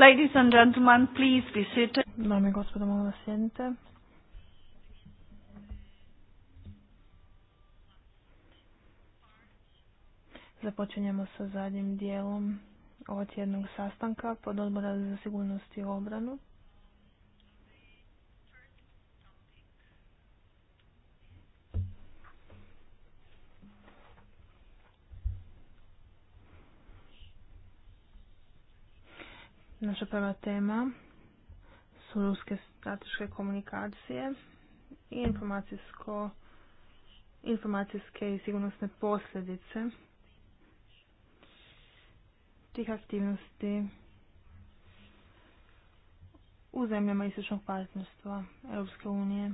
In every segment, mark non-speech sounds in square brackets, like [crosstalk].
Ladies and gentlemen, please be seated. Dame i gospodo, molim vas Započinjemo sa zadnjim dijelom ovog tjednog sastanka pod odbora za sigurnost i obranu. Naša prva tema su ruske strateške komunikacije i informacijsko, informacijske i sigurnosne posljedice tih aktivnosti u zemljama istočnog partnerstva Europske unije.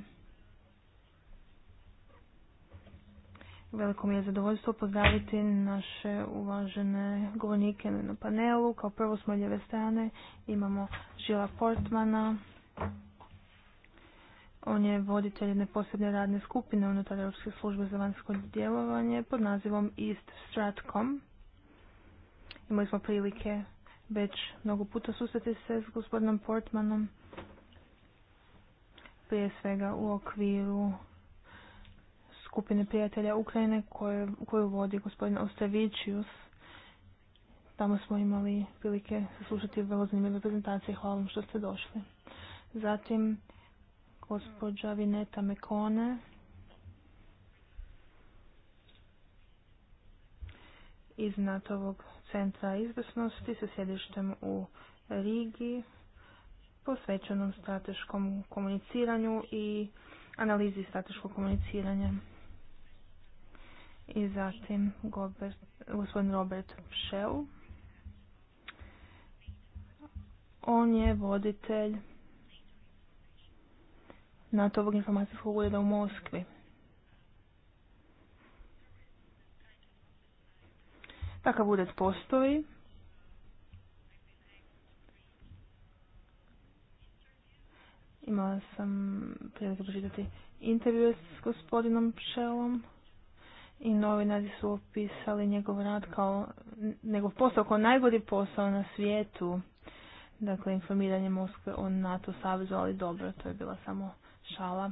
Veliko mi je zadovoljstvo pozdraviti naše uvažene govornike na panelu. Kao prvo s lijeve strane imamo Žila Portmana. On je voditelj jedne posebne radne skupine unutar Europske službe za vanjsko djelovanje pod nazivom East Stratcom. Imali smo prilike već mnogo puta susreti se s gospodinom Portmanom prije svega u okviru skupine prijatelja Ukrajine koju, koju vodi gospodin Ostavičius, Tamo smo imali prilike saslušati vrlo zanimljive prezentacije. Hvala vam što ste došli. Zatim, gospođa Vineta Mekone iz NATO-ovog centra izvrsnosti sa sjedištem u Rigi posvećenom strateškom komuniciranju i analizi strateškog komuniciranja i zatim gospodin Robert Pšel, On je voditelj NATO-ovog informacijskog ureda u Moskvi. Takav ured postoji. Imala sam prilike pročitati intervju s gospodinom Pšelom i novinari su opisali njegov rad kao, njegov posao kao najgori posao na svijetu. Dakle, informiranje Moskve o NATO savezu, ali dobro, to je bila samo šala.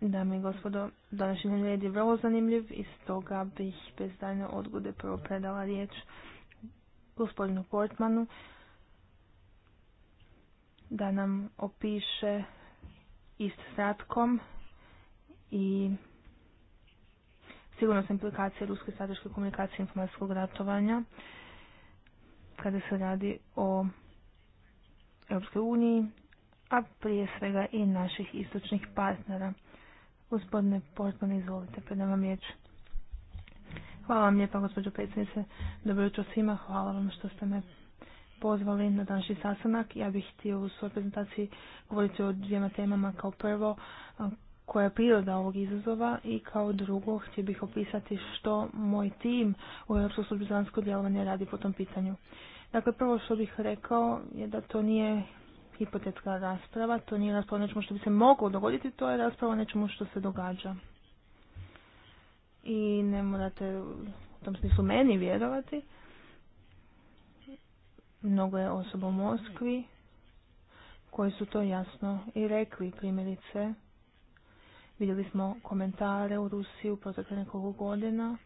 Dame i gospodo, današnji red je vrlo zanimljiv i stoga bih bez daljne odgode prvo predala riječ gospodinu Portmanu da nam opiše ist stratkom i sigurno implikacije ruske strateške komunikacije informacijskog ratovanja kada se radi o Europskoj uniji, a prije svega i naših istočnih partnera. Gospodine Portman, izvolite, predam vam riječ. Hvala vam lijepa, gospođo predsjednice. Dobro jutro svima. Hvala vam što ste me pozvali na današnji sastanak. Ja bih htio u svojoj prezentaciji govoriti o dvijema temama. Kao prvo, koja je priroda ovog izazova i kao drugo htio bih opisati što moj tim u Europskoj službi za vanjsko djelovanje radi po tom pitanju. Dakle, prvo što bih rekao je da to nije hipotetska rasprava, to nije rasprava o nečemu što bi se moglo dogoditi, to je rasprava o nečemu što se događa. I ne morate u tom smislu meni vjerovati. Mnogo je osoba u Moskvi koji su to jasno i rekli primjerice Vidjeli smo komentare u Rusiji u protekle nekoliko godina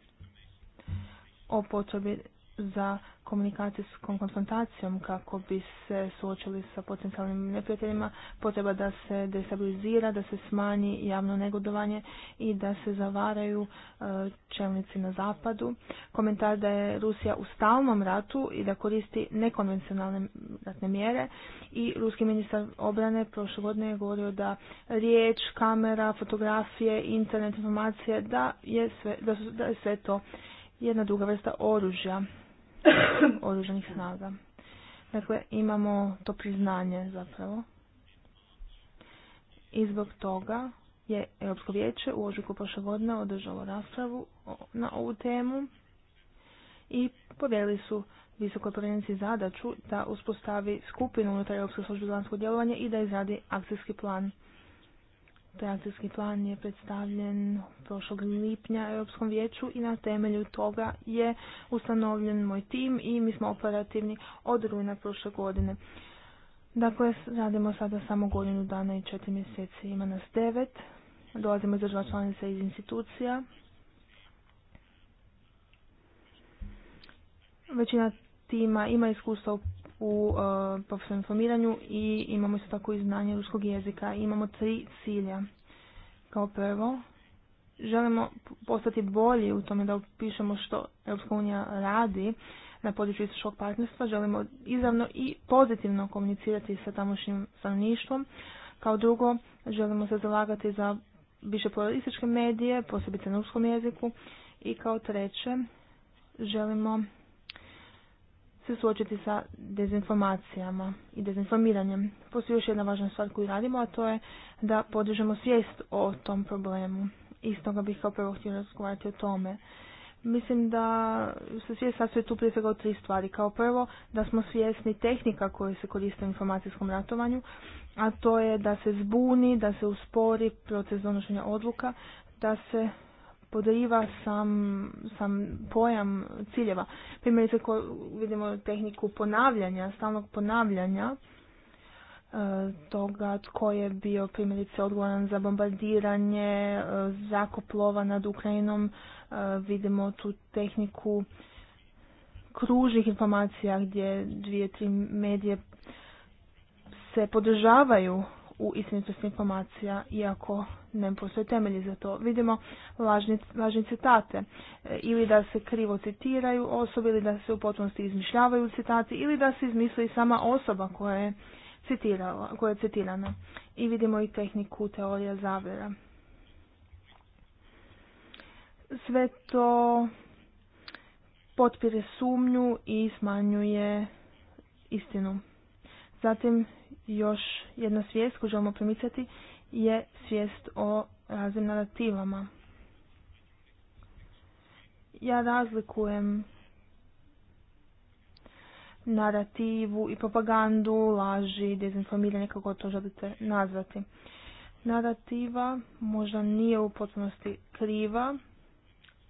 o potrebi za komunikacijskom konfrontacijom kako bi se suočili sa potencijalnim neprijateljima potreba da se destabilizira, da se smanji javno negodovanje i da se zavaraju e, čelnici na zapadu. Komentar da je Rusija u stalnom ratu i da koristi nekonvencionalne ratne mjere i ruski ministar obrane prošle godine je govorio da riječ, kamera, fotografije, internet informacije da je sve, da, su, da je sve to jedna druga vrsta oružja [coughs] oružanih snaga. Dakle, imamo to priznanje zapravo. I zbog toga je Europsko vijeće u ožujku prošle godine održalo raspravu na ovu temu i povjerili su visokoj povjerenici zadaću da uspostavi skupinu unutar Europske službe za vanjsko djelovanje i da izradi akcijski plan taj akcijski plan je predstavljen prošlog lipnja Europskom vijeću i na temelju toga je ustanovljen moj tim i mi smo operativni od rujna prošle godine. Dakle, radimo sada samo godinu dana i četiri mjeseci. Ima nas devet. Dolazimo iz država članica iz institucija. Većina tima ima iskustva u u e, profesionalnom informiranju i imamo isto tako i znanje ruskog jezika. Imamo tri cilja. Kao prvo, želimo postati bolji u tome da opišemo što Europska unija radi na području istočnog partnerstva. Želimo izravno i pozitivno komunicirati sa tamošnjim stanovništvom. Kao drugo, želimo se zalagati za više pluralističke medije, posebice na ruskom jeziku. I kao treće, želimo se suočiti sa dezinformacijama i dezinformiranjem. Postoji još jedna važna stvar koju radimo, a to je da podižemo svijest o tom problemu. I stoga bih kao prvo htio razgovarati o tome. Mislim da se svijest sastoji tu prije svega tri stvari. Kao prvo, da smo svjesni tehnika koje se koriste u informacijskom ratovanju, a to je da se zbuni, da se uspori proces donošenja odluka, da se podriva sam, sam pojam ciljeva. Primjerice ko vidimo tehniku ponavljanja, stalnog ponavljanja e, toga tko je bio primjerice odgovoran za bombardiranje e, zakoplova nad Ukrajinom. E, vidimo tu tehniku kružnih informacija gdje dvije, tri medije se podržavaju u istinitost informacija, iako ne postoje temelji za to. Vidimo lažni, lažni citate, e, ili da se krivo citiraju osobe, ili da se u potpunosti izmišljavaju citati, ili da se izmisli sama osoba koja je, citirala, koja je citirana. I vidimo i tehniku teorija zavjera. Sve to potpire sumnju i smanjuje istinu. Zatim još jedna svijest koju želimo primicati je svijest o raznim narativama. Ja razlikujem narativu i propagandu, laži, dezinformiranje, kako to želite nazvati. Narativa možda nije u potpunosti kriva,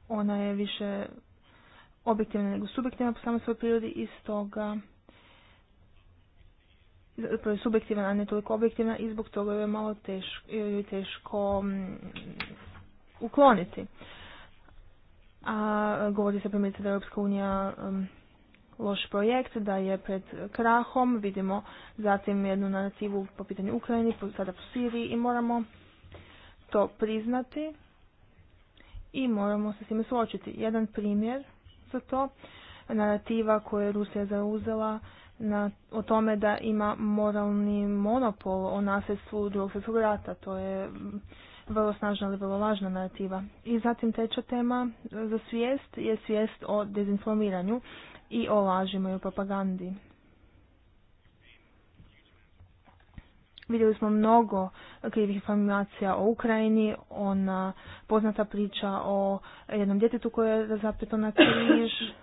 ona je više objektivna nego subjektivna po samoj svojoj prirodi i stoga je subjektivna, a ne toliko objektivna i zbog toga je malo teško, teško mm, ukloniti. A govori se primjerice da je Europska unija mm, loš projekt, da je pred krahom, vidimo zatim jednu narativu po pitanju Ukrajini, sada po Siriji i moramo to priznati i moramo se s time suočiti. Jedan primjer za to, narativa koju je Rusija zauzela na, o tome da ima moralni monopol o nasljedstvu drugog svjetskog rata. To je vrlo snažna ali vrlo važna narativa. I zatim treća tema za svijest je svijest o dezinformiranju i o lažima i o propagandi. Vidjeli smo mnogo krivih informacija o Ukrajini, ona poznata priča o jednom djetetu koje je zapeto na križ, [coughs]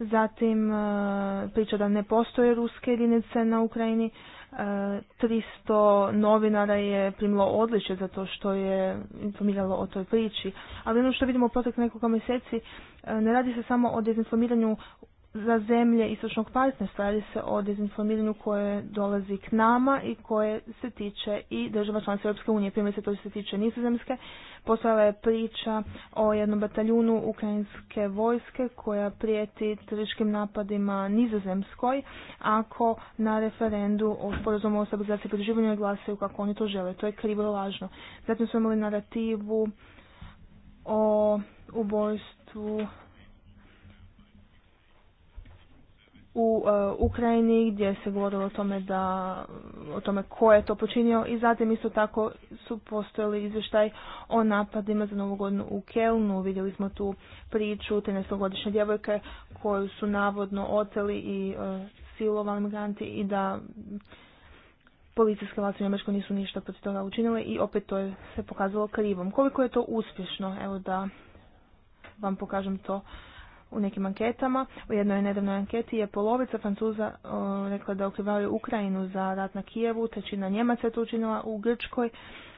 Zatim e, priča da ne postoje ruske jedinice na Ukrajini. 300 e, novinara je primilo odličje to što je informiralo o toj priči. Ali ono što vidimo u protek nekoliko mjeseci, e, ne radi se samo o dezinformiranju za zemlje istočnog partnerstva. Radi se o dezinformiranju koje dolazi k nama i koje se tiče i država članica Europske unije. Primjer se to se tiče nizozemske. Postojala je priča o jednom bataljunu ukrajinske vojske koja prijeti tržiškim napadima nizozemskoj ako na referendu o sporazumu o stabilizaciji pridruživanju glasaju kako oni to žele. To je krivo i lažno. Zatim smo imali narativu o ubojstvu u e, Ukrajini gdje se govorilo o tome da o tome ko je to počinio i zatim isto tako su postojali izvještaj o napadima za novu godinu u Kelnu. Vidjeli smo tu priču trinaestogodišnje godišnje djevojke koju su navodno oteli i e, silovali migranti i da policijske vlasti u Njemačkoj nisu ništa protiv toga učinile i opet to je se pokazalo krivom. Koliko je to uspješno? Evo da vam pokažem to u nekim anketama. U jednoj nedavnoj anketi je polovica Francuza rekla da okrivaju Ukrajinu za rat na Kijevu, trećina Njemaca je to učinila u Grčkoj.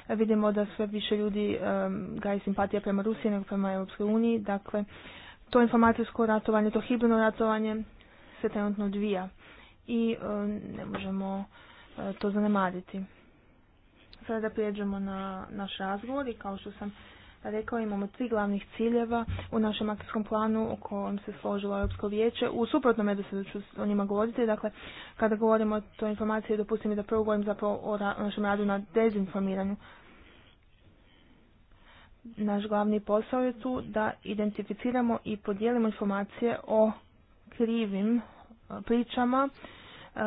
Vidimo da sve više ljudi um, gaji simpatija prema Rusiji nego prema Europskoj uniji. Dakle, to informacijsko ratovanje, to hibridno ratovanje se trenutno odvija i ne možemo e, to zanemariti. Sada prijeđemo na naš razgovor i kao što sam rekao, imamo tri glavnih ciljeva u našem akcijskom planu o kojem se složilo Europsko vijeće. U suprotnom da se ću o njima govoriti. Dakle, kada govorimo o toj informaciji, dopustim mi da prvo govorim zapravo o, o našem radu na dezinformiranju. Naš glavni posao je tu da identificiramo i podijelimo informacije o krivim e, pričama, e,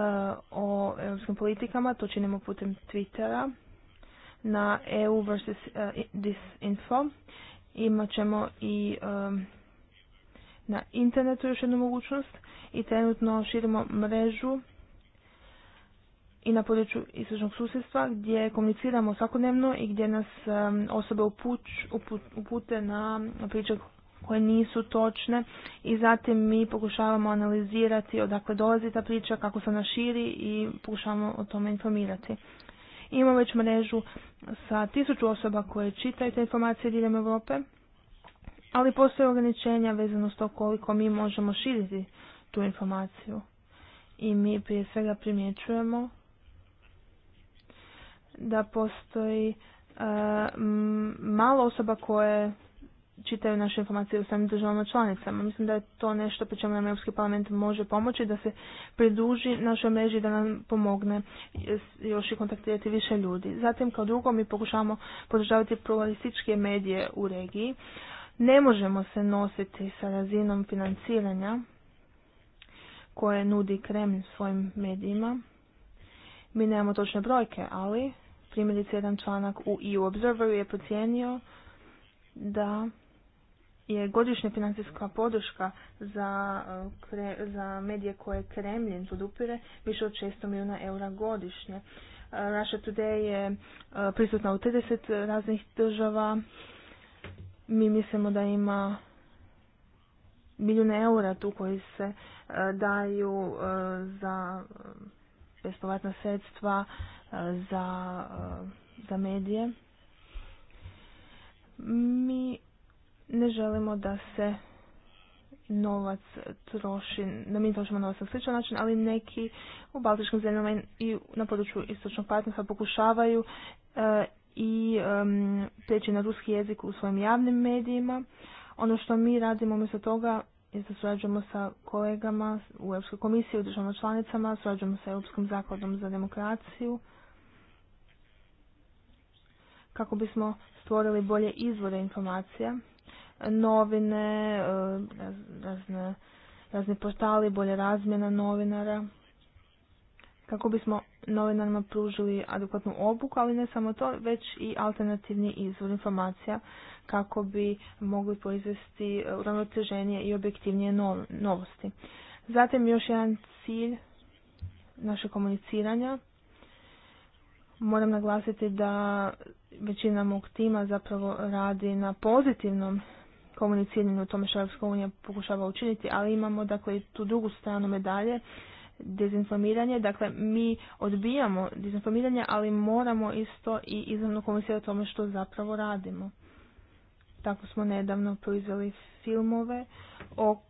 o europskim politikama, to činimo putem Twittera, na EU vs disinfo. E, Imat ćemo i na internetu još jednu mogućnost i trenutno širimo mrežu i na području istočnog susjedstva gdje komuniciramo svakodnevno i gdje nas osobe upute na priče koje nisu točne i zatim mi pokušavamo analizirati odakle dolazi ta priča, kako se ona širi i pokušavamo o tome informirati. Imamo već mrežu sa tisuću osoba koje čitaju te informacije diljem Europe, ali postoje ograničenja vezano s to koliko mi možemo širiti tu informaciju. I mi prije svega primjećujemo da postoji e, malo osoba koje čitaju naše informacije u samim državama članicama. Mislim da je to nešto po čemu nam Europski parlament može pomoći da se priduži našoj mreži da nam pomogne još i kontaktirati više ljudi. Zatim kao drugo mi pokušavamo podržavati pluralističke medije u regiji. Ne možemo se nositi sa razinom financiranja koje nudi Kreml svojim medijima. Mi nemamo točne brojke, ali primjerice jedan članak u EU Observeru je procijenio da je godišnja financijska podrška za, e, kre, za medije koje kremljen podupire više od 600 milijuna eura godišnje. E, Russia Today je e, prisutna u 30 raznih država. Mi mislimo da ima milijune eura tu koji se daju za bespovratna sredstva za, za medije. Mi ne želimo da se novac troši, da mi trošimo novac na sličan način, ali neki u baltičkim zemljama i na području istočnog partnerstva pokušavaju e, i um, preći na ruski jezik u svojim javnim medijima. Ono što mi radimo umjesto toga je da surađujemo sa kolegama u Europskoj komisiji, u državama članicama, surađujemo sa Europskom zakladom za demokraciju kako bismo stvorili bolje izvore informacija novine, eh, razne, razne portali, bolje razmjena novinara, kako bismo novinarima pružili adekvatnu obuku, ali ne samo to, već i alternativni izvor informacija kako bi mogli proizvesti eh, uravnoteženije i objektivnije novosti. Zatim još jedan cilj našeg komuniciranja. Moram naglasiti da većina mog tima zapravo radi na pozitivnom komuniciranju o tome što Europska unija pokušava učiniti, ali imamo dakle tu drugu stranu medalje, dezinformiranje. Dakle, mi odbijamo dezinformiranje, ali moramo isto i izravno komunicirati o tome što zapravo radimo. Tako smo nedavno proizveli filmove o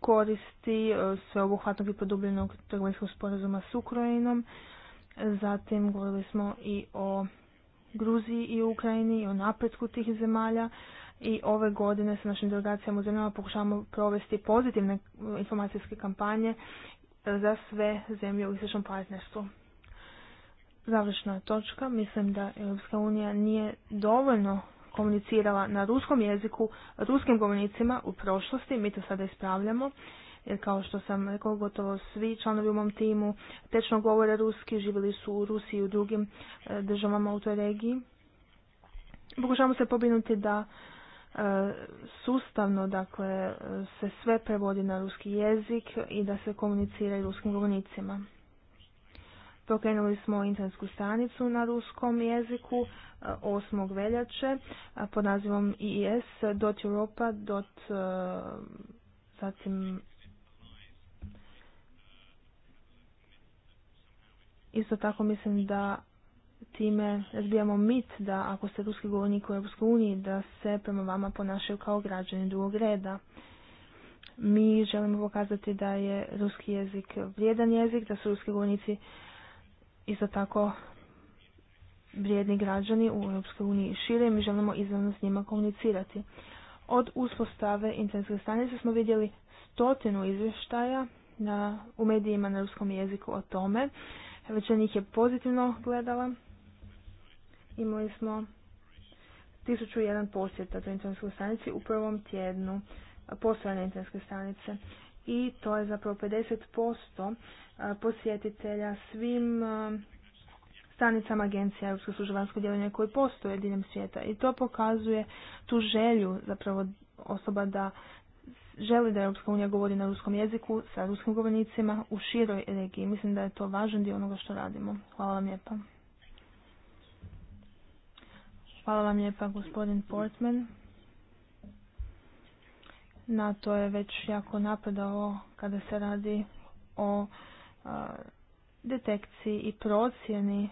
koristi e, sveobuhvatnog i produbljenog trgovinskog sporazuma s Ukrajinom. Zatim govorili smo i o Gruziji i Ukrajini i o napretku tih zemalja, i ove godine sa našim delegacijama u zemljama pokušavamo provesti pozitivne informacijske kampanje e, za sve zemlje u istočnom partnerstvu. Završna točka, mislim da Europska unija nije dovoljno komunicirala na ruskom jeziku ruskim govornicima u prošlosti, mi to sada ispravljamo, jer kao što sam rekao, gotovo svi članovi u mom timu tečno govore ruski, živjeli su u Rusiji i u drugim e, državama u toj regiji. Pokušavamo se pobinuti da sustavno dakle se sve prevodi na ruski jezik i da se komunicira i ruskim govornicima. Pokrenuli smo internetsku stranicu na ruskom jeziku 8. E, veljače pod nazivom ies.europa. E, zatim isto tako mislim da time razbijamo mit da ako ste ruski govornik u EU da se prema vama ponašaju kao građani drugog reda. Mi želimo pokazati da je ruski jezik vrijedan jezik, da su ruski govornici isto tako vrijedni građani u EU šire mi želimo izravno s njima komunicirati. Od uspostave internetske stranice smo vidjeli stotinu izvještaja na, u medijima na ruskom jeziku o tome. Većina njih je pozitivno gledala Imali smo 1001 posjeta do internetskoj stranici u prvom tjednu postojanja internetske stranice i to je zapravo 50% posjetitelja svim stranicama Agencija Europske služe vanjskog djelovanja koji postoje diljem svijeta i to pokazuje tu želju zapravo osoba da želi da Europska unija govori na ruskom jeziku sa ruskim govornicima u široj regiji. Mislim da je to važan dio onoga što radimo. Hvala vam lijepa. Hvala vam lijepa gospodin Portman. NATO je već jako napadao kada se radi o detekciji i procjeni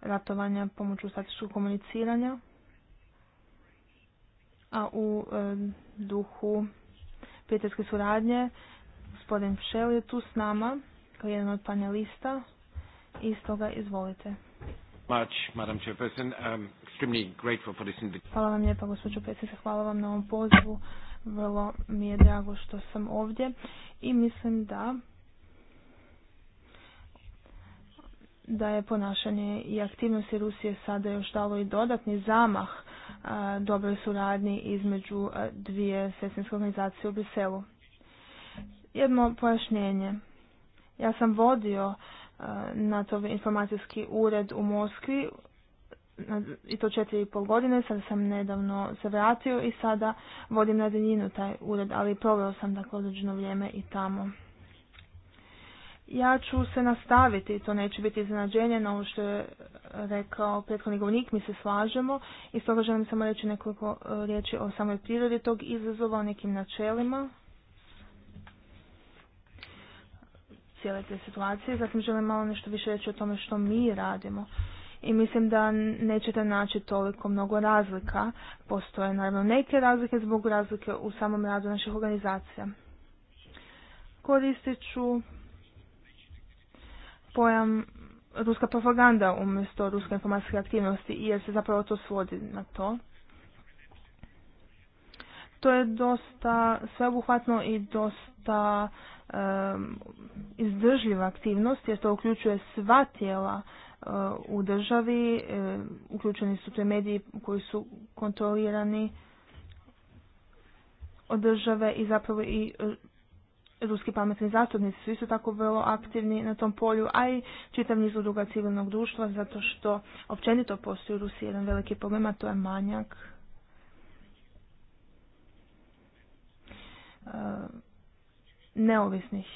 ratovanja pomoću statičkog komuniciranja, a u e, duhu prijateljske suradnje gospodin Pšel je tu s nama kao jedan od panelista i stoga izvolite. Hvala vam lijepa, gospođo predsjednice. Hvala vam na ovom pozivu. Vrlo mi je drago što sam ovdje i mislim da da je ponašanje i aktivnosti Rusije sada još dalo i dodatni zamah dobroj suradnji između dvije sestinske organizacije u Briselu. Jedno pojašnjenje. Ja sam vodio NATO informacijski ured u Moskvi i to četiri i pol godine, sad sam nedavno se vratio i sada vodim na daljinu taj ured, ali proveo sam dakle određeno vrijeme i tamo. Ja ću se nastaviti, to neće biti iznenađenje na ovo što je rekao prethodni govornik, mi se slažemo i stoga želim samo reći nekoliko e, riječi o samoj prirodi tog izazova, o nekim načelima cijele te situacije. Zatim želim malo nešto više reći o tome što mi radimo. I mislim da nećete naći toliko mnogo razlika. Postoje naravno neke razlike zbog razlike u samom radu naših organizacija. Koristit ću pojam ruska propaganda umjesto ruske informacijske aktivnosti jer se zapravo to svodi na to. To je dosta sveobuhvatno i dosta izdržljiva aktivnost jer to uključuje sva tijela eh, u državi, uključeni su te mediji koji su kontrolirani od države i zapravo i eh, ruski pametni zastupnici su isto tako vrlo aktivni na tom polju, a i čitav niz udruga civilnog društva, zato što općenito postoji u Rusiji jedan veliki problem, a to je manjak eh, neovisnih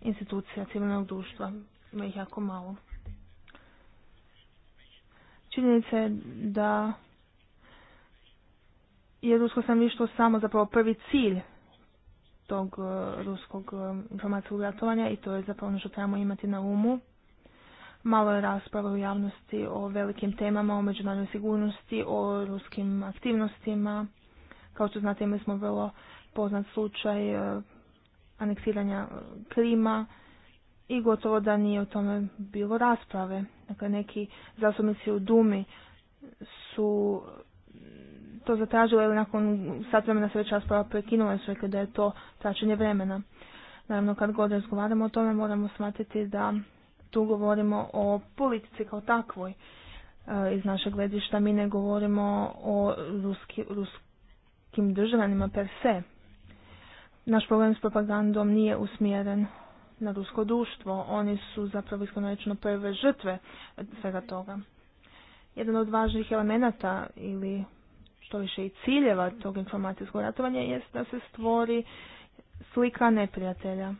institucija civilnog društva. Ima ih jako malo. Činjenica je da je rusko stanovništvo samo zapravo prvi cilj tog e, ruskog e, informacijog ratovanja i to je zapravo ono što trebamo imati na umu. Malo je rasprava u javnosti o velikim temama, o međunarodnoj sigurnosti, o ruskim aktivnostima. Kao što znate imali smo vrlo poznat slučaj e, aneksiranja e, Krima i gotovo da nije o tome bilo rasprave. Dakle, neki zastupnici u Dumi su e, to zatražili, ali nakon sat vremena se već rasprava prekinula i su rekli da je to tračenje vremena. Naravno, kad god razgovaramo o tome, moramo smatiti da tu govorimo o politici kao takvoj. E, iz našeg gledišta mi ne govorimo o ruski, ruskim državljanima per se naš problem s propagandom nije usmjeren na rusko duštvo. Oni su zapravo iskreno prve žrtve svega toga. Jedan od važnijih elemenata ili što više i ciljeva tog informacijskog ratovanja jest da se stvori slika neprijatelja.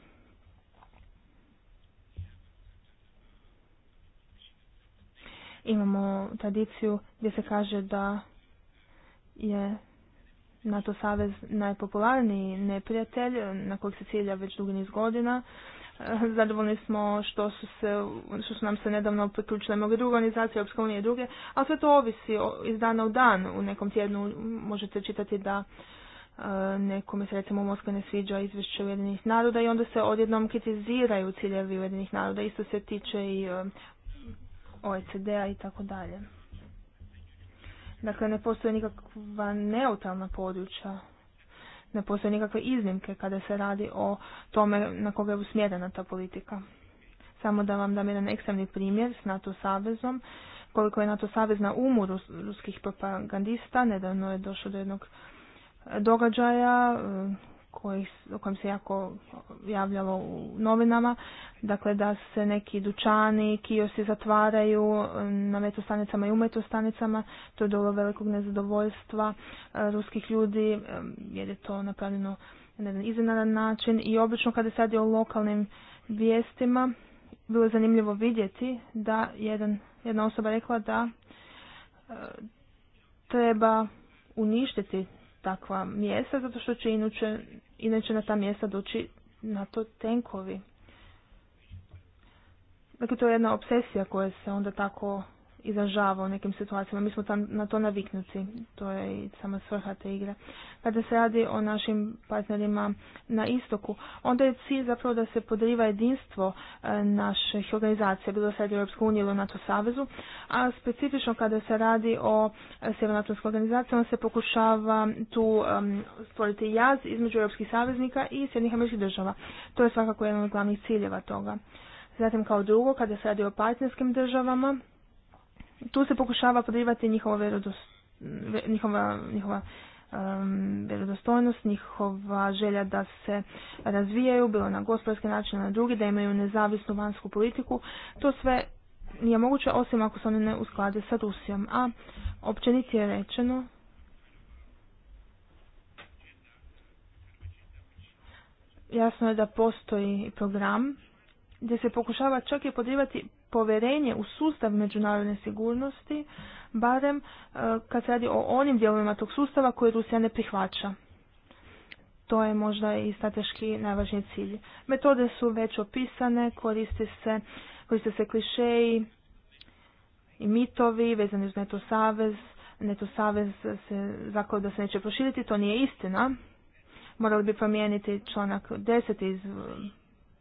Imamo tradiciju gdje se kaže da je NATO savez najpopularniji neprijatelj na kojeg se cilja već dugi niz godina. E, zadovoljni smo što su, se, što su nam se nedavno priključile mnoge druge organizacije, Europska i druge, ali sve to ovisi iz dana u dan. U nekom tjednu možete čitati da e, nekome se recimo Moskvi, ne sviđa izvješće Ujedinih naroda i onda se odjednom kritiziraju ciljevi Ujedinih naroda. Isto se tiče i e, OECD-a i tako dalje. Dakle, ne postoje nikakva neutralna područja, ne postoje nikakve iznimke kada se radi o tome na koga je usmjerena ta politika. Samo da vam dam jedan ekstremni primjer s NATO savezom. Koliko je NATO savez na umu ruskih propagandista, nedavno je došlo do jednog događaja koji, o kojem se jako javljalo u novinama, dakle da se neki dučani kiosi zatvaraju um, na metostanicama i u metostanicama, to je dolo velikog nezadovoljstva uh, ruskih ljudi um, jer je to napravljeno na jedan iznenadan način i obično kada se radi o lokalnim vijestima bilo je zanimljivo vidjeti da jedan, jedna osoba rekla da uh, treba uništiti takva mjesta, zato što će inuče, inače na ta mjesta doći na to tenkovi. Dakle, to je jedna obsesija koja se onda tako izražava u nekim situacijama. Mi smo tam, na to naviknuti. To je i sama svrha te igre. Kada se radi o našim partnerima na istoku, onda je cilj zapravo da se podriva jedinstvo e, naših organizacija, bilo sad u Europsku uniju ili NATO savezu, a specifično kada se radi o e, Sjevernatonskoj organizaciji, on se pokušava tu stvoriti jaz između europskih saveznika i Sjednih američkih država. To je svakako jedan od glavnih ciljeva toga. Zatim kao drugo, kada se radi o partnerskim državama, tu se pokušava podrivati njihova njihova, njihova um, vjerodostojnost, njihova želja da se razvijaju, bilo na gospodarski način, na drugi, da imaju nezavisnu vanjsku politiku. To sve nije moguće osim ako se one ne usklade sa Rusijom. A općenito je rečeno jasno je da postoji program gdje se pokušava čak i podrivati povjerenje u sustav međunarodne sigurnosti, barem e, kad se radi o onim dijelovima tog sustava koje Rusija ne prihvaća. To je možda i strateški najvažniji cilj. Metode su već opisane, koriste se, koriste se klišeji i mitovi vezani uz NATO savez. NATO savez se zaklada da se neće proširiti, to nije istina. Morali bi promijeniti članak 10 iz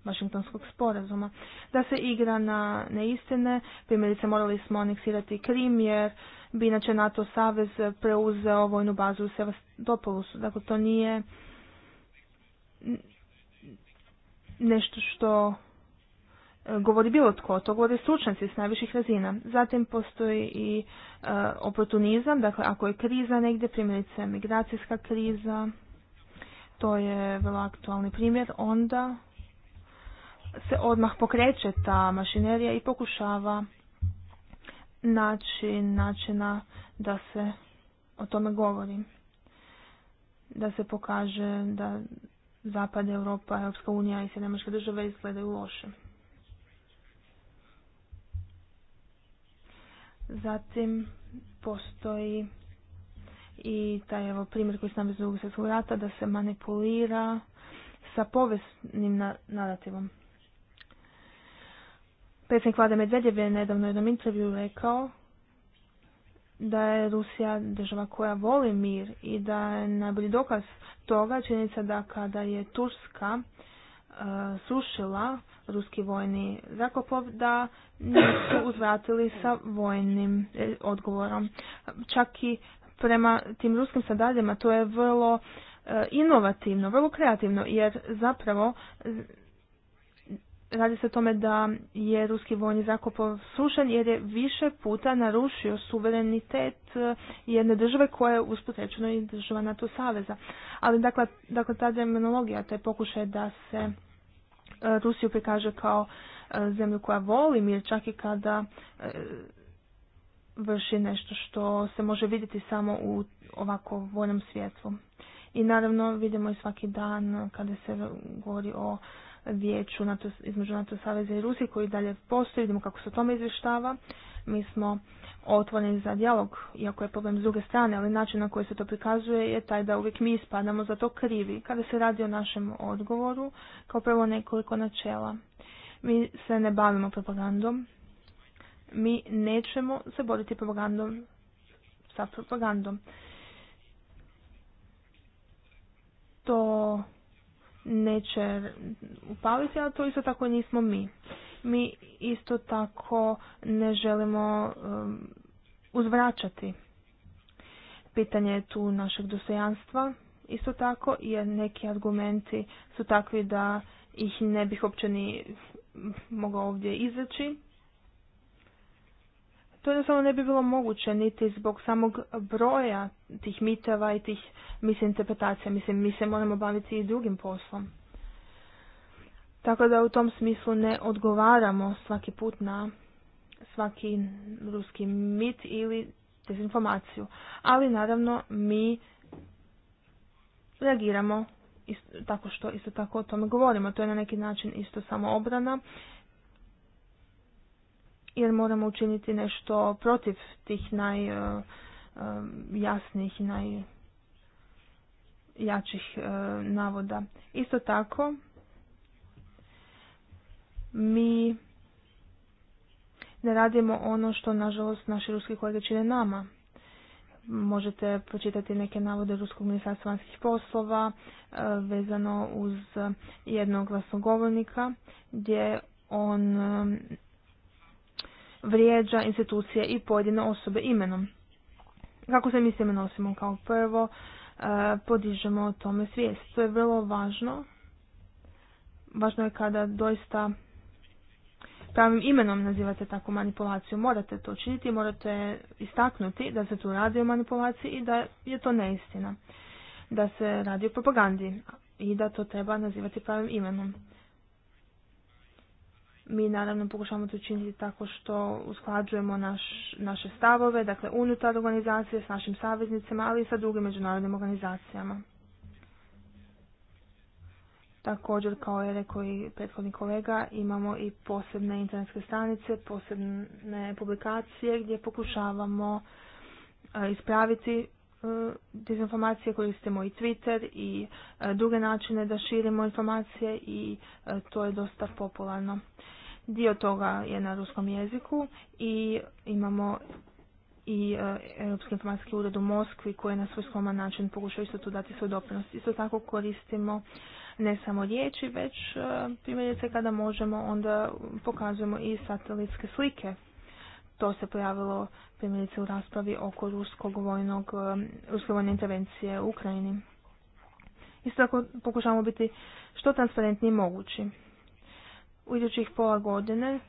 Vašingtonskog sporazuma. Da se igra na neistine, primjerice morali smo aneksirati Krim jer bi inače NATO savez preuzeo vojnu bazu u Sevastopolusu. Dakle, to nije nešto što e, govori bilo tko, to govori stručnjaci s najviših razina. Zatim postoji i e, oportunizam, dakle ako je kriza negdje, primjerice migracijska kriza, to je vrlo aktualni primjer, onda se odmah pokreće ta mašinerija i pokušava naći načina da se o tome govori. Da se pokaže da Zapad, Europa, Europska unija i Sjedinamačke države izgledaju loše. Zatim postoji i taj evo primjer koji sam iz drugog svjetskog rata da se manipulira sa povijesnim narativom. Predsjednik vlade Medvedev je nedavno u jednom intervju rekao da je Rusija država koja voli mir i da je najbolji dokaz toga činjenica da kada je Turska uh, ruski vojni Zakopov da nisu uzvratili sa vojnim e, odgovorom. Čak i prema tim ruskim standardima to je vrlo e, inovativno, vrlo kreativno jer zapravo radi se o tome da je ruski vojni zrakoplov srušen jer je više puta narušio suverenitet e, jedne države koja je usput i država NATO saveza. Ali dakle, dakle ta terminologija, je pokušaj da se e, Rusiju prikaže kao e, zemlju koja voli mir čak i kada vrši nešto što se može vidjeti samo u ovako vojnom svjetlu. I naravno vidimo i svaki dan kada se govori o vijeću NATO, između NATO Saveza i Rusije koji dalje postoji, vidimo kako se o tome izvještava. Mi smo otvoreni za dijalog, iako je problem s druge strane, ali način na koji se to prikazuje je taj da uvijek mi ispadamo za to krivi. Kada se radi o našem odgovoru, kao prvo nekoliko načela. Mi se ne bavimo propagandom, mi nećemo se boriti propagandom sa propagandom. To neće upaliti, ali to isto tako nismo mi. Mi isto tako ne želimo um, uzvraćati. Pitanje je tu našeg dostojanstva, isto tako, jer neki argumenti su takvi da ih ne bih uopće ni mogao ovdje izreći to jednostavno ne bi bilo moguće niti zbog samog broja tih mitova i tih mislim interpretacija. Mislim, mi se moramo baviti i drugim poslom. Tako da u tom smislu ne odgovaramo svaki put na svaki ruski mit ili dezinformaciju. Ali naravno mi reagiramo isto, tako što isto tako o tome govorimo. To je na neki način isto samo obrana jer moramo učiniti nešto protiv tih najjasnijih eh, eh, i najjačih eh, navoda. Isto tako, mi ne radimo ono što nažalost naši ruski kolege čine nama. Možete pročitati neke navode Ruskog ministarstva vanjskih poslova vezano uz jednog glasnogovornika gdje on vrijeđa institucije i pojedine osobe imenom. Kako se mi se nosimo? Kao prvo, e, podižemo o tome svijest. To je vrlo važno. Važno je kada doista pravim imenom nazivate takvu manipulaciju. Morate to činiti, morate istaknuti da se tu radi o manipulaciji i da je to neistina. Da se radi o propagandi i da to treba nazivati pravim imenom. Mi naravno pokušavamo to učiniti tako što usklađujemo naš, naše stavove, dakle unutar organizacije s našim saveznicima, ali i sa drugim međunarodnim organizacijama. Također, kao je rekao i prethodni kolega, imamo i posebne internetske stranice, posebne publikacije gdje pokušavamo e, ispraviti e, dezinformacije, koristimo i Twitter i e, druge načine da širimo informacije i to je dosta popularno. Dio toga je na ruskom jeziku i imamo i e, Europski informacijski ured u Moskvi koji na svoj skoman način pokušao isto tu dati svoj doprinos. Isto tako koristimo ne samo riječi, već e, primjerice kada možemo onda pokazujemo i satelitske slike. To se pojavilo primjerice u raspravi oko ruskog vojnog, e, ruske vojne intervencije u Ukrajini. Isto tako pokušavamo biti što transparentniji mogući u idućih pola godine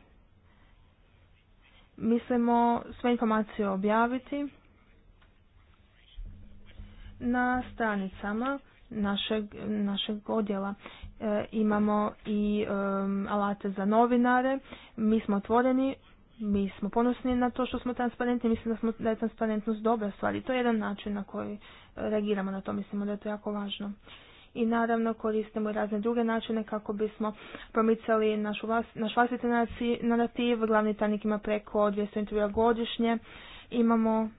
mislimo sve informacije objaviti na stranicama našeg, našeg odjela. E, imamo i alate za novinare. Mi smo otvoreni, mi smo ponosni na to što smo transparentni. Mislim da, smo, da je transparentnost dobra stvar i to je jedan način na koji e, reagiramo na to. Mislimo da je to jako važno i naravno koristimo i razne druge načine kako bismo promicali naš, vlast, naš vlastiti narativ. Glavni tajnik ima preko 200 intervjua godišnje. Imamo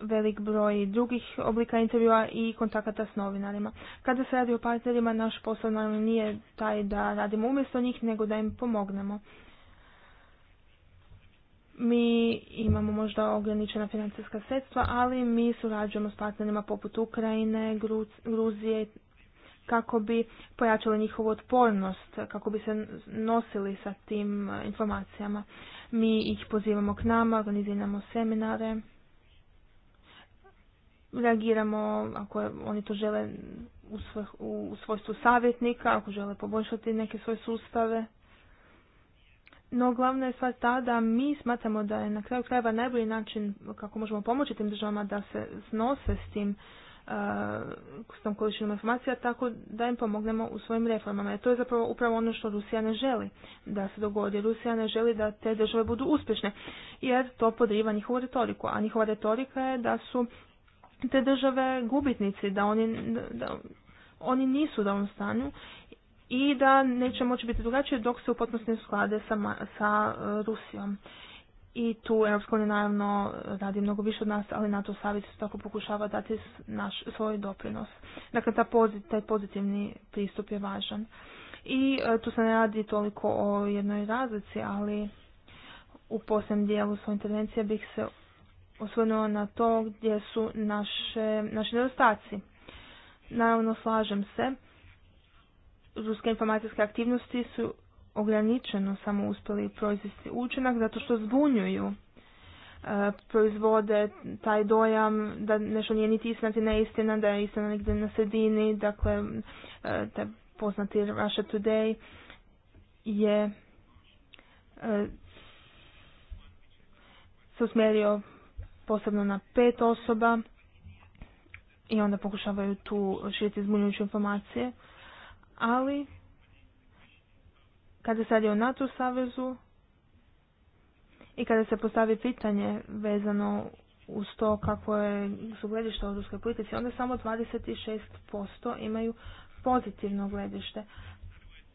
velik broj drugih oblika intervjua i kontakata s novinarima. Kada se radi o partnerima, naš posao nije taj da radimo umjesto njih, nego da im pomognemo. Mi imamo možda ograničena financijska sredstva, ali mi surađujemo s partnerima poput Ukrajine, Gruzije kako bi pojačali njihovu otpornost, kako bi se nosili sa tim e, informacijama. Mi ih pozivamo k nama, organiziramo seminare, reagiramo ako oni to žele u svojstvu savjetnika, ako žele poboljšati neke svoje sustave. No glavna je sva ta da mi smatramo da je na kraju krajeva najbolji način kako možemo pomoći tim državama da se snose s tim eh, s tom količinom informacija tako da im pomognemo u svojim reformama. to je zapravo upravo ono što Rusija ne želi da se dogodi. Rusija ne želi da te države budu uspješne jer to podriva njihovu retoriku. A njihova retorika je da su te države gubitnici, da oni, da oni nisu u dobrom stanju i da neće moći biti drugačije dok se u potpunosti ne sklade sa, sa e, Rusijom. I tu Europska naravno radi mnogo više od nas, ali NATO savjet tako pokušava dati naš, svoj doprinos. Dakle, ta taj pozitivni pristup je važan. I e, tu se ne radi toliko o jednoj razlici, ali u posljednjem dijelu svoje intervencije bih se osvrnula na to gdje su naše, naši nedostaci. Naravno, slažem se ruske informacijske aktivnosti su ograničeno samo uspjeli proizvesti učinak zato što zbunjuju e, proizvode taj dojam da nešto nije niti istina, niti neistina, da je istina negdje na sredini, dakle, e, poznati Russia Today je e, se usmjerio posebno na pet osoba i onda pokušavaju tu širiti zbunjujuće informacije ali kada se radi o NATO savezu i kada se postavi pitanje vezano uz to kako je, su gledište u ruskoj politici, onda samo 26% imaju pozitivno gledište.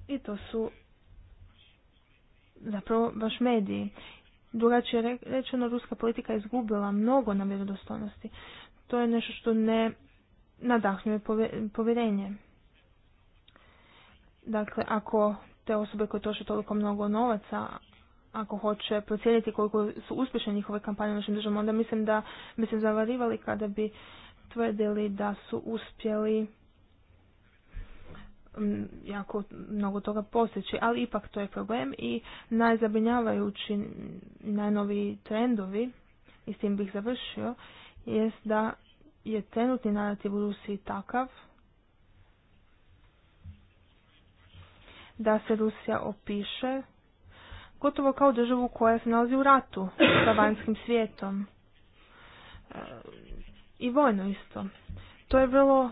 I to su zapravo baš mediji. Drugačije rečeno, ruska politika je izgubila mnogo na vjerodostojnosti. To je nešto što ne nadahnjuje povjerenje. Dakle, ako te osobe koje troše toliko mnogo novaca, ako hoće procijeniti koliko su uspješne njihove kampanje u našim državama, onda mislim da bi se zavarivali kada bi tvrdili da su uspjeli mm, jako mnogo toga postići, ali ipak to je problem i najzabrinjavajući najnoviji trendovi, i s tim bih završio, jest da je trenutni narativ u Rusiji takav da se Rusija opiše gotovo kao državu koja se nalazi u ratu sa vanjskim svijetom. E, I vojno isto. To je vrlo e,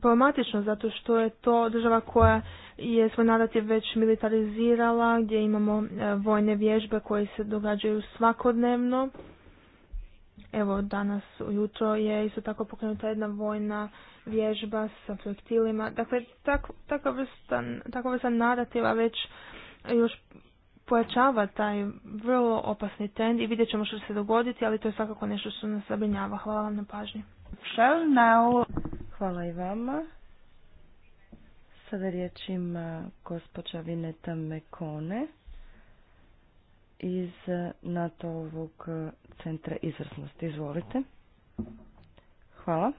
problematično zato što je to država koja je svoj narativ već militarizirala, gdje imamo e, vojne vježbe koje se događaju svakodnevno Evo, danas ujutro je isto tako pokrenuta jedna vojna vježba sa projektilima. Dakle, tak, taka vrsta, taka vrsta narativa već još pojačava taj vrlo opasni trend i vidjet ćemo što će se dogoditi, ali to je svakako nešto što nas zabrinjava. Hvala vam na pažnji. Hvala i vama. Sada riječ ima gospođa Vineta Mekone iz eh, NATO-ovog eh, centra izvrsnosti. Izvolite. Hvala.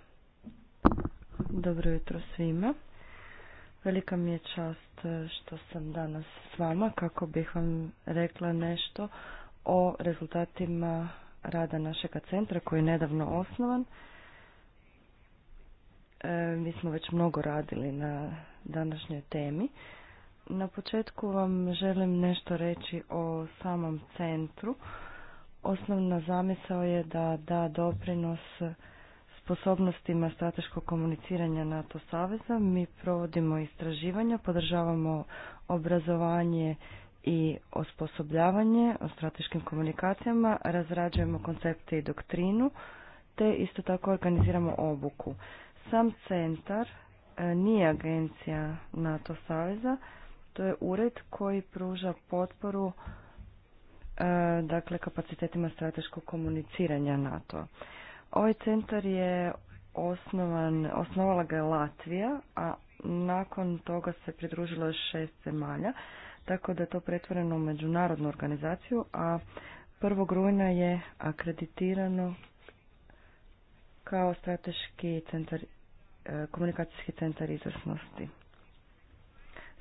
Dobro jutro svima. Velika mi je čast eh, što sam danas s vama kako bih vam rekla nešto o rezultatima rada našega centra koji je nedavno osnovan. mi smo već mnogo radili na današnjoj temi. Na početku vam želim nešto reći o samom centru. Osnovna zamisao je da da doprinos sposobnostima strateškog komuniciranja NATO saveza. Mi provodimo istraživanja, podržavamo obrazovanje i osposobljavanje o strateškim komunikacijama, razrađujemo koncepte i doktrinu, te isto tako organiziramo obuku. Sam centar e, nije agencija NATO saveza, to je ured koji pruža potporu e, dakle kapacitetima strateškog komuniciranja NATO. Ovaj centar je osnovan, osnovala ga je Latvija, a nakon toga se pridružilo šest zemalja, tako da je to pretvoreno u međunarodnu organizaciju, a 1. rujna je akreditirano kao strateški centar, e, komunikacijski centar izvrsnosti.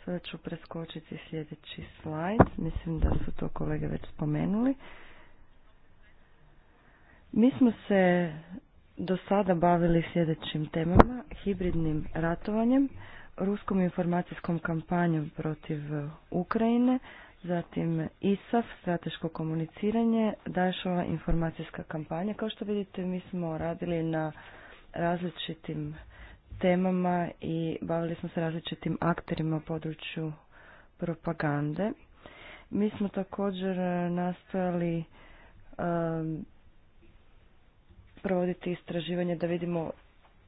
Sada ću preskočiti sljedeći slajd. Mislim da su to kolege već spomenuli. Mi smo se do sada bavili sljedećim temama, hibridnim ratovanjem, ruskom informacijskom kampanjom protiv Ukrajine, zatim ISAF, strateško komuniciranje, Dajšova informacijska kampanja. Kao što vidite, mi smo radili na različitim temama i bavili smo se različitim akterima u području propagande. Mi smo također e, nastojali um, provoditi istraživanje da vidimo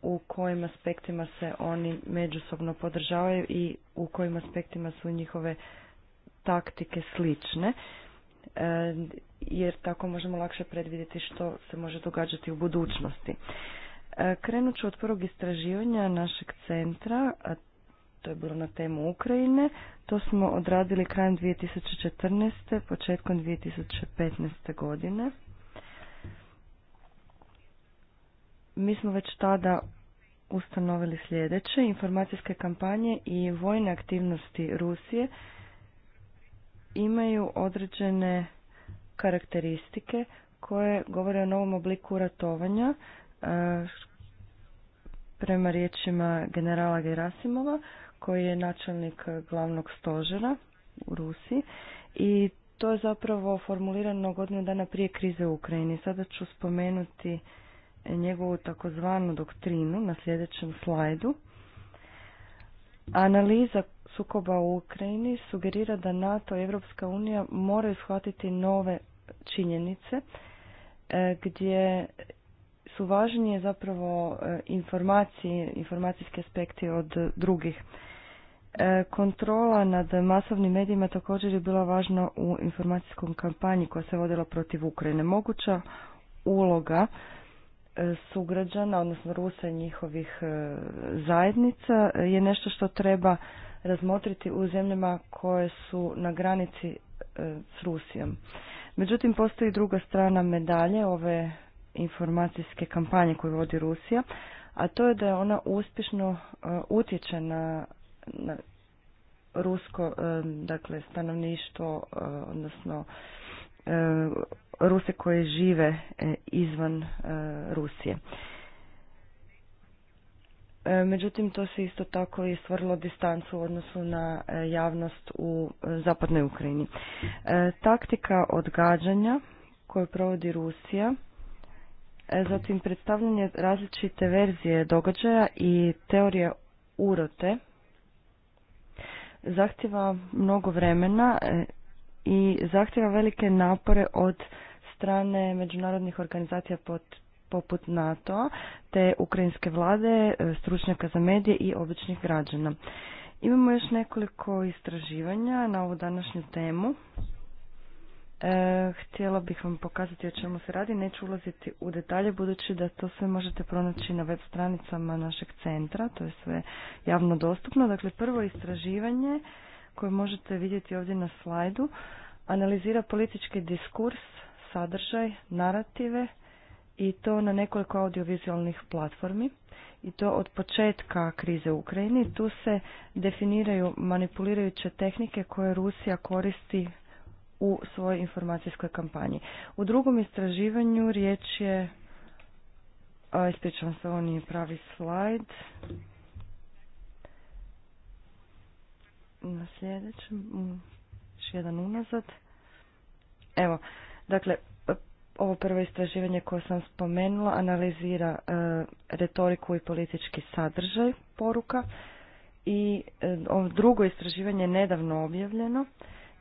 u kojim aspektima se oni međusobno podržavaju i u kojim aspektima su njihove taktike slične, e, jer tako možemo lakše predvidjeti što se može događati u budućnosti. E, krenut ću od prvog istraživanja našeg centra, a to je bilo na temu Ukrajine. To smo odradili krajem 2014. početkom 2015. godine. Mi smo već tada ustanovili sljedeće. Informacijske kampanje i vojne aktivnosti Rusije imaju određene karakteristike koje govore o novom obliku ratovanja E, prema riječima generala Gerasimova koji je načelnik glavnog stožera u Rusiji i to je zapravo formulirano godinu dana prije krize u Ukrajini. Sada ću spomenuti njegovu takozvanu doktrinu na sljedećem slajdu. Analiza sukoba u Ukrajini sugerira da NATO i Europska unija moraju shvatiti nove činjenice e, gdje su važnije zapravo e, informacije, informacijski aspekti od drugih. E, kontrola nad masovnim medijima također je bila važna u informacijskom kampanji koja se vodila protiv Ukrajine. Moguća uloga e, sugrađana, odnosno Rusa i njihovih zajednica je nešto što treba razmotriti u zemljama koje su na granici s Rusijom. Međutim, postoji druga strana medalje ove informacijske kampanje koju vodi Rusija, a to je da ona uspješno e, utječe na, rusko e, dakle stanovništvo e, odnosno Ruse koje žive izvan Rusije. Međutim, to se isto tako i stvorilo distancu u odnosu na javnost u zapadnoj Ukrajini. Taktika odgađanja koju provodi Rusija E, zatim predstavljanje različite verzije događaja i teorije urote zahtjeva mnogo vremena e, i zahtjeva velike napore od strane međunarodnih organizacija pod, poput NATO-a te ukrajinske vlade, e, stručnjaka za medije i običnih građana. Imamo još nekoliko istraživanja na ovu današnju temu. E, htjela bih vam pokazati o čemu se radi. Neću ulaziti u detalje budući da to sve možete pronaći na web stranicama našeg centra. To je sve javno dostupno. Dakle, prvo istraživanje koje možete vidjeti ovdje na slajdu analizira politički diskurs, sadržaj, narative i to na nekoliko audiovizualnih platformi i to od početka krize u Ukrajini. Tu se definiraju manipulirajuće tehnike koje Rusija koristi u svojoj informacijskoj kampanji. U drugom istraživanju riječ je, ispričavam se, on nije pravi slajd. Na sljedećem, još jedan unazad. Evo, dakle, ovo prvo istraživanje koje sam spomenula analizira e, retoriku i politički sadržaj poruka i e, drugo istraživanje je nedavno objavljeno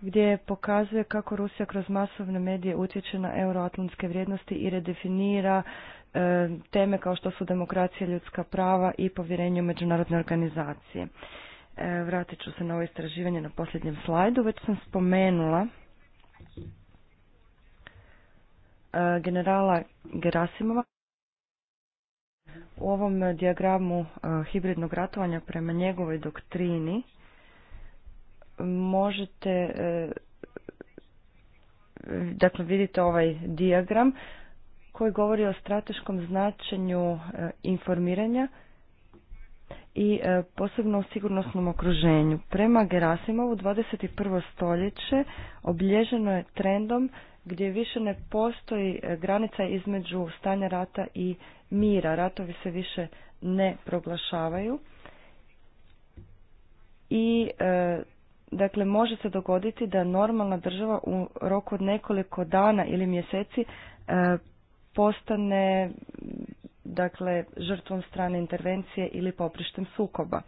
gdje pokazuje kako Rusija kroz masovne medije utječe na euroatlantske vrijednosti i redefinira e, teme kao što su demokracija, ljudska prava i povjerenje u međunarodne organizacije. E, vratit ću se na ovo istraživanje na posljednjem slajdu. Već sam spomenula e, generala Gerasimova. U ovom dijagramu hibridnog ratovanja prema njegovoj doktrini možete, e, dakle vidite ovaj diagram koji govori o strateškom značenju e, informiranja i e, posebno u sigurnosnom okruženju. Prema Gerasimovu 21. stoljeće oblježeno je trendom gdje više ne postoji granica između stanja rata i mira. Ratovi se više ne proglašavaju i Dakle, može se dogoditi da normalna država u roku od nekoliko dana ili mjeseci e, postane dakle, žrtvom strane intervencije ili poprištem sukoba.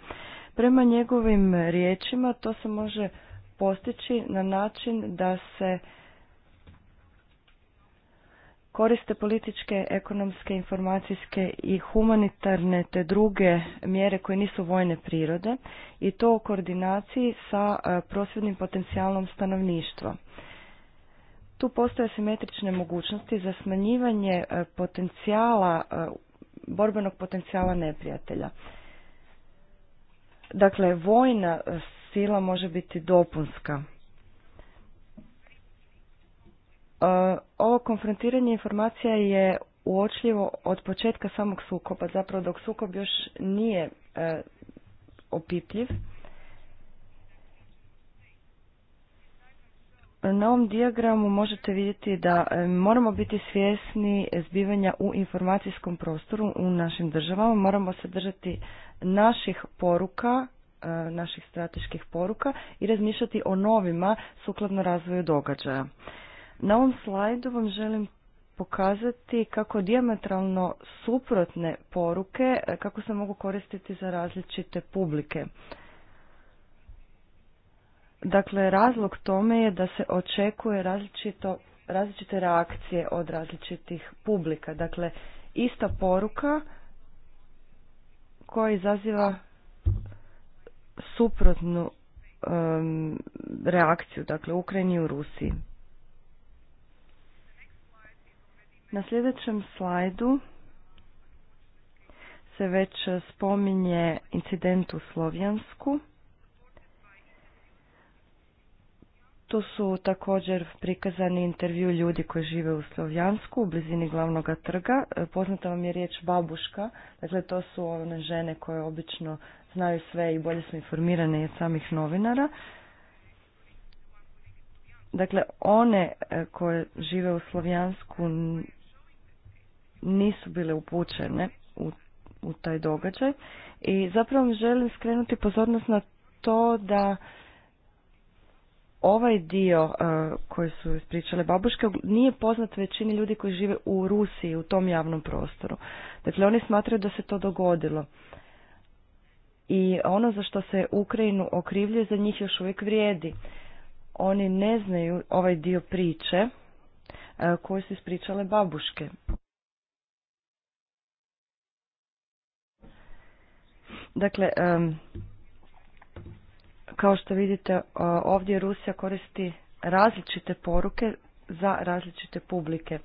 Prema njegovim riječima to se može postići na način da se koriste političke, ekonomske, informacijske i humanitarne te druge mjere koje nisu vojne prirode i to u koordinaciji sa e, prosvjednim potencijalnom stanovništva. Tu postoje simetrične mogućnosti za smanjivanje e, potencijala, e, borbenog potencijala neprijatelja. Dakle, vojna sila može biti dopunska E, ovo konfrontiranje informacija je uočljivo od početka samog sukoba, zapravo dok sukob još nije e, opipljiv. Na ovom dijagramu možete vidjeti da e, moramo biti svjesni zbivanja u informacijskom prostoru u našim državama, moramo se držati naših poruka, naših strateških poruka i razmišljati o novima sukladno razvoju događaja. Na ovom slajdu vam želim pokazati kako diametralno suprotne poruke, e, kako se mogu koristiti za različite publike. Dakle, razlog tome je da se očekuje različite reakcije od različitih publika. Dakle, ista poruka koja izaziva suprotnu reakciju, dakle, u Ukrajini i u Rusiji. Na sljedećem slajdu se već spominje incident u Slovjansku. Tu su također prikazani intervju ljudi koji žive u Slovjansku, u blizini glavnog trga. E, poznata vam je riječ babuška, dakle to su one žene koje obično znaju sve i bolje su informirane od samih novinara. Dakle, one e, koje žive u Slovjansku nisu bile upućene u, u taj događaj i zapravo želim skrenuti pozornost na to da ovaj dio e, koji su ispričale babuške nije poznat većini ljudi koji žive u Rusiji, u tom javnom prostoru. Dakle, oni smatraju da se to dogodilo. I ono za što se Ukrajinu okrivljuje za njih još uvijek vrijedi. Oni ne znaju ovaj dio priče koji e, koju su ispričale babuške. Dakle, kao što vidite, e, ovdje Rusija koristi različite poruke za različite publike.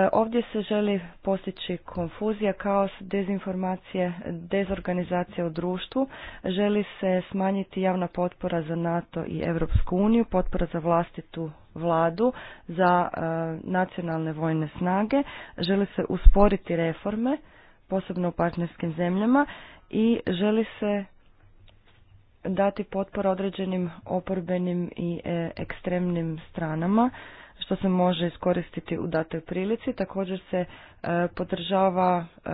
E, ovdje se želi postići konfuzija, kaos, dezinformacije, dezorganizacija u društvu. Želi se smanjiti javna potpora za NATO i Europsku uniju, potpora za vlastitu vladu, za e, nacionalne vojne snage. Želi se usporiti reforme posebno u partnerskim zemljama i želi se dati potpora određenim oporbenim i e, ekstremnim stranama što se može iskoristiti u datoj prilici. Također se e, podržava e,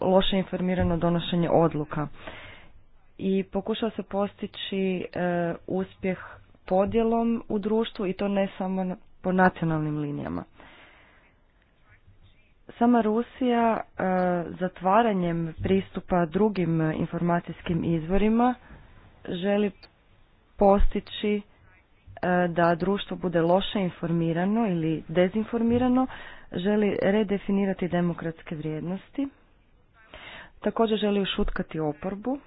loše informirano donošenje odluka i pokušava se postići uspjeh podjelom u društvu i to ne samo po nacionalnim linijama. Sama Rusija e, zatvaranjem pristupa drugim informacijskim izvorima želi postići e, da društvo bude loše informirano ili dezinformirano, želi redefinirati demokratske vrijednosti, također želi ušutkati oporbu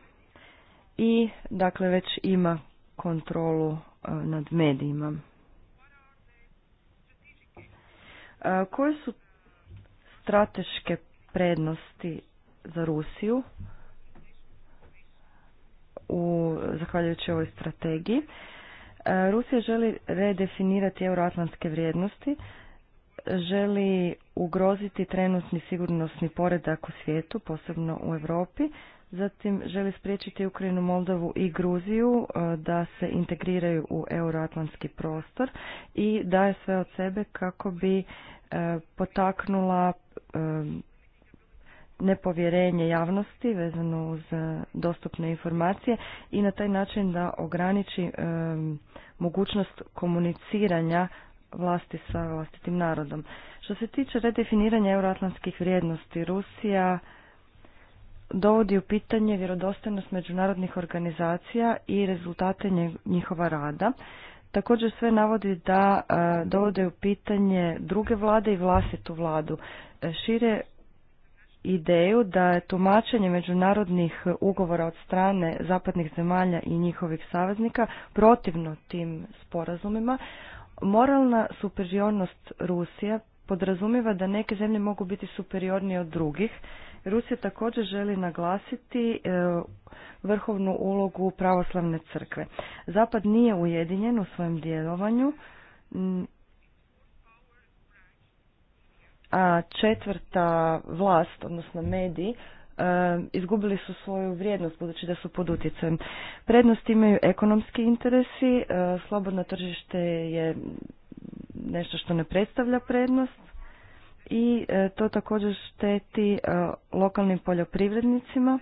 i dakle već ima kontrolu e, nad medijima. Koje su strateške prednosti za Rusiju u zahvaljujući ovoj strategiji. E, Rusija želi redefinirati euroatlantske vrijednosti, želi ugroziti trenutni sigurnosni poredak u svijetu, posebno u Europi, zatim želi spriječiti Ukrajinu, Moldavu i Gruziju e, da se integriraju u euroatlantski prostor i daje sve od sebe kako bi E, potaknula e, nepovjerenje javnosti vezano uz e, dostupne informacije i na taj način da ograniči mogućnost komuniciranja vlasti sa vlastitim narodom. Što se tiče redefiniranja euroatlantskih vrijednosti, Rusija dovodi u pitanje vjerodostojnost međunarodnih organizacija i rezultate njihova rada. Također sve navodi da e, dovode u pitanje druge vlade i vlastitu vladu. E, šire ideju da je tumačenje međunarodnih ugovora od strane zapadnih zemalja i njihovih saveznika protivno tim sporazumima. Moralna superiornost Rusije podrazumiva da neke zemlje mogu biti superiornije od drugih Rusija također želi naglasiti e, vrhovnu ulogu pravoslavne crkve. Zapad nije ujedinjen u svojem djelovanju, a četvrta vlast, odnosno mediji, e, izgubili su svoju vrijednost budući da su pod utjecajem. Prednost imaju ekonomski interesi, e, slobodno tržište je nešto što ne predstavlja prednost, i e, to također šteti e, lokalnim poljoprivrednicima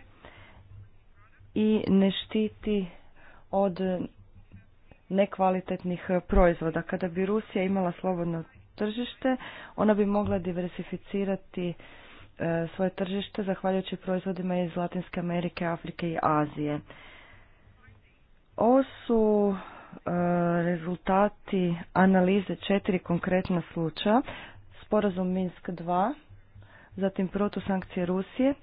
i ne štiti od nekvalitetnih proizvoda. Kada bi Rusija imala slobodno tržište, ona bi mogla diversificirati e, svoje tržište zahvaljujući proizvodima iz Latinske Amerike, Afrike i Azije. Ovo su rezultati analize četiri konkretna slučaja sporazum Minsk 2, zatim protusankcije Rusije,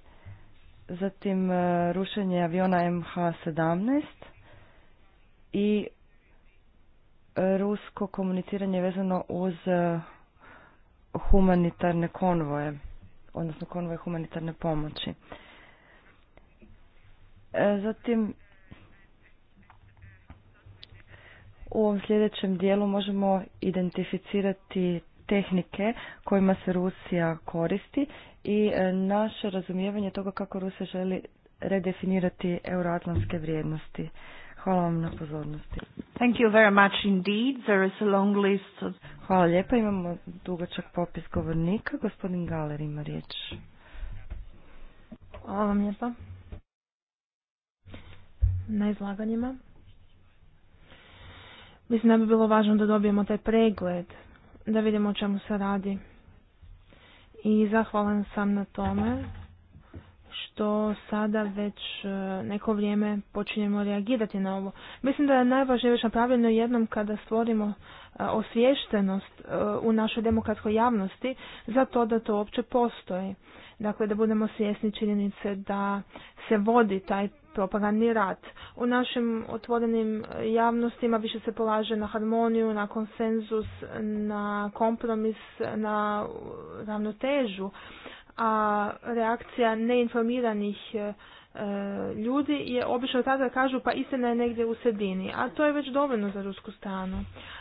zatim e, rušenje aviona MH17 i e, rusko komuniciranje vezano uz e, humanitarne konvoje, odnosno konvoje humanitarne pomoći. Zatim, u ovom sljedećem dijelu možemo identificirati tehnike kojima se Rusija koristi i e, naše razumijevanje toga kako Rusija želi redefinirati euroatlantske vrijednosti. Hvala vam na pozornosti. Thank you very much indeed. There is a long list of... Hvala lijepa. Imamo dugačak popis govornika. Gospodin Galer ima riječ. Hvala vam lijepa. Na izlaganjima. Mislim da bi bilo važno da dobijemo taj pregled da vidimo o čemu se radi. I zahvalan sam na tome što sada već e, neko vrijeme počinjemo reagirati na ovo. Mislim da je najvažnije već napravljeno jednom kada stvorimo e, osviještenost e, u našoj demokratskoj javnosti za to da to uopće postoji. Dakle, da budemo svjesni činjenice da se vodi taj propagandni rat. U našim otvorenim javnostima više se polaže na harmoniju, na konsenzus, na kompromis, na ravnotežu, a reakcija neinformiranih e, ljudi je obično tada kažu pa istina je negdje u sredini, a to je već dovoljno za rusku stranu.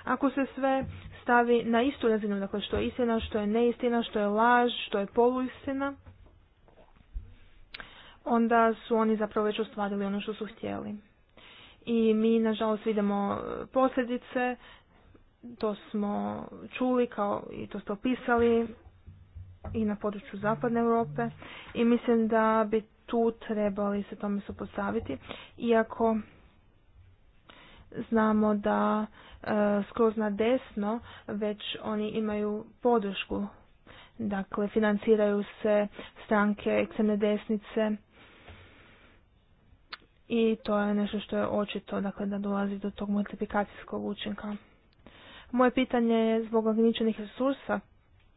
Ako se sve stavi na istu razinu, dakle što je istina, što je neistina, što je laž, što je poluistina, onda su oni zapravo već ostvarili ono što su htjeli. I mi, nažalost, vidimo e, posljedice, to smo čuli kao i to ste opisali i na području zapadne Europe i mislim da bi tu trebali se tome supostaviti, iako znamo da e, skroz na desno već oni imaju podršku. Dakle, financiraju se stranke ekstremne desnice i to je nešto što je očito, dakle da dolazi do tog multiplikacijskog učinka. Moje pitanje je zbog ograničenih resursa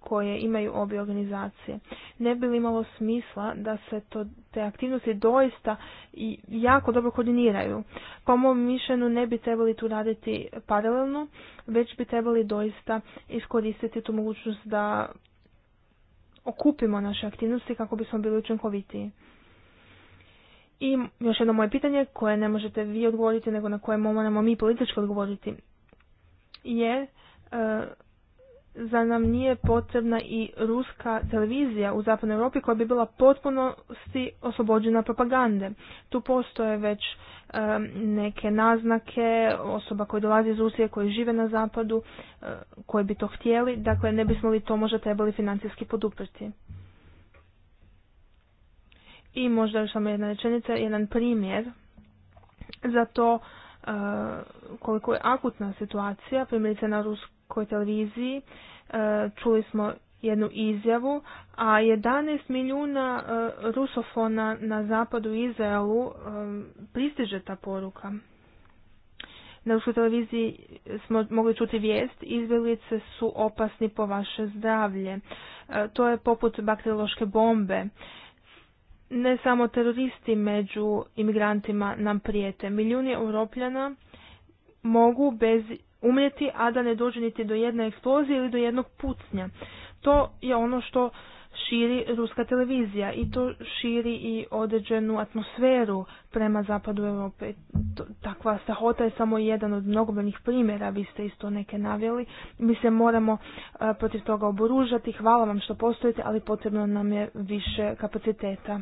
koje imaju obje organizacije. Ne bi li imalo smisla da se to, te aktivnosti doista i jako dobro koordiniraju? Po mom mišljenju ne bi trebali tu raditi paralelno, već bi trebali doista iskoristiti tu mogućnost da okupimo naše aktivnosti kako bismo bili učinkovitiji. I još jedno moje pitanje koje ne možete vi odgovoriti nego na koje moramo mi politički odgovoriti je za nam nije potrebna i ruska televizija u zapadnoj Europi koja bi bila potpunosti oslobođena propagande. Tu postoje već e, neke naznake osoba koje dolaze iz Rusije, koje žive na zapadu, e, koje bi to htjeli. Dakle, ne bismo li to možda trebali financijski poduprti? I možda još samo jedna rečenica, jedan primjer za to e, koliko je akutna situacija, primjerice na ruskoj televiziji, e, čuli smo jednu izjavu, a 11 milijuna e, rusofona na zapadu Izraelu pristiže ta poruka. Na ruskoj televiziji smo mogli čuti vijest, izbjeglice su opasni po vaše zdravlje. To je poput bakteriološke bombe ne samo teroristi među imigrantima nam prijete. Milijuni europljana mogu bez umjeti a da ne dođe niti do jedne eksplozije ili do jednog pucnja. To je ono što širi ruska televizija i to širi i određenu atmosferu prema zapadu Europe. Takva stahota je samo jedan od mnogobrojnih primjera, vi ste isto neke navjeli. Mi se moramo e, protiv toga oboružati, hvala vam što postojite, ali potrebno nam je više kapaciteta.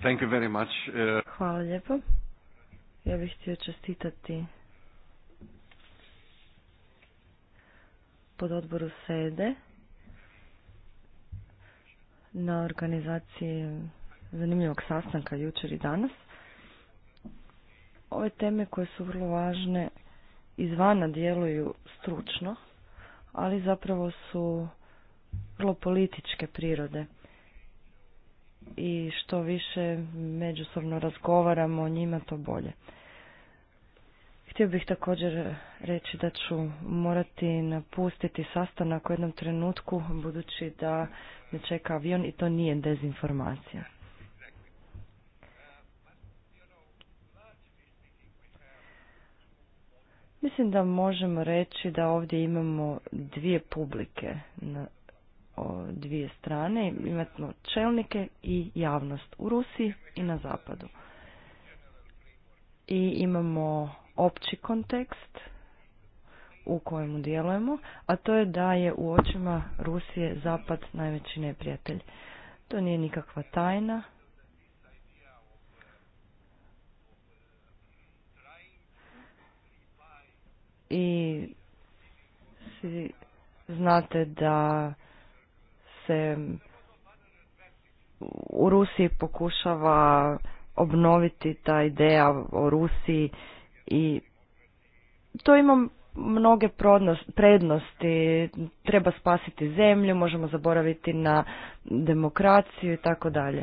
Thank you very much. Uh, hvala lijepo. Ja bih htio čestitati pod odboru sede na organizaciji zanimljivog sastanka jučer i danas. Ove teme koje su vrlo važne izvana djeluju stručno, ali zapravo su vrlo političke prirode. I što više međusobno razgovaramo o njima, to bolje. Htio bih također reći da ću morati napustiti sastanak u jednom trenutku, budući da ne čeka avion i to nije dezinformacija. Mislim da možemo reći da ovdje imamo dvije publike na dvije strane. Imamo čelnike i javnost u Rusiji i na zapadu. I imamo opći kontekst u kojemu djelujemo, a to je da je u očima Rusije zapad najveći neprijatelj. To nije nikakva tajna. I svi znate da se u Rusiji pokušava obnoviti ta ideja o Rusiji i to imam mnoge prednosti, treba spasiti zemlju, možemo zaboraviti na demokraciju i tako dalje.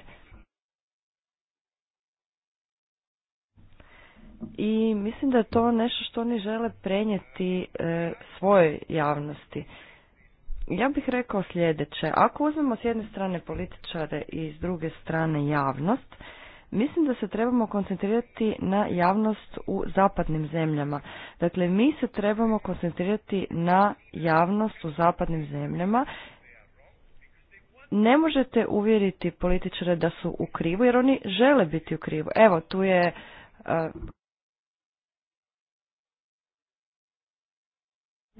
I mislim da je to nešto što oni žele prenijeti e, svojoj javnosti. Ja bih rekao sljedeće, ako uzmemo s jedne strane političare i s druge strane javnost, Mislim da se trebamo koncentrirati na javnost u zapadnim zemljama. Dakle, mi se trebamo koncentrirati na javnost u zapadnim zemljama. Ne možete uvjeriti političare da su u krivu, jer oni žele biti u krivu. Evo, tu je... Uh,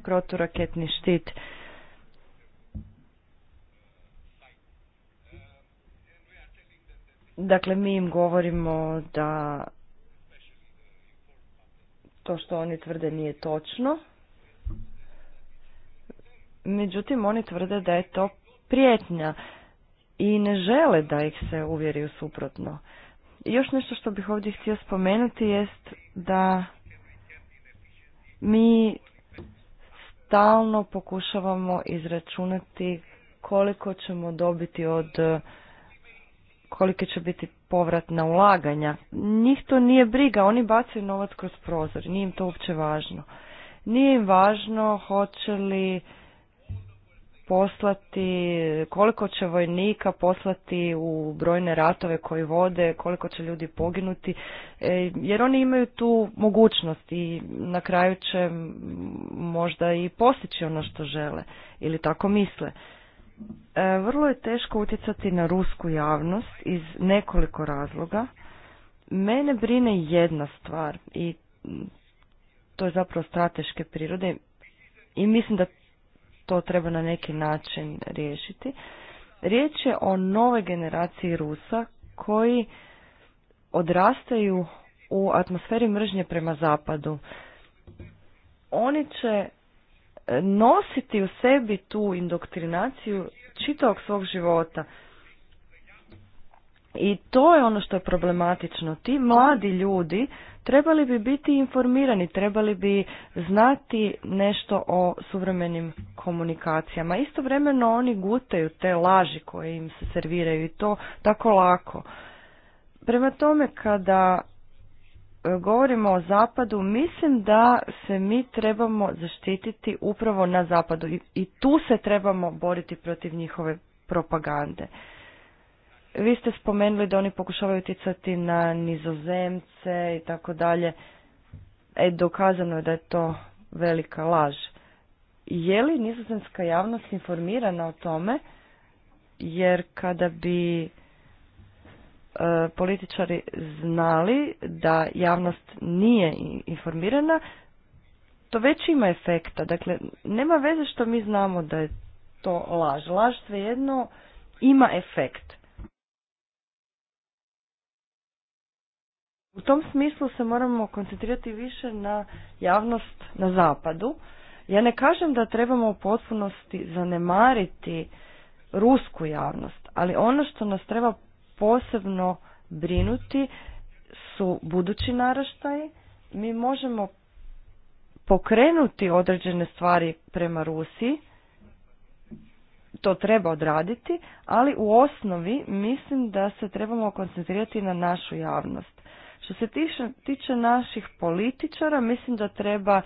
proturaketni štit. Dakle, mi im govorimo da to što oni tvrde nije točno. Međutim, oni tvrde da je to prijetnja i ne žele da ih se uvjeri u suprotno. Još nešto što bih ovdje htio spomenuti jest da mi stalno pokušavamo izračunati koliko ćemo dobiti od kolike će biti povratna ulaganja. Njih to nije briga, oni bacaju novac kroz prozor, nije im to uopće važno. Nije im važno hoće li poslati, koliko će vojnika poslati u brojne ratove koji vode, koliko će ljudi poginuti, e, jer oni imaju tu mogućnost i na kraju će možda i postići ono što žele ili tako misle. E, vrlo je teško utjecati na rusku javnost iz nekoliko razloga. Mene brine jedna stvar i to je zapravo strateške prirode i mislim da to treba na neki način riješiti. Riječ je o nove generaciji Rusa koji odrastaju u atmosferi mržnje prema zapadu. Oni će nositi u sebi tu indoktrinaciju čitavog svog života. I to je ono što je problematično. Ti mladi ljudi trebali bi biti informirani, trebali bi znati nešto o suvremenim komunikacijama. Istovremeno oni gutaju te laži koje im se serviraju i to tako lako. Prema tome kada govorimo o zapadu, mislim da se mi trebamo zaštititi upravo na zapadu i tu se trebamo boriti protiv njihove propagande. Vi ste spomenuli da oni pokušavaju ticati na nizozemce i tako dalje. E, dokazano je da je to velika laž. Je li nizozemska javnost informirana o tome? Jer kada bi E, političari znali da javnost nije informirana, to već ima efekta. Dakle, nema veze što mi znamo da je to laž. Laž svejedno ima efekt. U tom smislu se moramo koncentrirati više na javnost na zapadu. Ja ne kažem da trebamo u potpunosti zanemariti rusku javnost, ali ono što nas treba posebno brinuti su budući naraštaji. Mi možemo pokrenuti određene stvari prema Rusiji, to treba odraditi, ali u osnovi mislim da se trebamo koncentrirati na našu javnost. Što se tiče, tiče naših političara, mislim da treba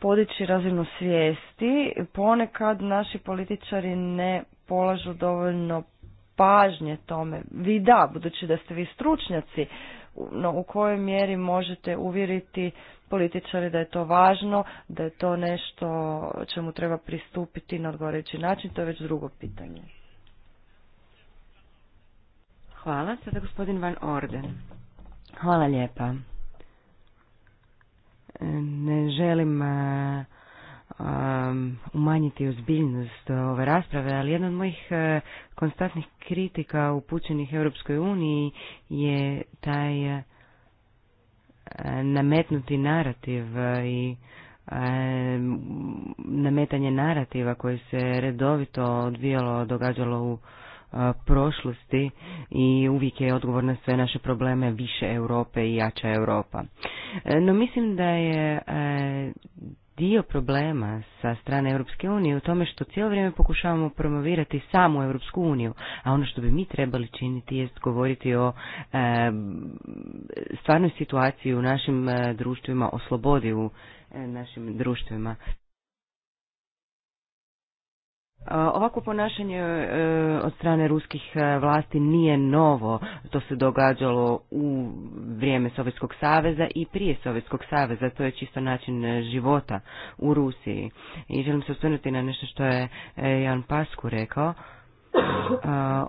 podići razinu svijesti. Ponekad naši političari ne polažu dovoljno pažnje tome. Vi da, budući da ste vi stručnjaci, no u kojoj mjeri možete uvjeriti političari da je to važno, da je to nešto čemu treba pristupiti na odgovarajući način, to je već drugo pitanje. Hvala. Sada gospodin Van Orden. Hvala lijepa. Ne želim eh, um, umanjiti ozbiljnost uh, ove rasprave, ali jedna od mojih uh, konstantnih kritika upućenih Europskoj uniji je taj uh, nametnuti narativ uh, i um, nametanje narativa koje se redovito odvijalo, događalo u uh, prošlosti i uvijek je odgovor na sve naše probleme više Europe i jača Europa. No mislim da je dio problema sa strane Europske unije u tome što cijelo vrijeme pokušavamo promovirati samu Europsku uniju, a ono što bi mi trebali činiti jest govoriti o stvarnoj situaciji u našim društvima, o slobodi u našim društvima. Ovako ponašanje e, od strane ruskih e, vlasti nije novo, to se događalo u vrijeme Sovjetskog saveza i prije Sovjetskog saveza, to je čisto način e, života u Rusiji. I želim se osvrnuti na nešto što je Jan Pasku rekao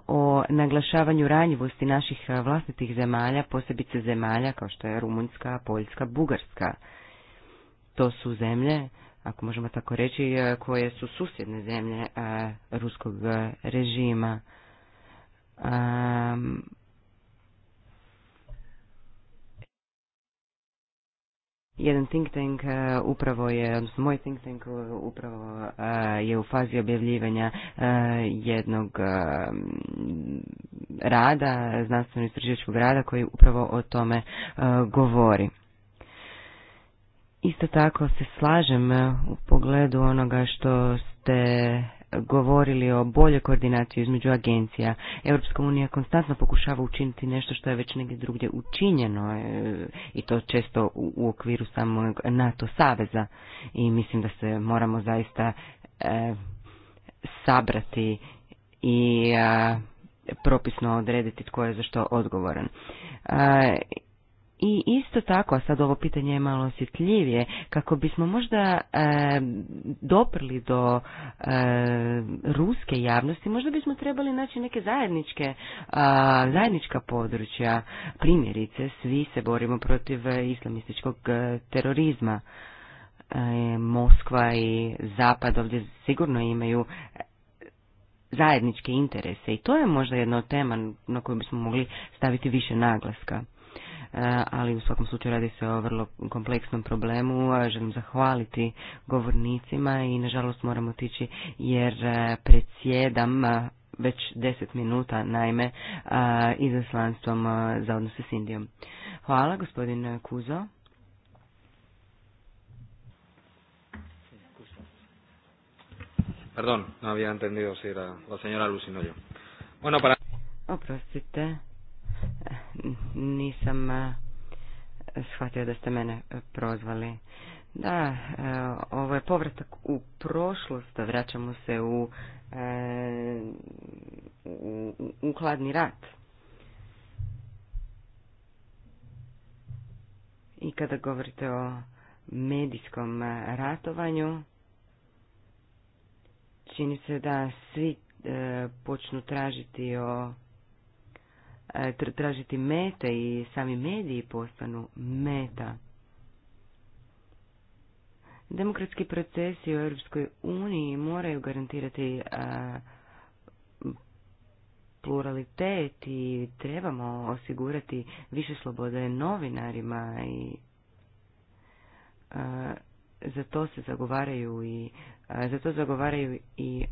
o naglašavanju ranjivosti naših vlastitih zemalja, posebice zemalja kao što je Rumunjska, Poljska, Bugarska. To su zemlje ako možemo tako reći, e, koje su susjedne zemlje e, ruskog e, režima. Jedan think tank upravo je, odnosno moj think tank upravo je u fazi objavljivanja jednog rada, znanstveno istraživačkog rada koji upravo o tome govori. Isto tako se slažem e, u pogledu onoga što ste govorili o boljoj koordinaciji između agencija. Europska unija konstantno pokušava učiniti nešto što je već negdje drugdje učinjeno e, i to često u okviru samog NATO saveza i mislim da se moramo zaista e, sabrati i propisno odrediti tko je za što odgovoran. I isto tako, a sad ovo pitanje je malo osjetljivije, kako bismo možda e, doprli do e, ruske javnosti, možda bismo trebali naći neke zajedničke, a, zajednička područja, primjerice, svi se borimo protiv e, islamističkog e, terorizma. Moskva i Zapad ovdje sigurno imaju zajedničke interese i to je možda jedna od tema na koju bismo mogli staviti više naglaska. Eh, ali u svakom slučaju radi se o vrlo kompleksnom problemu. Želim zahvaliti govornicima i nažalost moram otići jer eh, predsjedam eh, već deset minuta naime izaslanstvom za odnose s Indijom. Hvala gospodin Kuzo. Perdón, no había entendido si era la señora Bueno, para... Oprostite nisam eh, shvatio da ste mene eh, prozvali. Da, eh, ovo je povratak u prošlost, vraćamo se u, u, hladni rat. I kada govorite o medijskom ratovanju, čini se da svi počnu tražiti o E, tražiti meta i sami mediji postanu meta. Demokratski procesi u Europskoj uniji moraju garantirati e, pluralitet i trebamo osigurati više slobode novinarima i e, za to se zagovaraju i za to zagovaraju i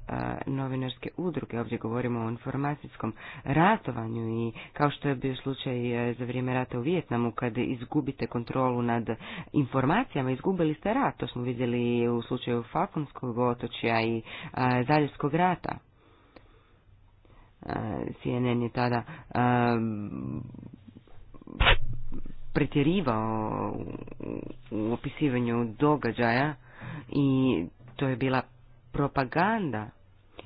novinarske udruge. Ovdje govorimo o informacijskom ratovanju i kao što je bio slučaj e, za vrijeme rata u Vijetnamu, kad izgubite kontrolu nad informacijama, izgubili ste rat. To smo vidjeli u slučaju Falkonskog otočja i Zaljevskog rata. CNN je tada pretjerivao u opisivanju događaja i to je bila propaganda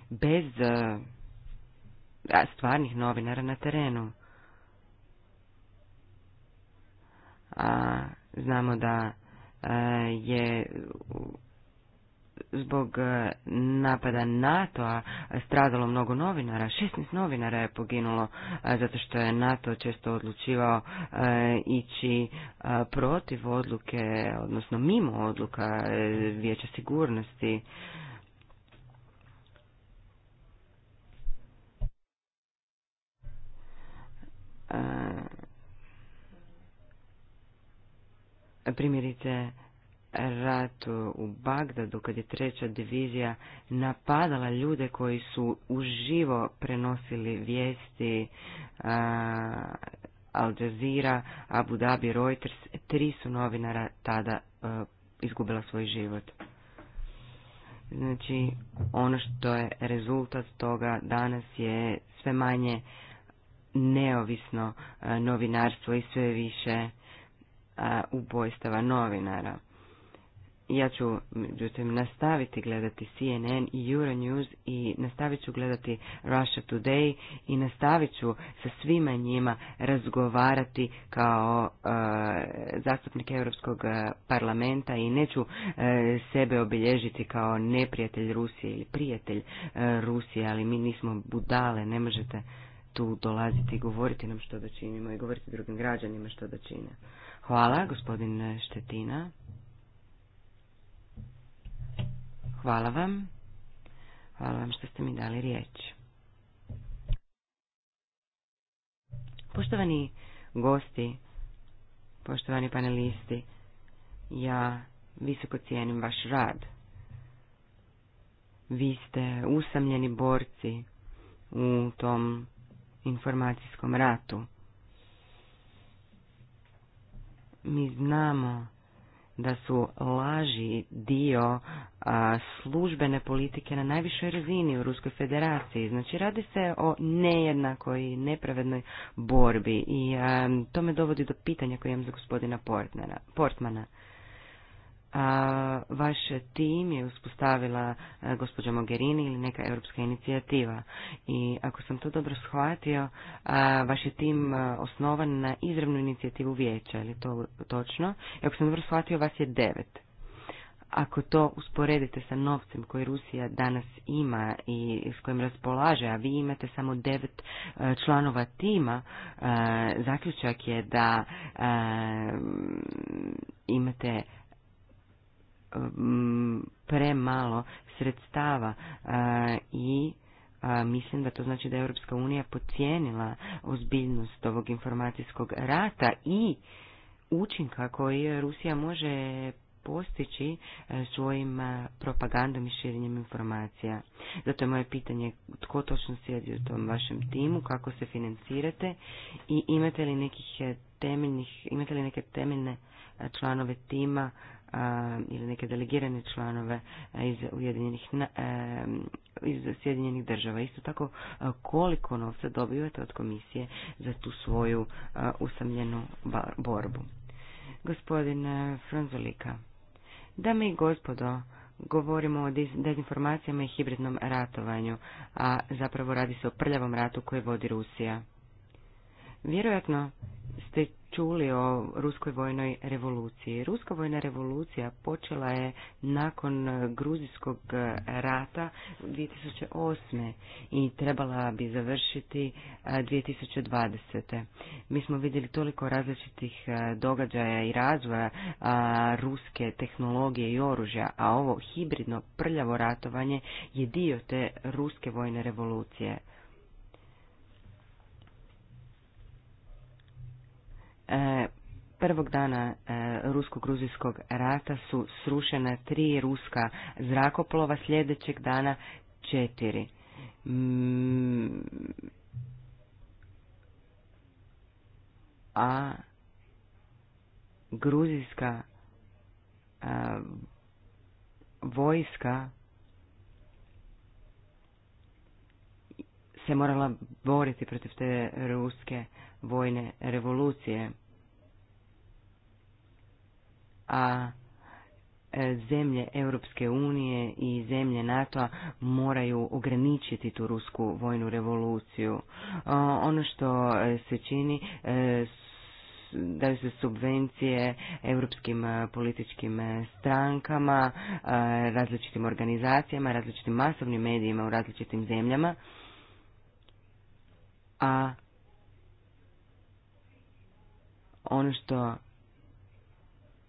bez e, stvarnih novinara na terenu. A znamo da e, je zbog e, napada NATO-a stradalo mnogo novinara, 16 novinara je poginulo e, zato što je NATO često odlučivao e, ići protiv odluke, odnosno mimo odluka Vijeća sigurnosti. Primjerice, rat u Bagdadu, kad je treća divizija napadala ljude koji su uživo prenosili vijesti Al Jazeera, Abu Dhabi, Reuters, tri su novinara tada e, izgubila svoj život. Znači, ono što je rezultat toga danas je sve manje neovisno e, novinarstvo i sve više e, ubojstava novinara. Ja ću, međutim, nastaviti gledati CNN i Euronews i nastavit ću gledati Russia Today i nastavit ću sa svima njima razgovarati kao e, zastupnik Europskog e, parlamenta i neću e, sebe obilježiti kao neprijatelj Rusije ili prijatelj Rusije, ali mi nismo budale, ne možete tu dolaziti i govoriti nam što da činimo i govoriti drugim građanima što da čine. Hvala, gospodin Štetina. Hvala vam. Hvala vam što ste mi dali riječ. Poštovani gosti, poštovani panelisti, ja visoko cijenim vaš rad. Vi ste usamljeni borci u tom informacijskom ratu. Mi znamo da su laži dio službene politike na najvišoj razini u Ruskoj federaciji. Znači radi se o nejednakoj nepravednoj borbi i to me dovodi do pitanja koje imam za gospodina Portmana. vaš tim je uspostavila gospođa Mogherini ili neka europska inicijativa i ako sam to dobro shvatio, vaš je tim osnovan na izravnu inicijativu vijeća, je li to točno? I ako sam dobro shvatio, vas je devet ako to usporedite sa novcem koji Rusija danas ima i s kojim raspolaže, a vi imate samo devet e, članova tima, e, zaključak je da e, imate premalo sredstava i mislim da to znači da je Europska unija pocijenila ozbiljnost ovog informacijskog rata i učinka koji Rusija može postići e, svojim e, propagandom i širenjem informacija. Zato je moje pitanje tko točno sjedi u tom vašem timu, kako se financirate i imate li nekih e, temeljnih, imate li neke temeljne članove tima ili neke delegirane članove iz Ujedinjenih iz Sjedinjenih država. Isto tako koliko novca dobivate od komisije za tu svoju usamljenu borbu. Gospodin Franzolika. Da mi, gospodo, govorimo o dezinformacijama i hibridnom ratovanju, a zapravo radi se o prljavom ratu koji vodi Rusija. Vjerojatno ste čuli o ruskoj vojnoj revoluciji. Ruska vojna revolucija počela je nakon gruzijskog rata 2008. i trebala bi završiti 2020. E, Mi smo vidjeli toliko različitih e, događaja i razvoja e, ruske tehnologije i oružja, a ovo hibridno prljavo ratovanje je dio te ruske vojne revolucije. E, prvog dana e, rusko-gruzijskog rata su srušena tri ruska zrakoplova, sljedećeg dana četiri. Mm, a gruzijska e, vojska se morala boriti protiv te ruske vojne revolucije. A e, zemlje Europske unije i zemlje NATO-a moraju ograničiti tu rusku vojnu revoluciju. E, ono što e, se čini daju se subvencije europskim političkim strankama, različitim organizacijama, različitim masovnim medijima u različitim zemljama, a ono što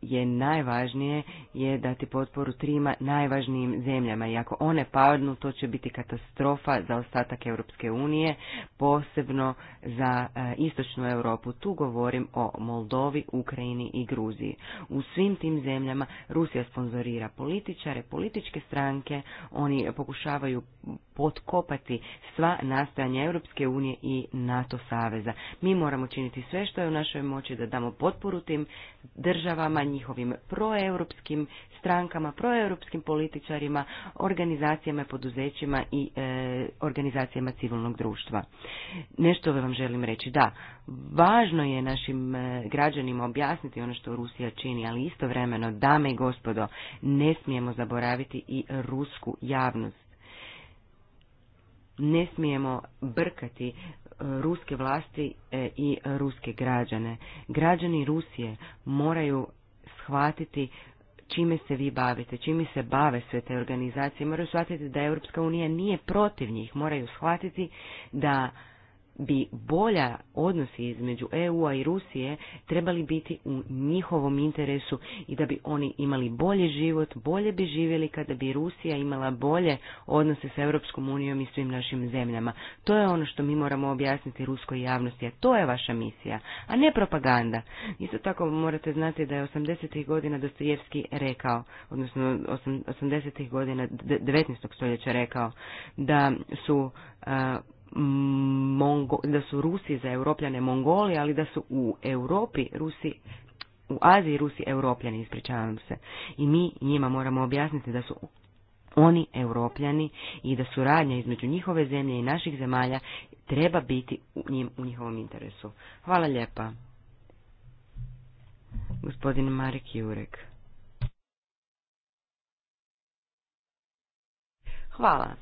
je najvažnije je dati potporu trima najvažnijim zemljama i ako one padnu to će biti katastrofa za ostatak Europske unije, posebno za e, istočnu Europu. Tu govorim o Moldovi, Ukrajini i Gruziji. U svim tim zemljama Rusija sponzorira političare, političke stranke, oni pokušavaju potkopati sva nastojanja Europske unije i NATO saveza. Mi moramo činiti sve što je u našoj moći da damo potporu tim državama njihovim proeuropskim strankama, proeuropskim političarima, organizacijama, poduzećima i e, organizacijama civilnog društva. Nešto vam želim reći, da, važno je našim e, građanima objasniti ono što Rusija čini, ali istovremeno, dame i gospodo, ne smijemo zaboraviti i rusku javnost. Ne smijemo brkati e, ruske vlasti i ruske građane. Građani Rusije moraju shvatiti čime se vi bavite, čime se bave sve te organizacije. Moraju shvatiti da Europska unija nije protiv njih, moraju shvatiti da bi bolja odnosi između EU-a i Rusije trebali biti u njihovom interesu i da bi oni imali bolji život, bolje bi živjeli kada bi Rusija imala bolje odnose sa Europskom unijom i svim našim zemljama. To je ono što mi moramo objasniti ruskoj javnosti, a to je vaša misija, a ne propaganda. Isto tako morate znati da je 80. godina Dostojevski rekao, odnosno 80. godina 19. stoljeća rekao, da su Mongo, da su Rusi za Europljane Mongoli, ali da su u Europi Rusi, u Aziji Rusi Europljani, ispričavam se. I mi njima moramo objasniti da su oni Europljani i da suradnja između njihove zemlje i naših zemalja treba biti u, njim, u njihovom interesu. Hvala lijepa. Gospodin Marek Jurek. Hvala.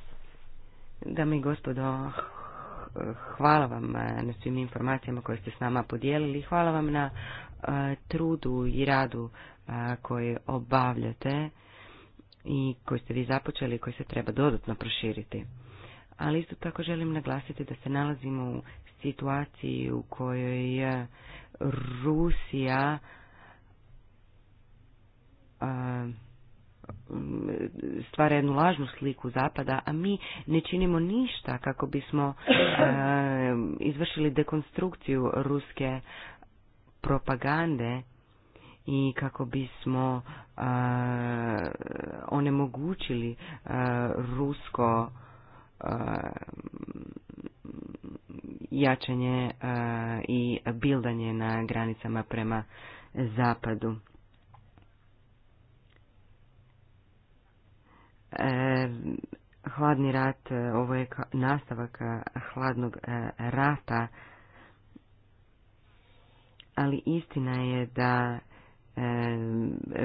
Dame i gospodo, hvala vam eh, na svim informacijama koje ste s nama podijelili. Hvala vam na eh, trudu i radu eh, koje obavljate i koji ste vi započeli i koji se treba dodatno proširiti. Ali isto tako želim naglasiti da se nalazimo u situaciji u kojoj je Rusija stvara jednu lažnu sliku zapada, a mi ne činimo ništa kako bismo [coughs] eh, izvršili dekonstrukciju ruske propagande i kako bismo eh, onemogućili eh, rusko jačanje i bildanje na granicama prema zapadu. E, hladni rat, e, ovo je nastavak e, hladnog rata, ali istina je da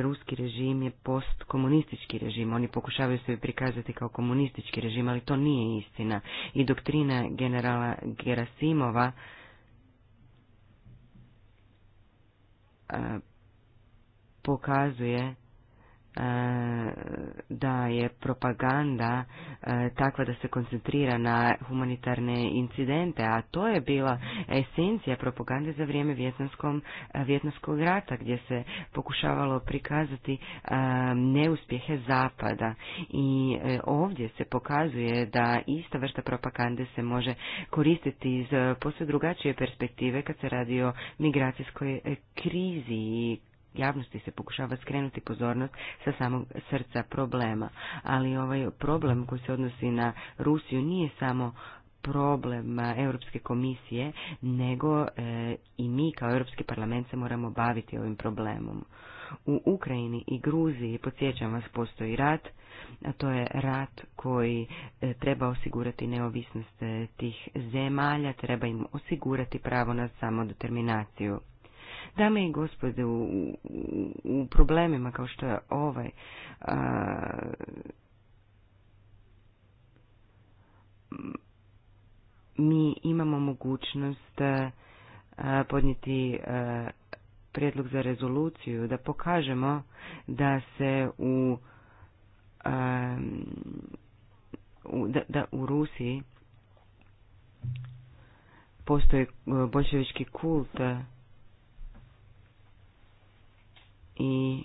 ruski režim je postkomunistički režim. Oni pokušavaju se prikazati kao komunistički režim, ali to nije istina. I doktrina generala Gerasimova pokazuje E, da je propaganda e, takva da se koncentrira na humanitarne incidente, a to je bila esencija propagande za vrijeme e, Vjetnamskog rata gdje se pokušavalo prikazati neuspjehe zapada i ovdje se pokazuje da ista vrsta propagande se može koristiti iz posve drugačije perspektive kad se radi o migracijskoj krizi i javnosti se pokušava skrenuti pozornost sa samog srca problema, ali ovaj problem koji se odnosi na Rusiju nije samo problem e, Europske komisije, nego e, i mi kao Europski parlament se moramo baviti ovim problemom. U Ukrajini i Gruziji, podsjećam vas, postoji rat, a to je rat koji e, treba osigurati neovisnost tih zemalja, treba im osigurati pravo na samodeterminaciju. Dame i gospode, u, u, problemima kao što je ovaj, mi imamo mogućnost podnijeti prijedlog za rezoluciju, da pokažemo da se u, u da, u Rusiji postoji bolševički kult i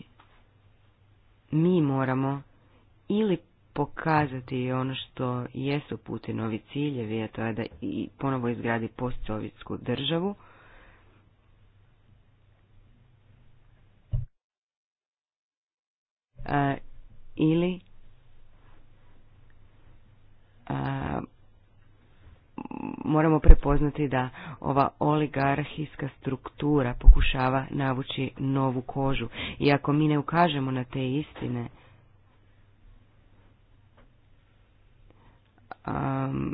mi moramo ili pokazati ono što jesu Putinovi ciljevi, a to je da i ponovo izgradi postsovjetsku državu, a, ili a, moramo prepoznati da ova oligarhijska struktura pokušava navući novu kožu. I ako mi ne ukažemo na te istine,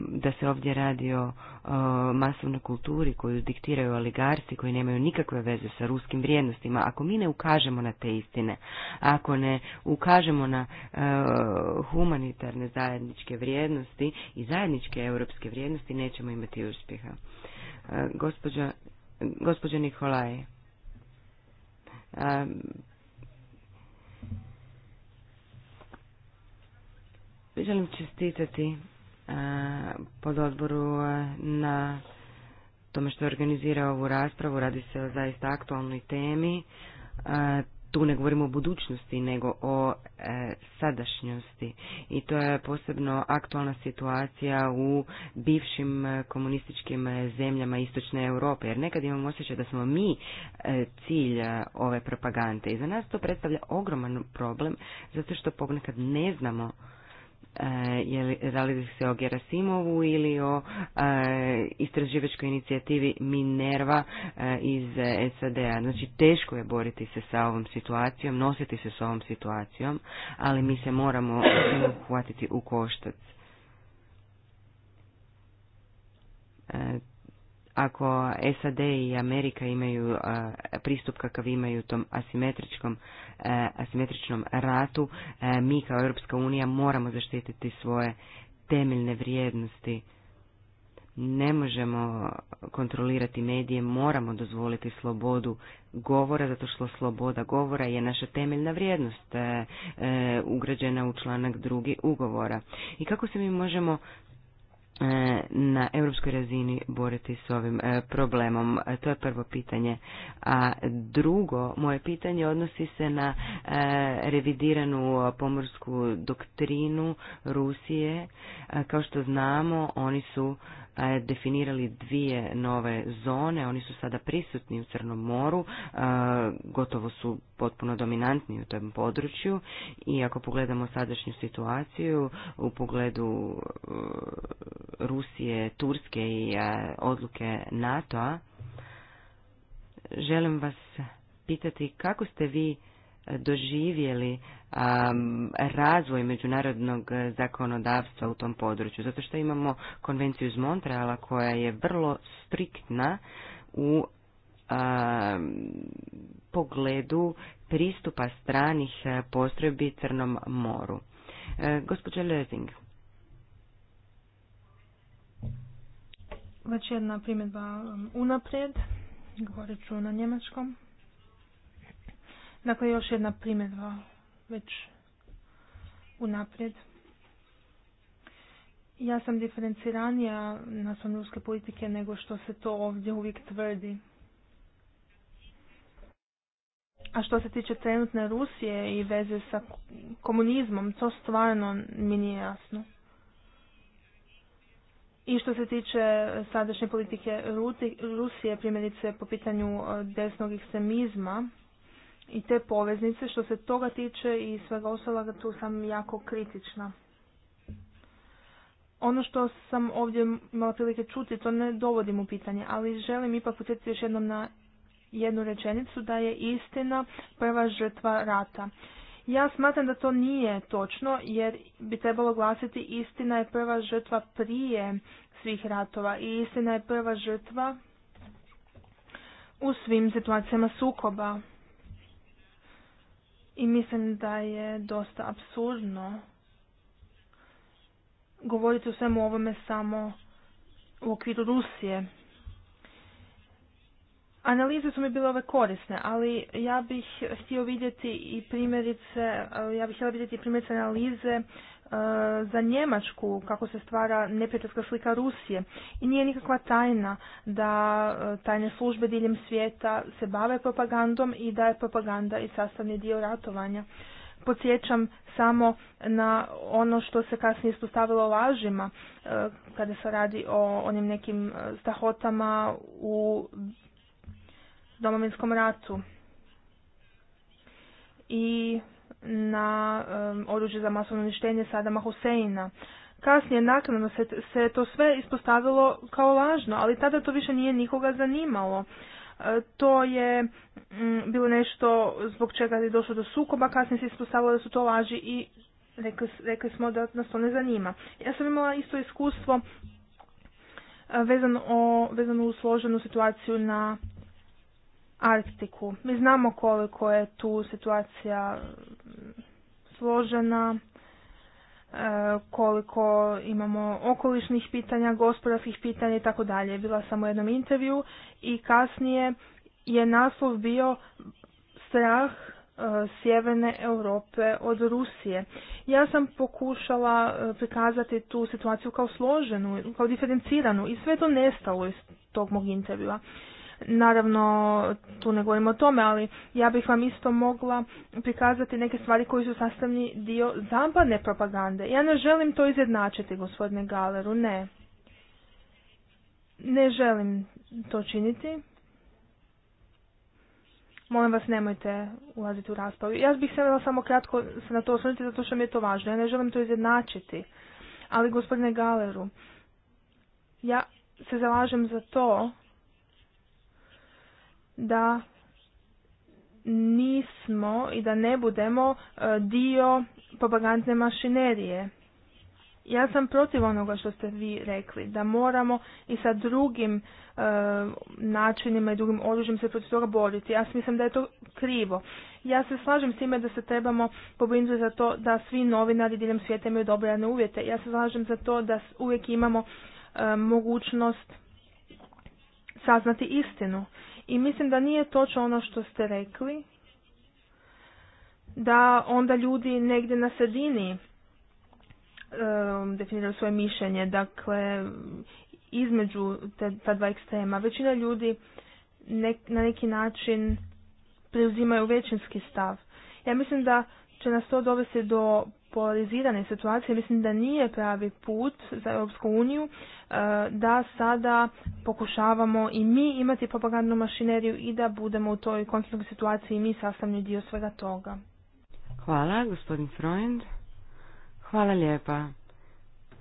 da se ovdje radi o masovnoj kulturi koju diktiraju oligarci koji nemaju nikakve veze sa ruskim vrijednostima. Ako mi ne ukažemo na te istine, ako ne ukažemo na e, humanitarne zajedničke vrijednosti i zajedničke europske vrijednosti, nećemo imati uspjeha. E, gospođa, gospođa Nikolaj, e, želim čestitati pod odboru na tome što je organizirao ovu raspravu. Radi se o zaista aktualnoj temi. Tu ne govorimo o budućnosti, nego o e, sadašnjosti. I to je posebno aktualna situacija u bivšim e, komunističkim e, zemljama Istočne Europe. Jer nekad imamo osjećaj da smo mi cilj ove propagande. I za nas to predstavlja ogroman problem, zato što ponekad ne znamo E, da li se o Gerasimovu ili o e, istraživačkoj inicijativi Minerva e, iz SAD-a. Znači, teško je boriti se sa ovom situacijom, nositi se sa ovom situacijom, ali mi se moramo uhvatiti u koštac ako SAD i Amerika imaju pristup kakav imaju tom asimetričkom, e, asimetričnom ratu, e, mi kao Europska unija moramo zaštititi svoje temeljne vrijednosti. Ne možemo kontrolirati medije, moramo dozvoliti slobodu govora, zato što sloboda govora je naša temeljna vrijednost e, ugrađena u članak drugi ugovora. I kako se mi možemo E, na europskoj razini boriti s ovim e, problemom? E, to je prvo pitanje. A drugo, moje pitanje odnosi se na revidiranu pomorsku doktrinu Rusije. Kao što znamo, oni su definirali dvije nove zone, oni su sada prisutni u Crnom moru, gotovo su potpuno dominantni u tom području i ako pogledamo sadašnju situaciju u pogledu e, Rusije, Turske i e, odluke NATO-a, želim vas pitati kako ste vi doživjeli razvoj međunarodnog zakonodavstva u tom području. Zato što imamo konvenciju iz Montreala koja je vrlo striktna u pogledu pristupa stranih e, postrojbi Crnom moru. E, gospođa Lezing. Već jedna primjedba um, unaprijed, govorit ću na njemačkom. Dakle, još jedna primjedba već unaprijed. Ja sam diferenciranija na ruske politike nego što se to ovdje uvijek tvrdi. A što se tiče trenutne Rusije i veze sa komunizmom, to stvarno mi nije jasno. I što se tiče sadašnje politike Rusije, primjerice po pitanju e, desnog ekstremizma i te poveznice, što se toga tiče i svega ostaloga, tu sam jako kritična. Ono što sam ovdje imala prilike čuti, to ne dovodim u pitanje, ali želim ipak podsjetiti još jednom na jednu rečenicu da je istina prva žrtva rata. Ja smatram da to nije točno jer bi trebalo glasiti istina je prva žrtva prije svih ratova i istina je prva žrtva u svim situacijama sukoba. I mislim da je dosta absurdno govoriti o svemu ovome samo u okviru Rusije. Analize su mi bile ove korisne, ali ja bih htio vidjeti i primjerice, ja bih htjela vidjeti primjerice analize e, za Njemačku, kako se stvara neprijateljska slika Rusije. I nije nikakva tajna da e, tajne službe diljem svijeta se bave propagandom i da je propaganda i sastavni dio ratovanja. Podsjećam samo na ono što se kasnije ispostavilo lažima, e, kada se radi o onim nekim stahotama u domovinskom ratu i na um, oružje za masovno uništenje Sadama Huseina. Kasnije naknadno se, se to sve ispostavilo kao lažno, ali tada to više nije nikoga zanimalo. E, to je mm, bilo nešto zbog čega je došlo do sukoba, kasnije se ispostavilo da su to laži i rekli, rekli smo da nas to ne zanima. Ja sam imala isto iskustvo e, vezano, o, vezano u složenu situaciju na Arktiku. Mi znamo koliko je tu situacija mm, složena, e, koliko imamo okolišnih pitanja, gospodarskih pitanja i tako dalje. Bila sam u jednom intervju i kasnije je naslov bio strah e, sjeverne Europe od Rusije. Ja sam pokušala e, prikazati tu situaciju kao složenu, kao diferenciranu i sve to nestalo iz tog mog intervjua. Naravno, tu ne govorimo o tome, ali ja bih vam isto mogla prikazati neke stvari koji su sastavni dio zapadne propagande. Ja ne želim to izjednačiti, gospodine Galeru, ne. Ne želim to činiti. Molim vas, nemojte ulaziti u raspravu. Ja bih se samo kratko se na to osvrnuti, zato što mi je to važno. Ja ne želim to izjednačiti. Ali, gospodine Galeru, ja se zalažem za to da nismo i da ne budemo e, dio propagandne mašinerije. Ja sam protiv onoga što ste vi rekli, da moramo i sa drugim e, načinima i drugim oružjem se protiv toga boriti. Ja mislim da je to krivo. Ja se slažem s time da se trebamo pobrinuti za to da svi novinari diljem svijeta imaju dobre uvjete. Ja se slažem za to da uvijek imamo e, mogućnost saznati istinu. I mislim da nije točno ono što ste rekli, da onda ljudi negdje na sredini um, definiraju svoje mišljenje, dakle između te, ta dva ekstrema. Većina ljudi na neki način preuzimaju većinski stav. Ja mislim da će nas to dovesti do polarizirane situacije mislim da nije pravi put za Europsku uniju e, da sada pokušavamo i mi imati propagandnu mašineriju i da budemo u toj konfliktnoj situaciji i mi sastavni dio svega toga. Hvala, gospodin Freund. Hvala lijepa.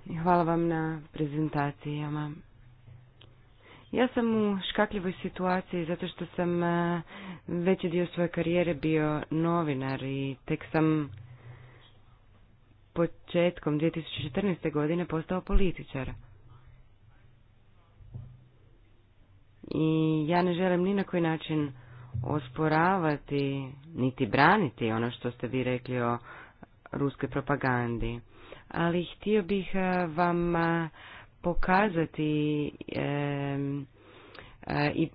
I hvala vam na prezentacijama. Ja sam u škakljivoj situaciji zato što sam e, veći dio svoje karijere bio novinar i tek sam početkom 2014. godine postao političar. I ja ne želim ni na koji način osporavati, niti braniti ono što ste vi rekli o ruskoj propagandi. Ali htio bih e, vam e, pokazati e,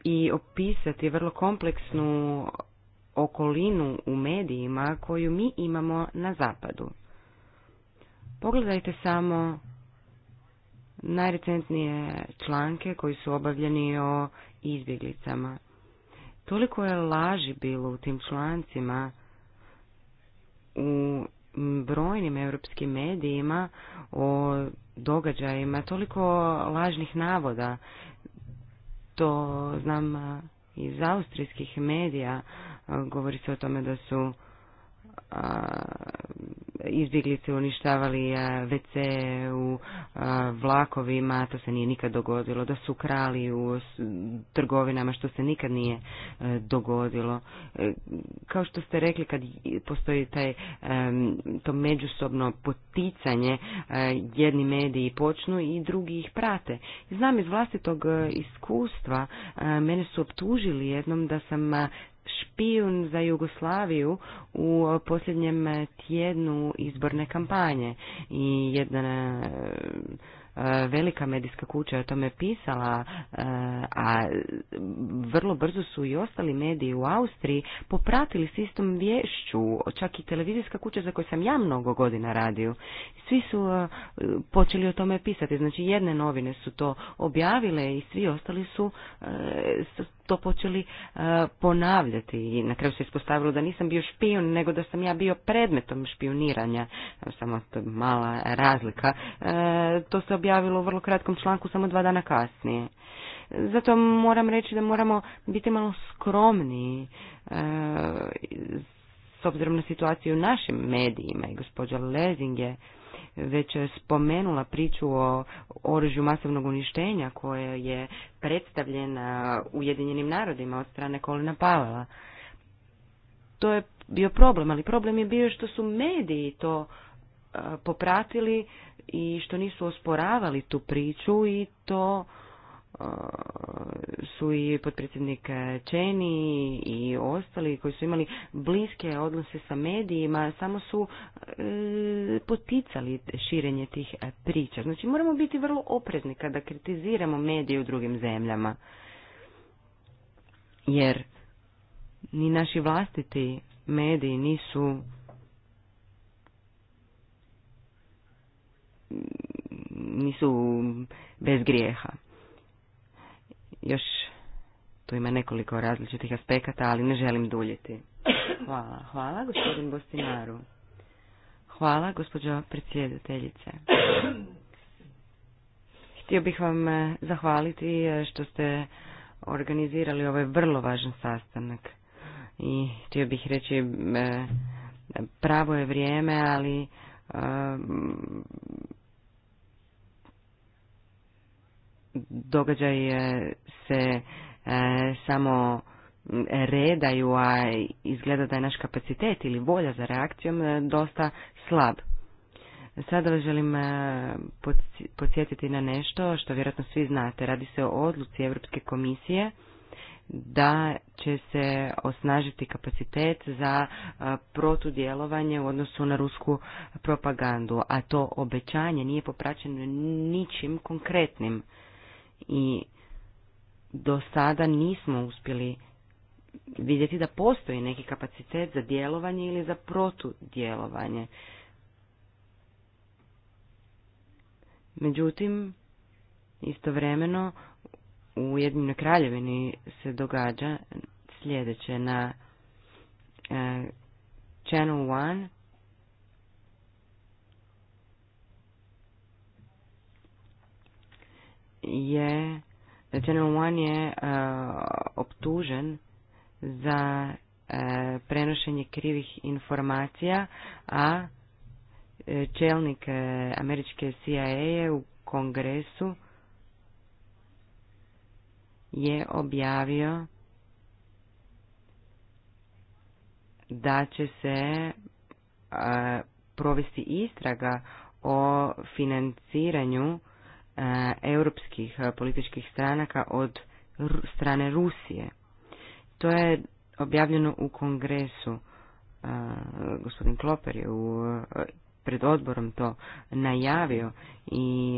i opisati vrlo kompleksnu okolinu u medijima koju mi imamo na zapadu. Pogledajte samo najrecentnije članke koji su obavljeni o izbjeglicama. Toliko je laži bilo u tim člancima u brojnim europskim medijima o događajima, toliko lažnih navoda. To znam iz austrijskih medija, govori se o tome da su izbjeglice uništavali WC u vlakovima, to se nije nikad dogodilo, da su krali u trgovinama, što se nikad nije e, dogodilo. E, kao što ste rekli, kad postoji taj, to međusobno poticanje, e, jedni mediji počnu i drugi ih prate. Znam iz vlastitog iskustva, mene su optužili jednom da sam špijun za Jugoslaviju u posljednjem tjednu izborne kampanje i jedna e, velika medijska kuća o tome pisala, e, a vrlo brzo su i ostali mediji u Austriji popratili s istom vješću, čak i televizijska kuća za koju sam ja mnogo godina radio. Svi su e, počeli o tome pisati, znači jedne novine su to objavile i svi ostali su to počeli e, ponavljati i na kraju se ispostavilo da nisam bio špijun, nego da sam ja bio predmetom špioniranja, samo to mala razlika. E, to se objavilo u vrlo kratkom članku samo dva dana kasnije. Zato moram reći da moramo biti malo skromni e, s obzirom na situaciju u našim medijima i gospođa Lezing je već spomenula priču o oružju masovnog uništenja koje je predstavljena Ujedinjenim narodima od strane Kolina Pavela. To je bio problem, ali problem je bio što su mediji to popratili i što nisu osporavali tu priču i to su i potpredsjednik Čeni i ostali koji su imali bliske odnose sa medijima, samo su e, poticali širenje tih priča. Znači moramo biti vrlo oprezni kada kritiziramo medije u drugim zemljama. Jer ni naši vlastiti mediji nisu nisu bez grijeha. Još tu ima nekoliko različitih aspekata, ali ne želim duljiti. Hvala. Hvala, gospodin Bostinaru. Hvala, gospođo predsjedateljice. Htio bih vam eh, zahvaliti eh, što ste organizirali ovaj vrlo važan sastanak. I htio bih reći eh, pravo je vrijeme, ali događaj e, se e, samo redaju, a izgleda da je naš kapacitet ili volja za reakcijom e, dosta slab. Sada vas želim podsjetiti na nešto što vjerojatno svi znate. Radi se o odluci Europske komisije da će se osnažiti kapacitet za protudjelovanje u odnosu na rusku propagandu, a to obećanje nije popraćeno ničim konkretnim i do sada nismo uspjeli vidjeti da postoji neki kapacitet za djelovanje ili za protudjelovanje. Međutim, istovremeno u Ujedinjenoj kraljevini se događa sljedeće na e, Channel One je General One je e, optužen za e, prenošenje krivih informacija, a e, čelnik američke CIA u kongresu je objavio da će se provesti istraga o financiranju Eh, europskih eh, političkih stranaka od strane Rusije. To je objavljeno u kongresu. Eh, gospodin Kloper je u, pred odborom to najavio i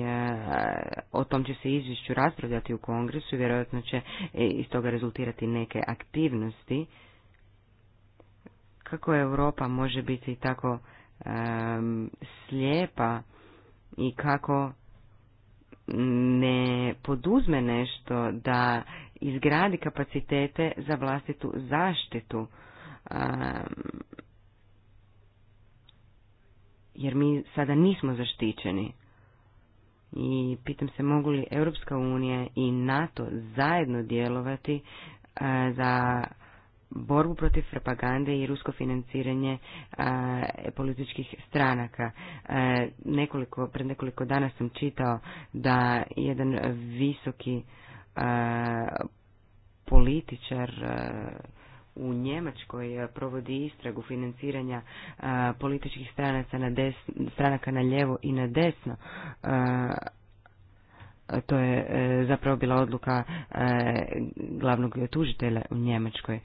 o tom će se izvješću raspravljati u kongresu i vjerojatno će iz toga rezultirati neke aktivnosti. Kako Europa može biti tako slijepa i kako ne poduzme nešto da izgradi kapacitete za vlastitu zaštitu. Jer mi sada nismo zaštićeni. I pitam se mogu li Europska unija i NATO zajedno djelovati za borbu protiv propagande i rusko financiranje političkih stranaka. nekoliko, pred nekoliko dana sam čitao da jedan visoki političar u Njemačkoj provodi istragu financiranja političkih stranaca na des, stranaka na ljevo i na desno to je e, zapravo bila odluka e, glavnog tužitelja u Njemačkoj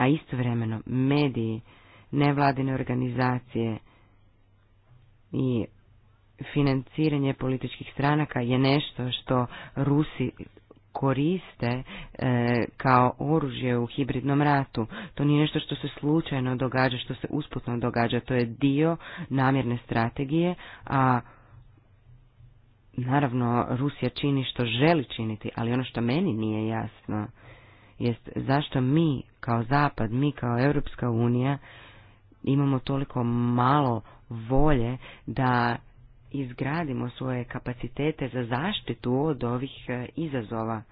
a istovremeno mediji, nevladine organizacije i financiranje političkih stranaka je nešto što Rusi koriste e, kao oružje u hibridnom ratu. To nije nešto što se slučajno događa, što se usputno događa, to je dio namjerne strategije, a naravno Rusija čini što želi činiti, ali ono što meni nije jasno jest zašto mi kao Zapad, mi kao Europska unija imamo toliko malo volje da izgradimo svoje kapacitete za zaštitu od ovih e, izazova.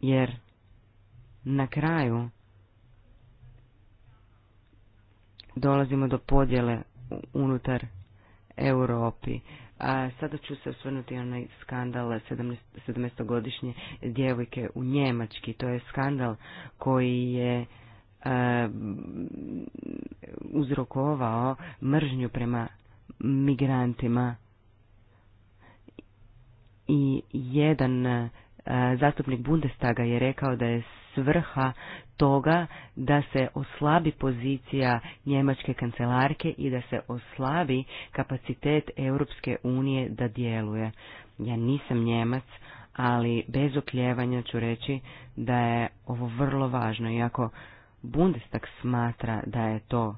Jer na kraju dolazimo do podjele unutar Europi. A sada ću se osvrnuti onaj skandal 17-godišnje djevojke u Njemački. To je skandal koji je e, uzrokovao mržnju prema migrantima i jedan E, zastupnik Bundestaga je rekao da je svrha toga da se oslabi pozicija njemačke kancelarke i da se oslabi kapacitet Europske unije da djeluje. Ja nisam njemac, ali bez okljevanja ću reći da je ovo vrlo važno. Iako Bundestag smatra da je to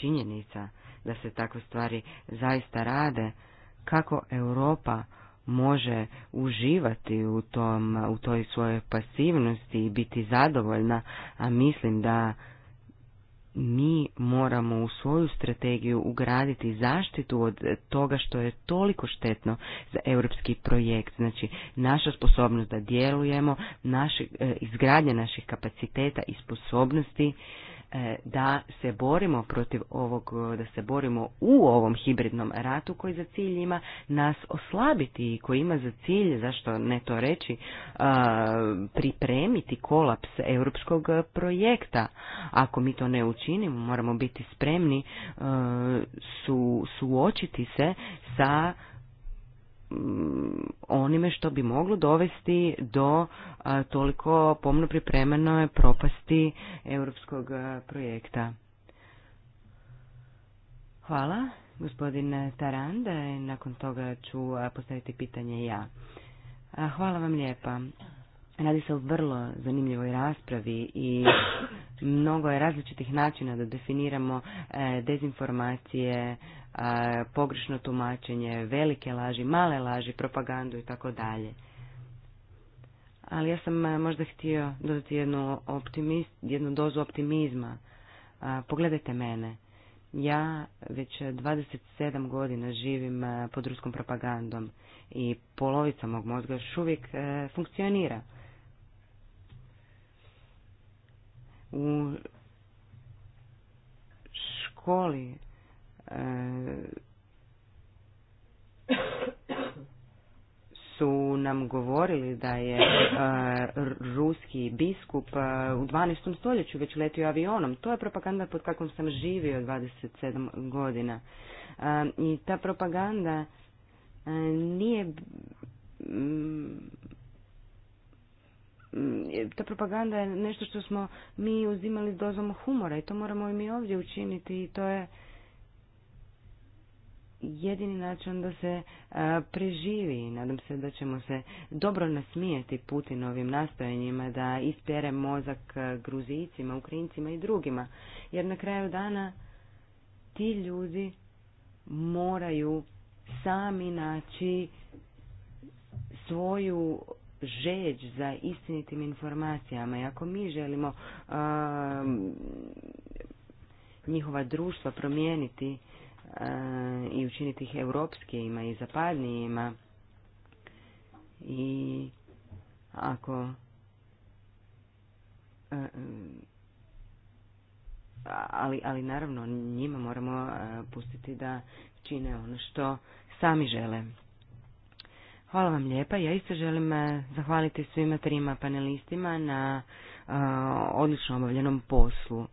činjenica, da se takve stvari zaista rade, kako Europa može uživati u tom u toj svojoj pasivnosti i biti zadovoljna, a mislim da mi moramo u svoju strategiju ugraditi zaštitu od toga što je toliko štetno za europski projekt. Znači, naša sposobnost da djelujemo, naši, e, izgradnja naših kapaciteta i sposobnosti E, da se borimo protiv ovog, e, da se borimo u ovom hibridnom ratu koji za cilj ima nas oslabiti i koji ima za cilj, zašto ne to reći, e, pripremiti kolaps europskog projekta. Ako mi to ne učinimo, moramo biti spremni suočiti se sa Mm, onime što bi moglo dovesti do toliko pomno je propasti europskog projekta. Hvala, gospodin Taranda. Nakon toga ću postaviti pitanje ja. Hvala vam lijepa. Radi se o vrlo zanimljivoj raspravi i mnogo je različitih načina da definiramo e, dezinformacije, e, pogrešno tumačenje, velike laži, male laži, propagandu i tako dalje. Ali ja sam e, možda htio dodati jednu, optimist, jednu dozu optimizma. Pogledajte mene. Ja već 27 godina živim pod ruskom propagandom i polovica mog mozga još uvijek funkcionira. u školi e, su nam govorili da je e, ruski biskup e, u 12. stoljeću već letio avionom. To je propaganda pod kakvom sam živio 27 godina. I ta propaganda nije Mm, ta propaganda je nešto što smo mi uzimali s dozom humora i to moramo i mi ovdje učiniti i to je jedini način da se a, preživi. Nadam se da ćemo se dobro nasmijeti Putinovim nastojanjima da ispere mozak Gruzijicima, Ukrajincima i drugima. Jer na kraju dana ti ljudi moraju sami naći svoju žeđ za istinitim informacijama i ako mi želimo um, njihova društva promijeniti uh, i učiniti ih europskijima i zapadnijima i ako uh, um, ali, ali naravno njima moramo uh, pustiti da čine ono što sami žele. Hvala vam lijepa. Ja isto želim eh, zahvaliti svima trima panelistima na eh, odlično obavljenom poslu.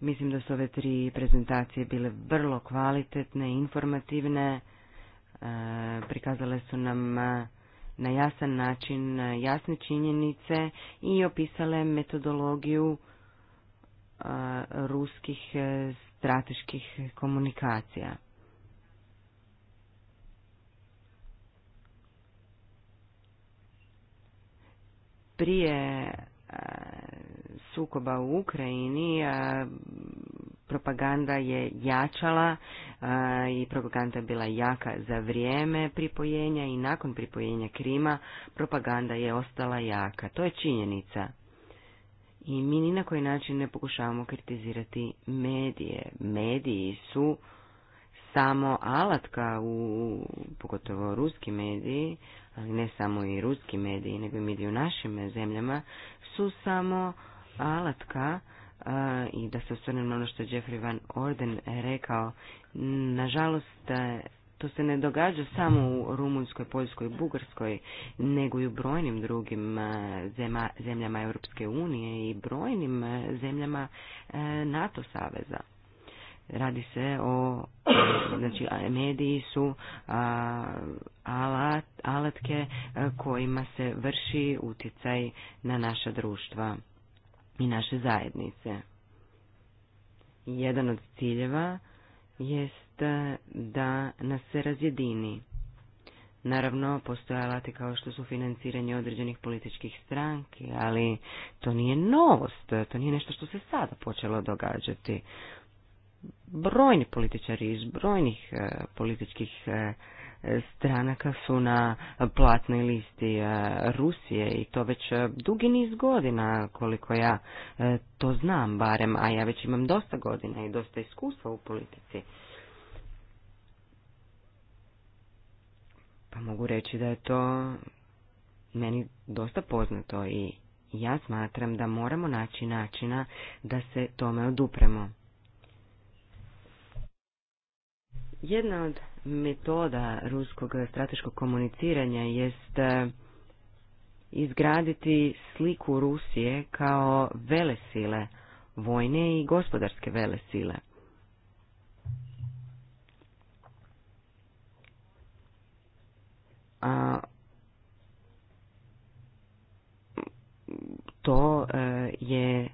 Mislim da su ove tri prezentacije bile vrlo kvalitetne, informativne. Eh, prikazale su nam na jasan način jasne činjenice i opisale metodologiju ruskih strateških komunikacija. prije e, sukoba u Ukrajini e, propaganda je jačala e, i propaganda je bila jaka za vrijeme pripojenja i nakon pripojenja Krima propaganda je ostala jaka. To je činjenica. I mi ni na koji način ne pokušavamo kritizirati medije. Mediji su samo alatka u pogotovo ruski mediji, ali ne samo i ruski mediji, nego i mediji u našim zemljama, su samo alatka i da se osvrnem na ono što je Jeffrey Van Orden rekao, nažalost to se ne događa samo u Rumunjskoj, Poljskoj i Bugarskoj, nego i u brojnim drugim zemljama Europske unije i brojnim zemljama NATO saveza. Radi se o, znači mediji su alat, alatke kojima se vrši utjecaj na naša društva i naše zajednice. Jedan od ciljeva jest da nas se razjedini. Naravno, postoje alati kao što su financiranje određenih političkih stranki, ali to nije novost, to nije nešto što se sada počelo događati brojni političari iz brojnih e, političkih e, stranaka su na platnoj listi e, Rusije i to već dugi niz godina koliko ja to znam barem, a ja već imam dosta godina i dosta iskustva u politici. Pa mogu reći da je to meni dosta poznato i ja smatram da moramo naći načina da se tome odupremo. Jedna od metoda ruskog strateškog komuniciranja jest e, izgraditi sliku Rusije kao velesile, vojne i gospodarske velesile. A to e, je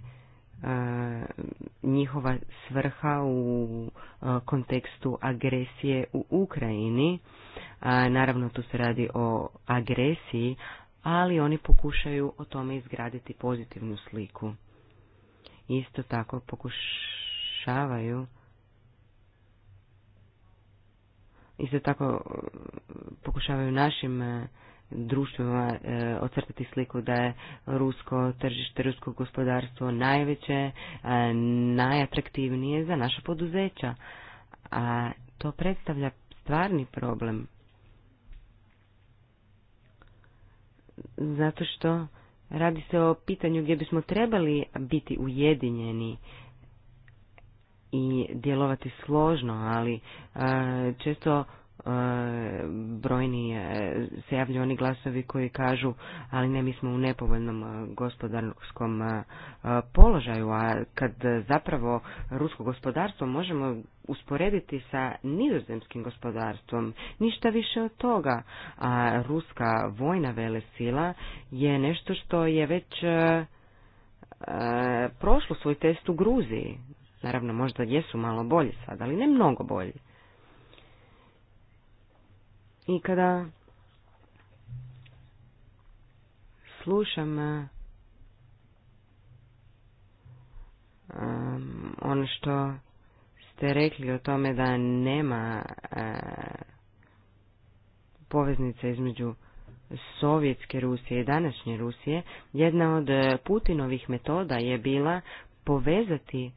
njihova svrha u kontekstu agresije u Ukrajini. Naravno tu se radi o agresiji, ali oni pokušaju o tome izgraditi pozitivnu sliku. Isto tako pokušavaju isto tako pokušavaju našim društvima e, ocrtati sliku da je rusko tržište, rusko gospodarstvo najveće, e, najatraktivnije za naša poduzeća. A to predstavlja stvarni problem. Zato što radi se o pitanju gdje bismo trebali biti ujedinjeni i djelovati složno, ali e, često E, brojni e, se javljaju oni glasovi koji kažu ali ne mi smo u nepovoljnom e, gospodarskom položaju, a kad zapravo rusko gospodarstvo možemo usporediti sa nizozemskim gospodarstvom, ništa više od toga, a ruska vojna velesila je nešto što je već prošlo svoj test u Gruziji. Naravno, možda jesu malo bolji sad, ali ne mnogo bolji. I kada slušam ono što ste rekli o tome da nema uh, poveznice poveznica između sovjetske Rusije i današnje Rusije, jedna od uh, Putinovih metoda je bila povezati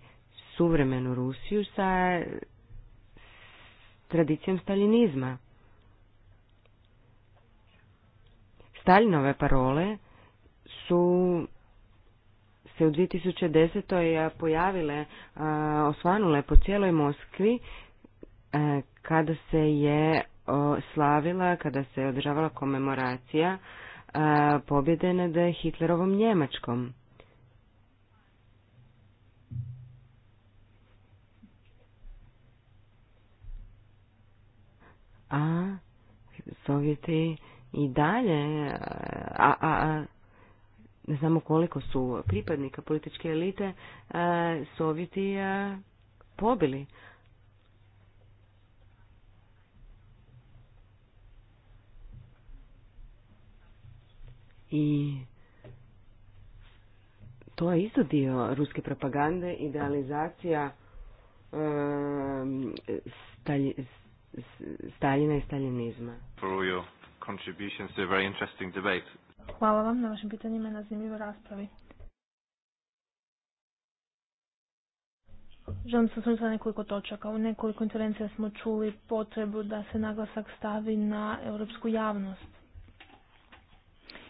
suvremenu Rusiju sa tradicijom stalinizma. Staljnove parole su se u 2010. pojavile, osvanule po cijeloj Moskvi e, kada se je slavila, kada se je održavala komemoracija e, pobjede nad Hitlerovom Njemačkom. A Sovjeti i dalje, a, a, ne znamo koliko su pripadnika političke elite a, e, Sovjeti e, pobili. I to je isto dio ruske propagande, idealizacija e, stalj, Staljina i staljinizma. Prvo contributions Hvala vam na vašim pitanjima i na zanimljivoj raspravi. Želim se osvrnuti na nekoliko točaka. U nekoliko intervencija smo čuli potrebu da se naglasak stavi na europsku javnost.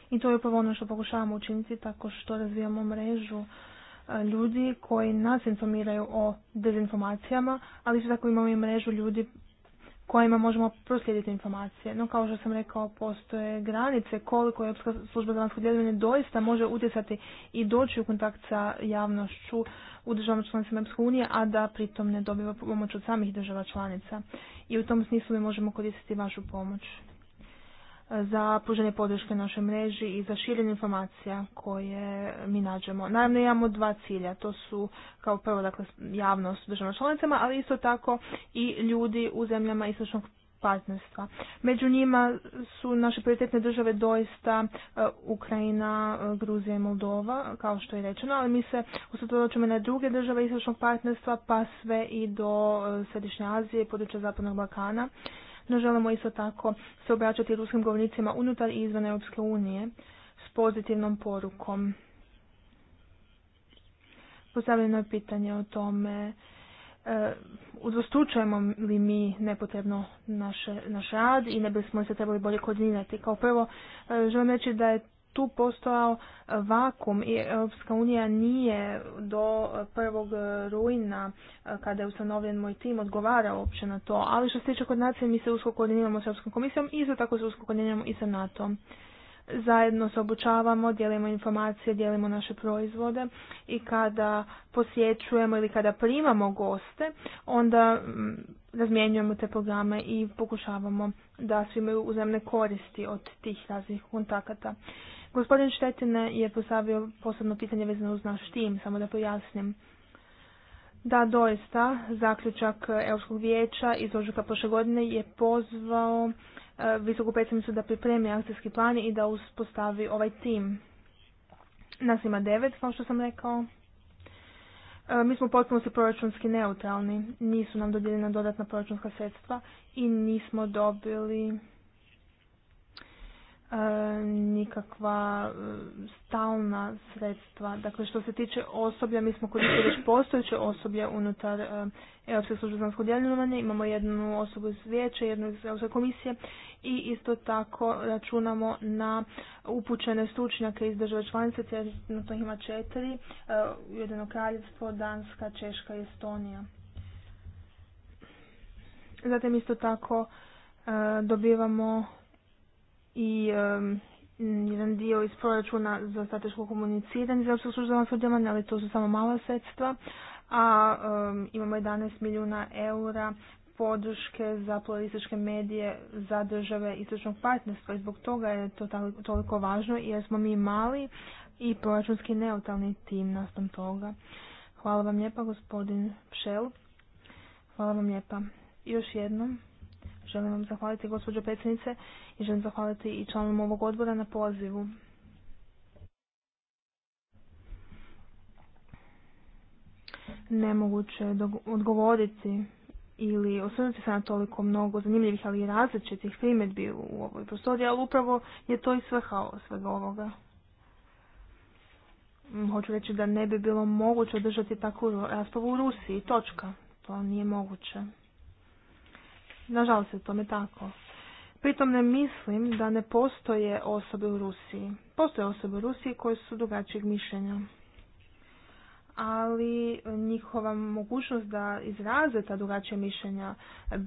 I to je upravo ono što pokušavamo učiniti tako što razvijamo mrežu e, ljudi koji nas informiraju o dezinformacijama, ali isto tako imamo i mrežu ljudi kojima možemo proslijediti informacije. No kao što sam rekao, postoje granice koliko je Europska služba za vanjsko djelovanje doista može utjecati i doći u kontakt sa javnošću u državama članicama Europske unije, a da pritom ne dobiva pomoć od samih država članica. I u tom smislu mi možemo koristiti vašu pomoć za pružanje podrške našoj mreži i za širenje informacija koje mi nađemo. Naravno imamo dva cilja, to su kao prvo dakle, javnost u državama članicama, ali isto tako i ljudi u zemljama istočnog partnerstva. Među njima su naše prioritetne države doista e, Ukrajina, e, Gruzija i Moldova, kao što je rečeno, ali mi se usredotočimo na druge države istočnog partnerstva, pa sve i do e, Središnje Azije i područja Zapadnog Balkana no želimo isto tako se obraćati ruskim govornicima unutar i izvan Europske unije s pozitivnom porukom. Postavljeno je pitanje o tome e, udvostručujemo li mi nepotrebno naše, naš rad i ne bismo se trebali bolje koordinirati. Kao prvo, e, želim reći da je tu postojao vakum i Europska unija nije do 1. rujna eh, kada je ustanovljen moj tim odgovarao uopće na to, ali što se tiče kod nacije, mi se usko koordiniramo s Europskom komisijom i isto tako se usko koordiniramo i sa nato Zajedno se obučavamo, dijelimo informacije, dijelimo naše proizvode i kada posjećujemo ili kada primamo goste, onda mm, razmjenjujemo te programe i pokušavamo da svi imaju uzemne koristi od tih raznih kontakata. Gospodin Štetin je postavio posebno pitanje vezano uz naš tim, samo da pojasnim. Da, doista, zaključak Europskog vijeća iz ožujka prošle godine je pozvao e, visoku predstavnicu da pripremi akcijski plan i da uspostavi ovaj tim. Nas ima devet, kao što sam rekao. E, mi smo potpuno se proračunski neutralni, nisu nam dodijeljena dodatna proračunska sredstva i nismo dobili E, nikakva e, stalna sredstva. Dakle, što se tiče osoblja, mi smo koristili već postojeće osoblje unutar e, Europske službe za djelovanje. Imamo jednu osobu iz vijeća, jednu iz Europske komisije i isto tako računamo na upućene stručnjake iz države članice, na to ima četiri, Ujedino kraljevstvo, Danska, Češka i Estonija. Zatim isto tako dobivamo i jedan dio iz proračuna za strateško komuniciranje za Europskog za ali to su samo mala sredstva, a imamo 11 milijuna eura podrške za pluralističke medije za države istočnog partnerstva i zbog toga je to toliko važno jer smo mi mali i proračunski neutralni tim nastom toga. Hvala vam lijepa gospodin Pšel. Hvala vam lijepa. Još jednom. Želim vam zahvaliti gospođo predsjednice i želim zahvaliti i članom ovog odbora na pozivu. Nemoguće je odgovoriti ili osvrnuti se na toliko mnogo zanimljivih, ali i različitih primjedbi u ovoj prostoriji, ali upravo je to i svrha svega ovoga. Hoću reći da ne bi bilo moguće održati takvu raspravu u Rusiji, točka. To nije moguće. Nažalost je tome tako. Pritom ne mislim da ne postoje osobe u Rusiji. Postoje osobe u Rusiji koje su drugačijeg mišljenja. Ali njihova mogućnost da izraze ta drugačija mišljenja,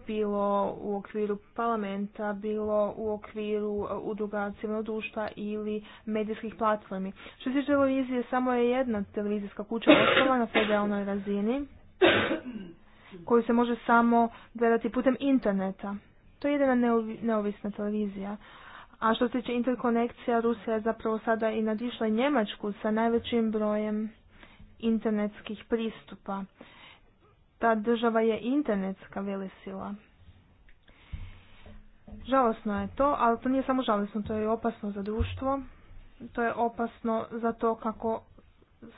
bilo u okviru parlamenta, bilo u okviru e, udruga civilnog društva ili medijskih platformi. Što se tiče televizije, samo je jedna televizijska kuća ostala na federalnoj razini koju se može samo gledati putem interneta. To je jedina neovisna televizija. A što se tiče interkonekcija, Rusija je zapravo sada i nadišla Njemačku sa najvećim brojem internetskih pristupa. Ta država je internetska velesila. Žalosno je to, ali to nije samo žalosno, to je opasno za društvo, to je opasno za to kako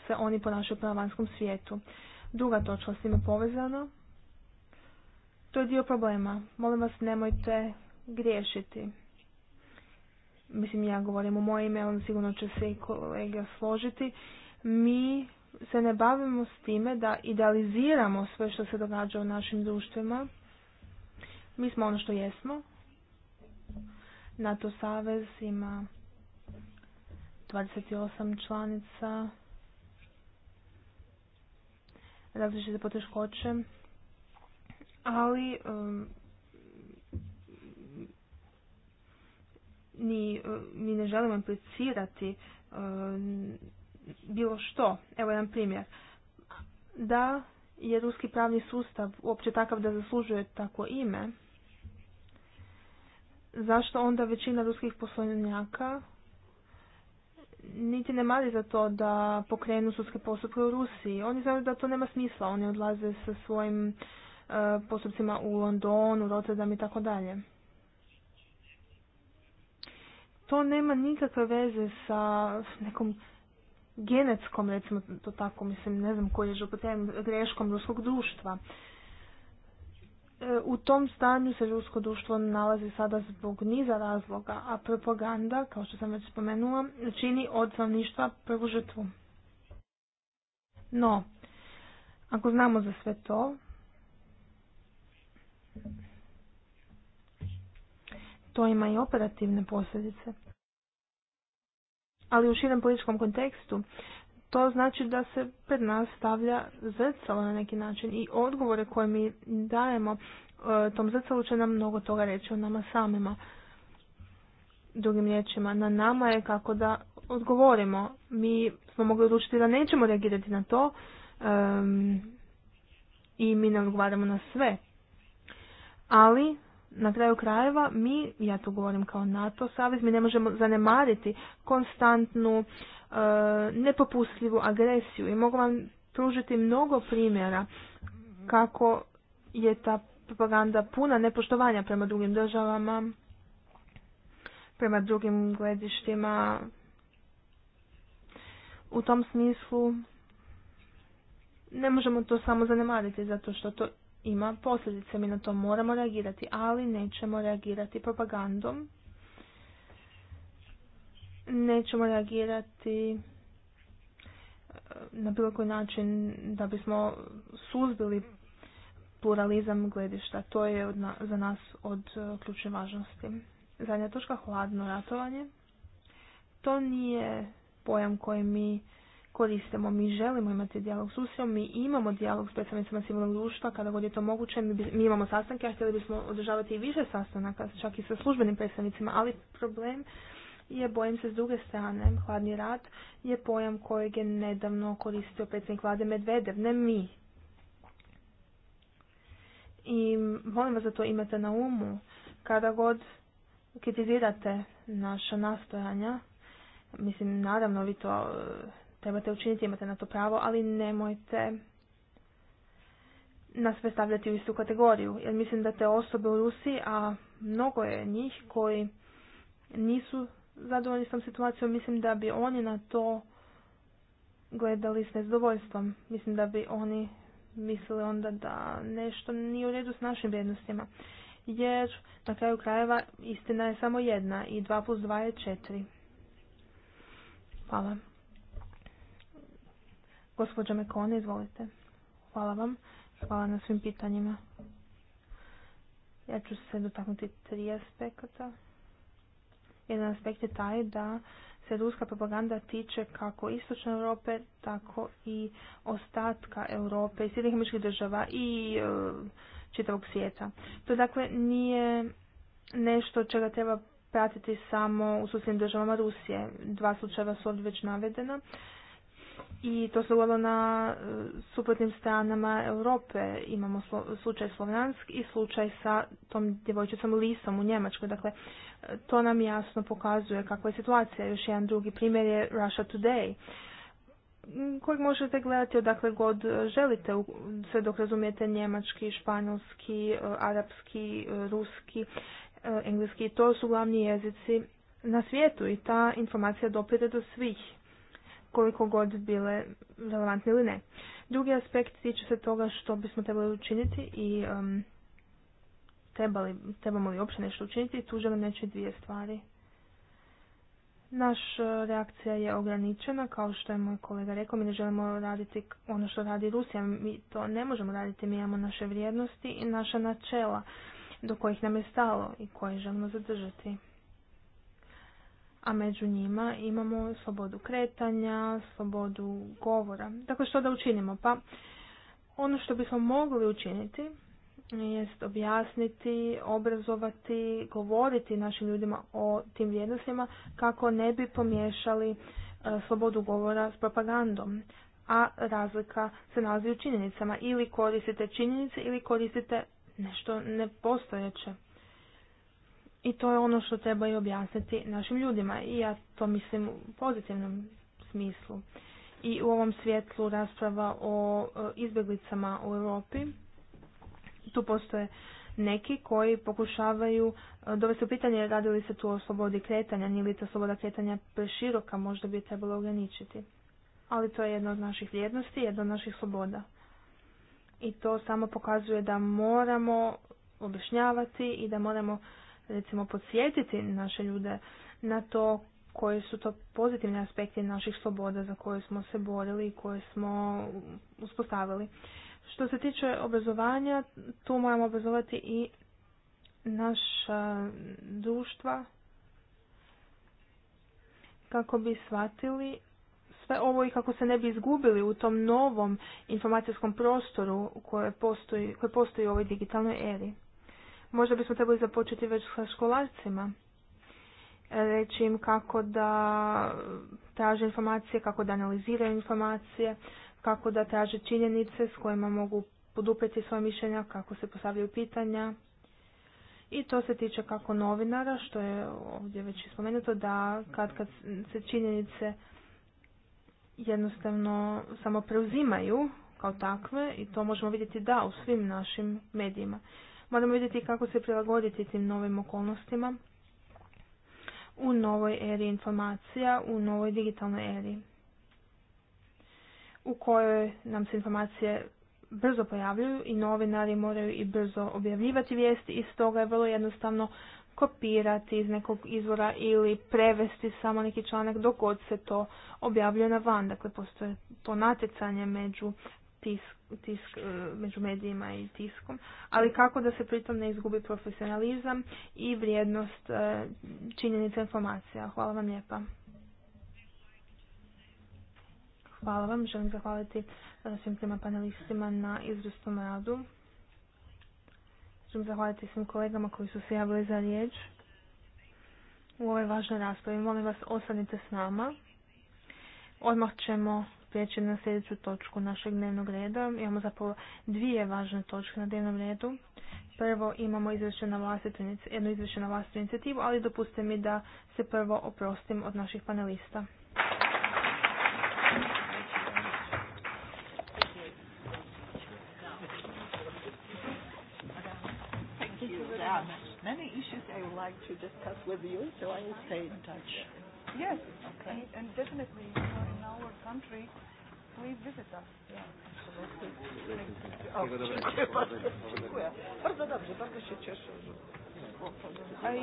se oni ponašaju prema vanjskom svijetu. Druga točka s time povezana to je dio problema. Molim vas, nemojte griješiti. Mislim, ja govorim u moje ime, on sigurno će se i kolega složiti. Mi se ne bavimo s time da idealiziramo sve što se događa u našim društvima. Mi smo ono što jesmo. NATO savez ima 28 članica različite poteškoće ali ni, mi ne želimo implicirati bilo što. Evo jedan primjer. Da je ruski pravni sustav uopće takav da zaslužuje tako ime, zašto onda većina ruskih poslovnjaka niti ne mali za to da pokrenu sudske postupke u Rusiji. Oni znaju da to nema smisla. Oni odlaze sa svojim postupcima u Londonu, Rotterdam i tako dalje. To nema nikakve veze sa nekom genetskom, recimo to tako, mislim, ne znam koji je župotem, greškom ruskog društva. E, u tom stanju se rusko društvo nalazi sada zbog niza razloga, a propaganda, kao što sam već spomenula, čini od zavništva prvu žrtvu. No, ako znamo za sve to, to ima i operativne posljedice. Ali u širem političkom kontekstu to znači da se pred nas stavlja zrcalo na neki način i odgovore koje mi dajemo e, tom zrcalu će nam mnogo toga reći o nama samima. Drugim riječima, na nama je kako da odgovorimo. Mi smo mogli odlučiti da nećemo reagirati na to i mi ne odgovaramo na sve ali na kraju krajeva mi, ja to govorim kao NATO savez, mi ne možemo zanemariti konstantnu, e, nepopustljivu agresiju i mogu vam pružiti mnogo primjera kako je ta propaganda puna nepoštovanja prema drugim državama, prema drugim gledištima. U tom smislu ne možemo to samo zanemariti zato što to ima posljedice. Mi na to moramo reagirati, ali nećemo reagirati propagandom. Nećemo reagirati e, na bilo koji način da bismo suzbili pluralizam gledišta. To je od za nas od e, ključne važnosti. Zadnja točka, hladno ratovanje. To nije pojam koji mi koristimo. Mi želimo imati dijalog s Rusijom, mi imamo dijalog s predstavnicima civilnog društva kada god je to moguće. Mi, imamo sastanke, a htjeli bismo održavati i više sastanaka, čak i sa službenim predstavnicima, ali problem je, bojim se s druge strane, hladni rat je pojam kojeg je nedavno koristio predsjednik vlade Medvedev, ne mi. I molim vas da to imate na umu. Kada god kritizirate naša nastojanja, mislim, naravno vi to trebate učiniti, imate na to pravo, ali nemojte nas sve u istu kategoriju. Jer mislim da te osobe u Rusiji, a mnogo je njih koji nisu zadovoljni s tom situacijom, mislim da bi oni na to gledali s nezadovoljstvom. Mislim da bi oni mislili onda da nešto nije u redu s našim vrijednostima. Jer na kraju krajeva istina je samo jedna i dva plus dva je 4. Hvala. Gospođa Mekone, izvolite. Hvala vam. Hvala na svim pitanjima. Ja ću se dotaknuti tri aspekata. Jedan aspekt je taj da se ruska propaganda tiče kako istočne Europe, tako i ostatka Europe i Sjednih država i e, čitavog svijeta. To dakle nije nešto čega treba pratiti samo u susjednim državama Rusije. Dva slučajeva su ovdje već navedena i to se uvalo na e, suprotnim stranama Europe. Imamo slučaj Slovensk i slučaj sa tom djevojčicom Lisom u Njemačkoj. Dakle, e, to nam jasno pokazuje kakva je situacija. Još jedan drugi primjer je Russia Today mm, kojeg možete gledati odakle god želite, sve dok razumijete njemački, španjolski, e, arapski, ruski, engleski. To su glavni jezici na svijetu i ta informacija dopire do svih koliko god bile relevantne ili ne. Drugi aspekt tiče se toga što bismo trebali učiniti i um, trebali, trebamo li uopće nešto učiniti. Tu želim reći dvije stvari. Naša uh, reakcija je ograničena, kao što je moj kolega rekao, mi ne želimo raditi ono što radi Rusija, mi to ne možemo raditi, mi imamo naše vrijednosti i naša načela do kojih nam je stalo i koje želimo zadržati a među njima imamo slobodu kretanja, slobodu govora. Dakle, što da učinimo? Pa, ono što bismo mogli učiniti jest objasniti, obrazovati, govoriti našim ljudima o tim vrijednostima kako ne bi pomiješali e, slobodu govora s propagandom. A razlika se nalazi u činjenicama. Ili koristite činjenice ili koristite nešto nepostojeće. I to je ono što treba i objasniti našim ljudima. I ja to mislim u pozitivnom smislu. I u ovom svjetlu rasprava o e, izbjeglicama u Europi. Tu postoje neki koji pokušavaju e, dovesti u pitanje radi li se tu o slobodi kretanja, nije li ta sloboda kretanja preširoka, možda bi trebalo ograničiti. Ali to je jedna od naših vrijednosti, jedna od naših sloboda. I to samo pokazuje da moramo objašnjavati i da moramo recimo podsjetiti naše ljude na to koji su to pozitivni aspekti naših sloboda za koje smo se borili i koje smo uspostavili. Što se tiče obrazovanja, tu moramo obrazovati i naša društva kako bi shvatili sve ovo i kako se ne bi izgubili u tom novom informacijskom prostoru koje postoji, koje postoji u ovoj digitalnoj eri. Možda bismo trebali započeti već sa školarcima. Reći im kako da traže informacije, kako da analiziraju informacije, kako da traže činjenice s kojima mogu poduprijeti svoje mišljenja, kako se postavljaju pitanja. I to se tiče kako novinara, što je ovdje već spomenuto, da kad, kad se činjenice jednostavno samo preuzimaju kao takve i to možemo vidjeti da u svim našim medijima. Moramo vidjeti kako se prilagoditi tim novim okolnostima u novoj eri informacija, u novoj digitalnoj eri u kojoj nam se informacije brzo pojavljuju i novinari moraju i brzo objavljivati vijesti i stoga je vrlo jednostavno kopirati iz nekog izvora ili prevesti samo neki članak dok god se to objavljuje na van. Dakle, postoje to natjecanje među tisk, tisk, e, među medijima i tiskom, ali kako da se pritom ne izgubi profesionalizam i vrijednost e, činjenica informacija. Hvala vam lijepa. Hvala vam, želim zahvaliti e, svim tema panelistima na izvrstom radu. Želim zahvaliti svim kolegama koji su se javili za riječ u ovoj važnoj raspravi. Molim vas, ostanite s nama. Odmah ćemo prijeći na sljedeću točku našeg dnevnog reda. Imamo zapravo dvije važne točke na dnevnom redu. Prvo imamo izvješće na vlastitu, jedno izvješće na vlastitu inicijativu, ali dopustite mi da se prvo oprostim od naših panelista. Many issues I would like to discuss with you, so I will stay in touch. Yes. Okay. And, and definitely, if you are in our country, please visit us. Yeah. I,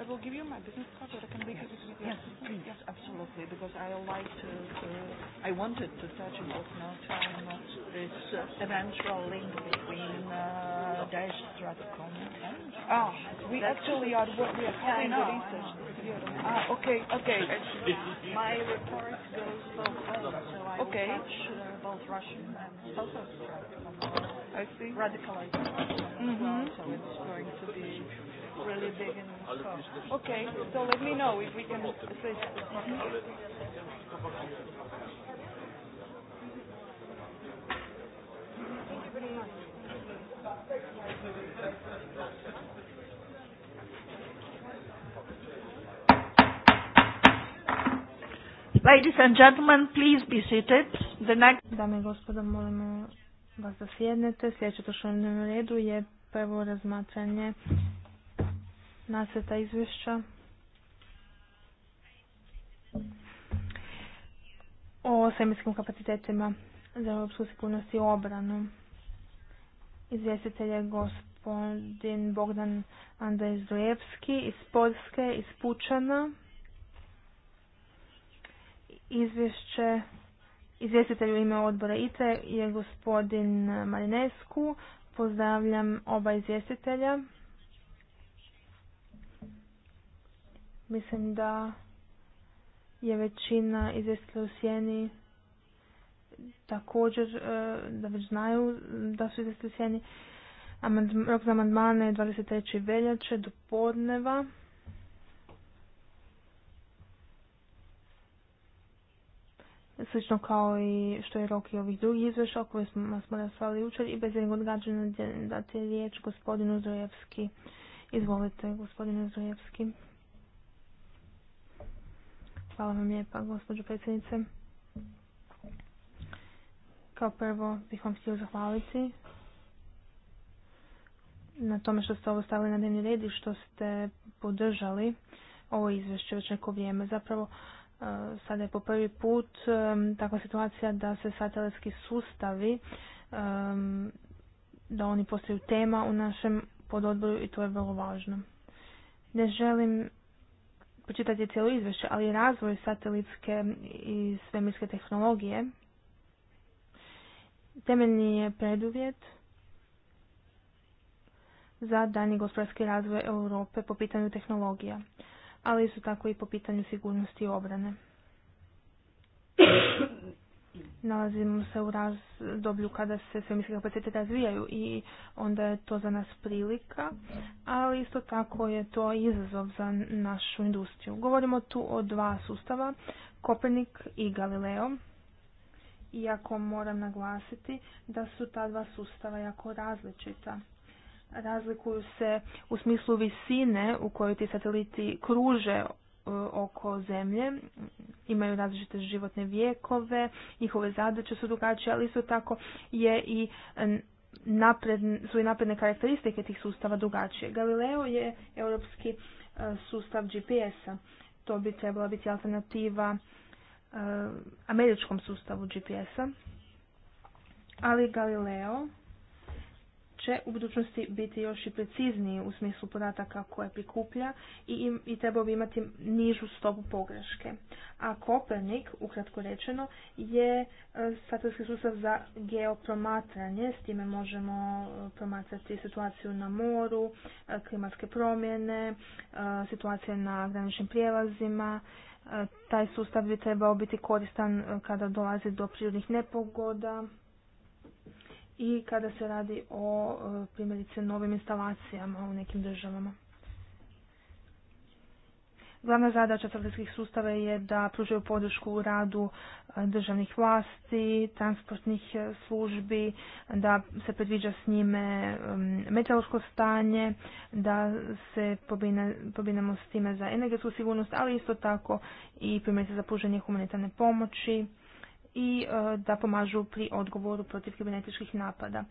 I will give you my business card, that I can make yes. with you. Yes, please. Yes, absolutely, because I like to, to uh, I wanted to touch on this note on this uh, eventual link between uh, Daesh Stratcom and... Ah, we That's actually are, we are having the research. Ah, okay, okay. [laughs] my report goes both ways, so I okay. touch uh, both Russian and both of Stratcom. I see. Radicalized. Mm -hmm. so it's going to be really big and so. Okay, so let me know if we can assist. Ladies and gentlemen, please be seated. The next... Dame i gospodo, molimo vas da sjednete. Sljedeće je na redu je prvo razmatranje nacrta izvješća o svemirskim kapacitetima za europsku sigurnost i obranu. Izvjestitelj je gospodin Bogdan Andrej Zdrojevski iz Poljske, iz Pučana. Izvješće Izvjestitelj u ime odbora ITE je gospodin Marinesku. Pozdravljam oba izvjestitelja. Mislim da je većina izvjestitelja u sjeni također e, da već znaju da su izvjestitelji u sjeni. Rok za amandmane je 23. veljače do podneva. Slično kao i što je rok i ovih drugih izvješća o kojima smo, raspravljali jučer i bez jednog odgađanja dati riječ gospodinu Zdrojevski. Izvolite, gospodine Zdrojevski. Hvala vam lijepa, gospođo predsjednice. Kao prvo bih vam htio zahvaliti na tome što ste ovo stavili na dnevni red i što ste podržali ovo izvješće već neko vrijeme. Zapravo, e, sada je po prvi put e, takva situacija da se satelitski sustavi, e, da oni postaju tema u našem pododboru i to je vrlo važno. Ne želim počitati cijelo izvješće, ali razvoj satelitske i svemirske tehnologije temeljni je preduvjet za dani gospodarski razvoj Europe po pitanju tehnologija, ali isto tako i po pitanju sigurnosti i obrane nalazimo se u razdoblju kada se svemirski kapaciteti razvijaju i onda je to za nas prilika, ali isto tako je to izazov za našu industriju. Govorimo tu o dva sustava, Kopernik i Galileo, iako moram naglasiti da su ta dva sustava jako različita. Razlikuju se u smislu visine u kojoj ti sateliti kruže E, oko zemlje, imaju različite životne vijekove, njihove zadaće su drugačije, ali isto tako je i napred, su i napredne karakteristike tih sustava drugačije. Galileo je europski e, sustav GPS-a. To bi trebala biti alternativa e, američkom sustavu GPS-a. Ali Galileo će u budućnosti biti još i precizniji u smislu podataka koje prikuplja i, i trebao bi imati nižu stopu pogreške. A Kopernik, ukratko rečeno, je e, satelitski sustav za geopromatranje, s time možemo e, promatrati situaciju na moru, e, klimatske promjene, situacije na graničnim prijelazima, taj sustav bi trebao biti koristan kada dolazi do prirodnih nepogoda, i kada se radi o e, primjerice novim instalacijama u nekim državama. Glavna zadaća satelitskih sustava je da pružaju podršku u radu e, državnih vlasti, transportnih e, službi, da se predviđa s njime meteorološko stanje, da se pobinemo s time za energetsku sigurnost, ali isto tako i primjerice za pružanje humanitarne pomoći i e, da pomažu pri odgovoru protiv kibernetičkih napada.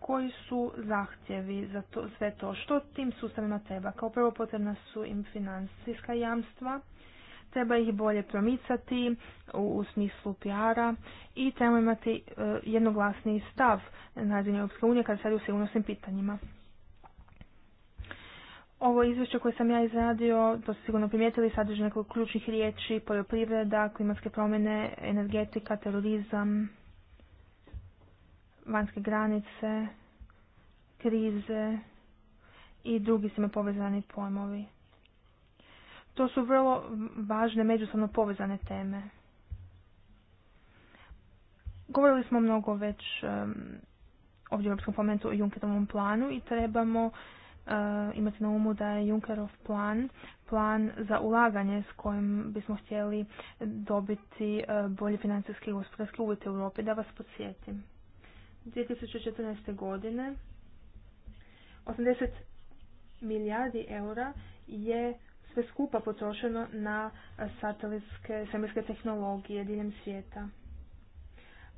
Koji su zahtjevi za to, sve to? Što tim sustavima treba? Kao prvo potrebna su im financijska jamstva, treba ih bolje promicati u, smislu PR-a i trebamo imati e, jednoglasni stav na razini Europske unije kada se radi o sigurnosnim pitanjima. Ovo izvješće koje sam ja izradio, to ste sigurno primijetili, sadrži nekoliko ključnih riječi, poljoprivreda, klimatske promjene, energetika, terorizam, vanjske granice, krize i drugi s povezani pojmovi. To su vrlo važne, međusobno povezane teme. Govorili smo mnogo već ovdje u Europskom parlamentu o Junkerovom planu i trebamo E, imati na umu da je Junckerov plan plan za ulaganje s kojim bismo htjeli dobiti e, bolje financijske i gospodarske uvjete u Europi. Da vas podsjetim. 2014. godine 80 milijardi eura je sve skupa potrošeno na satelitske svemirske tehnologije diljem svijeta.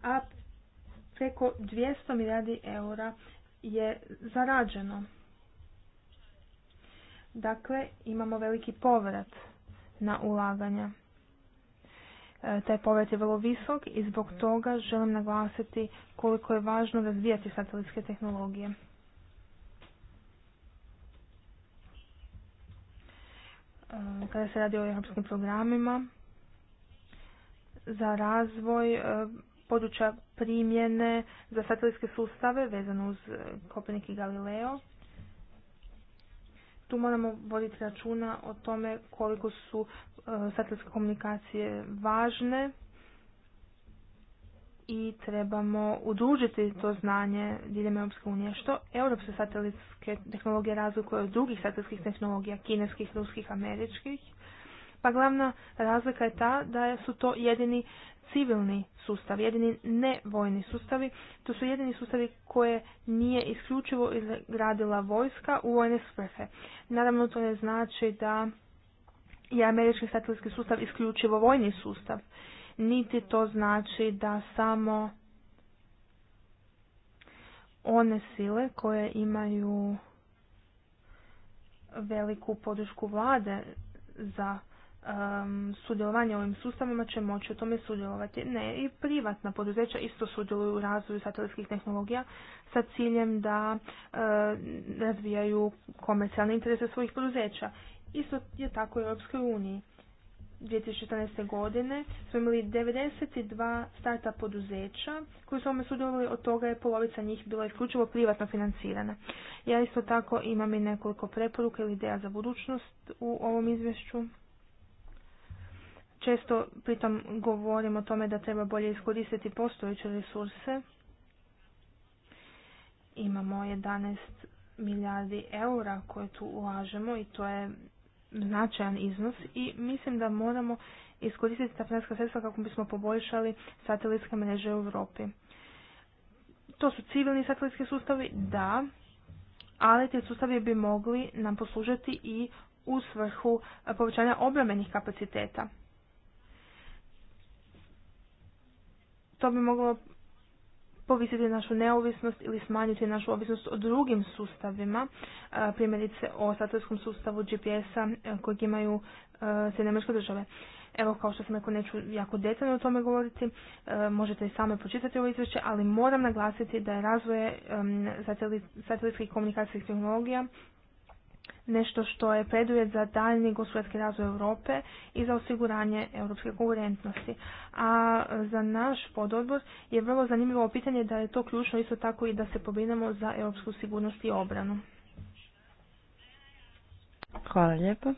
A preko 200 milijardi eura je zarađeno Dakle, imamo veliki povrat na ulaganja. E, taj povrat je vrlo visok i zbog mhm. toga želim naglasiti koliko je važno razvijati satelitske tehnologije. E, kada se radi o europskim programima za razvoj e, područja primjene za satelitske sustave vezano uz Kopernik i Galileo tu moramo voditi računa o tome koliko su e, satelitske komunikacije važne i trebamo udružiti to znanje diljem Europske unije. Što europske satelitske tehnologije razlikuje od drugih satelitskih tehnologija, kineskih, ruskih, američkih? Pa glavna razlika je ta da su to jedini civilni sustav, jedini nevojni sustavi. To su jedini sustavi koje nije isključivo izgradila vojska u vojne svrhe. Naravno to ne znači da je američki satelitski sustav isključivo vojni sustav. Niti to znači da samo one sile koje imaju veliku podršku vlade za um, sudjelovanje u ovim sustavima će moći u tome sudjelovati. Ne, i privatna poduzeća isto sudjeluju u razvoju satelitskih tehnologija sa ciljem da e, razvijaju komercijalne interese svojih poduzeća. Isto je tako u Europskoj uniji. 2014. godine smo imali 92 starta poduzeća koji su ovome sudjelovali, od toga je polovica njih bila isključivo privatno financirana. Ja isto tako imam i nekoliko preporuka ili ideja za budućnost u ovom izvješću. Često pritom govorimo o tome da treba bolje iskoristiti postojeće resurse. Imamo 11 milijardi eura koje tu ulažemo i to je značajan iznos i mislim da moramo iskoristiti ta financijska sredstva kako bismo poboljšali satelitske mreže u Europi. To su civilni satelitski sustavi, da, ali te sustavi bi mogli nam poslužiti i u svrhu povećanja obrambenih kapaciteta. To bi moglo povisiti našu neovisnost ili smanjiti našu ovisnost o drugim sustavima, primjerice o satelskom sustavu GPS-a e, kojeg imaju e, Sjedinamečke države. Evo, kao što sam rekao, neću jako detaljno o tome govoriti, e, možete i same pročitati ovo izvješće, ali moram naglasiti da je razvoje satelitskih komunikacijskih tehnologija nešto što je preduvjet za daljni gospodarski razvoj Europe i za osiguranje europske konkurentnosti. A e, za naš pododbor je vrlo zanimljivo pitanje da je to ključno isto tako i da se pobrinemo za europsku sigurnost i obranu. Hvala lijepo.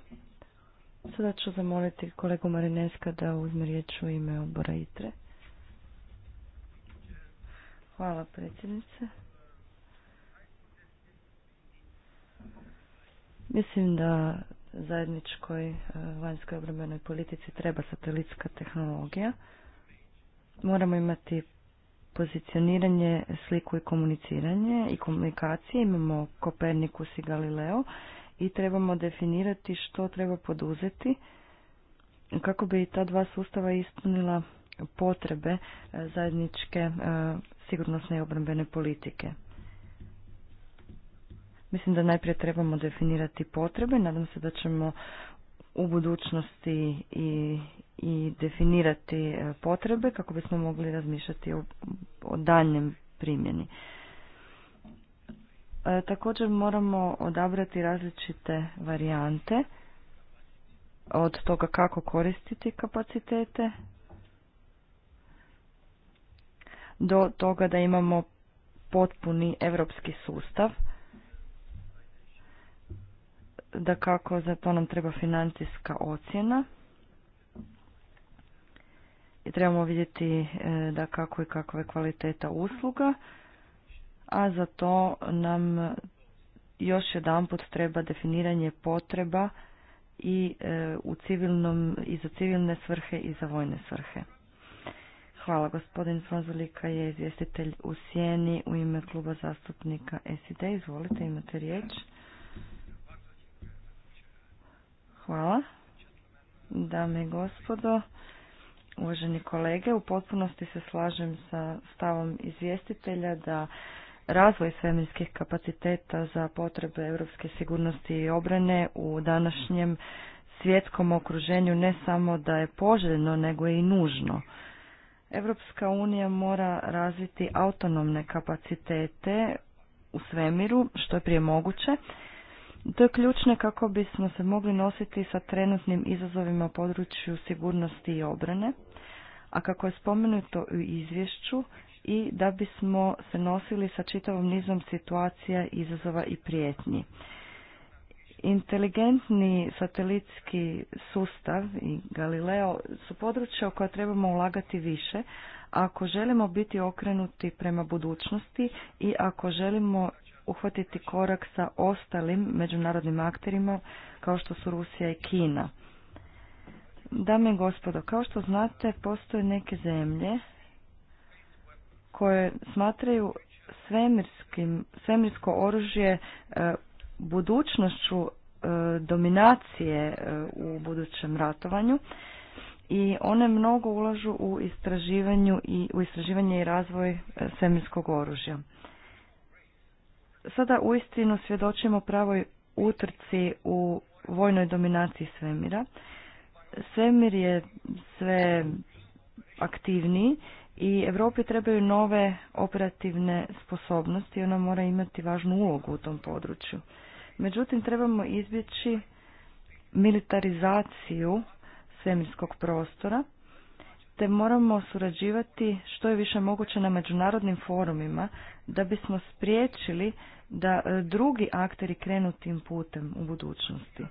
Sada ću zamoliti kolegu Marineska da uzme riječ u ime odbora ITRE. Hvala predsjednice. Mislim da zajedničkoj e, vanjskoj obrambenoj politici treba satelitska tehnologija. Moramo imati pozicioniranje, sliku i komuniciranje i komunikacije. Imamo Kopernikus i Galileo i trebamo definirati što treba poduzeti kako bi ta dva sustava ispunila potrebe e, zajedničke e, sigurnosne i obrambene politike. Mislim da najprije trebamo definirati potrebe. Nadam se da ćemo u budućnosti i, i definirati e, potrebe kako bismo mogli razmišljati o, o daljnjem primjeni. E, također moramo odabrati različite varijante od toga kako koristiti kapacitete do toga da imamo potpuni europski sustav da kako za to nam treba financijska ocjena i trebamo vidjeti e, da kako i kakva je kvaliteta usluga, a za to nam još jedanput treba definiranje potreba i e, u civilnom i za civilne svrhe i za vojne svrhe. Hvala, gospodin Svazolika, je izvjestitelj u Sjeni u ime kluba zastupnika SID. Izvolite, imate riječ. Hvala. Dame i gospodo, uvaženi kolege, u potpunosti se slažem sa stavom izvjestitelja da razvoj svemirskih kapaciteta za potrebe europske sigurnosti i obrane u današnjem svjetskom okruženju ne samo da je poželjno, nego je i nužno. Evropska unija mora razviti autonomne kapacitete u svemiru, što je prije moguće, to je ključno kako bismo se mogli nositi sa trenutnim izazovima u području sigurnosti i obrane, a kako je spomenuto u izvješću i da bismo se nosili sa čitavom nizom situacija, izazova i prijetnji. Inteligentni satelitski sustav i Galileo su područja u koja trebamo ulagati više, ako želimo biti okrenuti prema budućnosti i ako želimo uhvatiti korak sa ostalim međunarodnim akterima kao što su Rusija i Kina. Dame i gospodo, kao što znate, postoje neke zemlje koje smatraju svemirsko oružje e, budućnošću e, dominacije e, u budućem ratovanju i one mnogo ulažu u istraživanju i u istraživanje i razvoj svemirskog oružja. Sada uistinu svjedočimo pravoj utrci u vojnoj dominaciji svemira. Svemir je sve aktivniji i Europi trebaju nove operativne sposobnosti i ona mora imati važnu ulogu u tom području. Međutim, trebamo izbjeći militarizaciju svemirskog prostora moramo surađivati što je više moguće na međunarodnim forumima da bismo spriječili da e, drugi akteri krenu tim putem u budućnosti.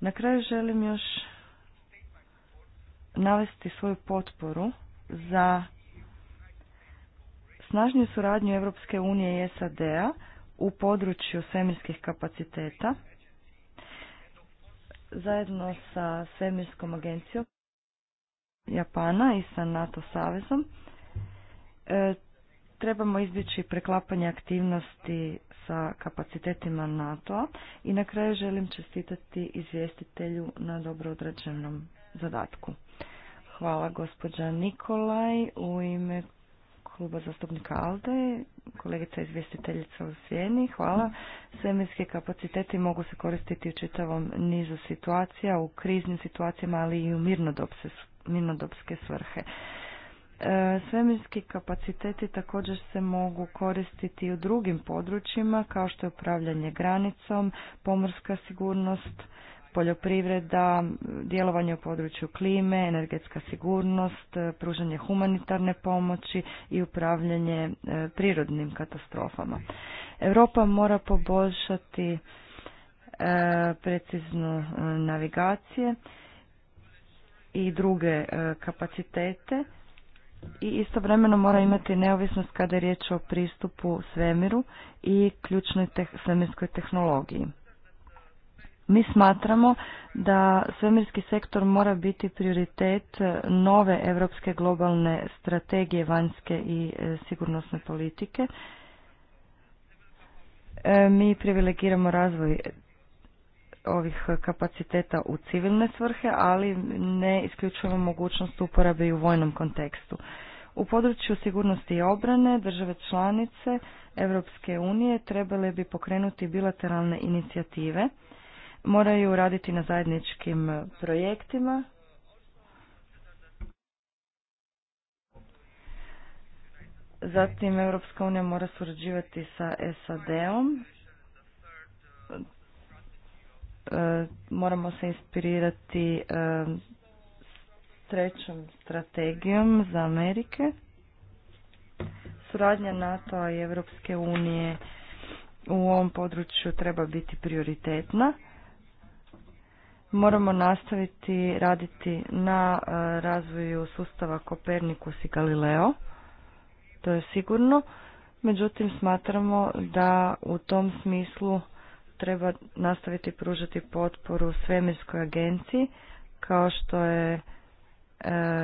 Na kraju želim još navesti svoju potporu za snažniju suradnju Europske unije i SAD-a u području svemirskih kapaciteta zajedno sa svemirskom agencijom Japana i sa NATO savezom. E, trebamo izbjeći preklapanje aktivnosti sa kapacitetima NATO-a i na kraju želim čestitati izvjestitelju na dobro odrađenom zadatku. Hvala gospođa Nikolaj u ime kluba zastupnika ALDE, kolegica izvjestiteljica u sjeni Hvala. Svemirske kapaciteti mogu se koristiti u čitavom nizu situacija, u kriznim situacijama, ali i u su minodopske svrhe. E, svemirski kapaciteti također se mogu koristiti u drugim područjima kao što je upravljanje granicom, pomorska sigurnost, poljoprivreda, djelovanje u području klime, energetska sigurnost, e, pružanje humanitarne pomoći i upravljanje e, prirodnim katastrofama. Europa mora poboljšati preciznu navigacije i druge e, kapacitete i istovremeno mora imati neovisnost kada je riječ o pristupu svemiru i ključnoj svemirskoj tehnologiji. Mi smatramo da svemirski sektor mora biti prioritet nove europske globalne strategije vanjske i e, sigurnosne politike. E, mi privilegiramo razvoj ovih kapaciteta u civilne svrhe, ali ne isključujemo mogućnost uporabe i u vojnom kontekstu. U području sigurnosti i obrane države članice Europske unije trebale bi pokrenuti bilateralne inicijative, moraju raditi na zajedničkim projektima, Zatim Europska unija mora surađivati sa SAD-om E, moramo se inspirirati e, trećom strategijom za Amerike. Suradnja NATO-a i Europske unije u ovom području treba biti prioritetna. Moramo nastaviti raditi na e, razvoju sustava Kopernikus i Galileo. To je sigurno. Međutim, smatramo da u tom smislu treba nastaviti pružati potporu svemirskoj agenciji kao što je e,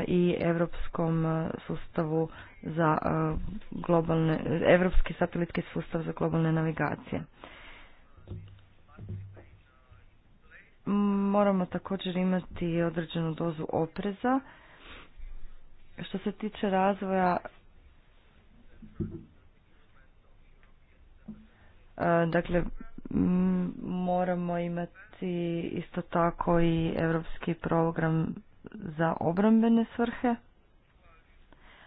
i europskom e, sustavu za e, globalne, Evropski satelitski sustav za globalne navigacije. Moramo također imati određenu dozu opreza. Što se tiče razvoja dakle Mm, moramo imati isto tako i europski program za obrambene svrhe.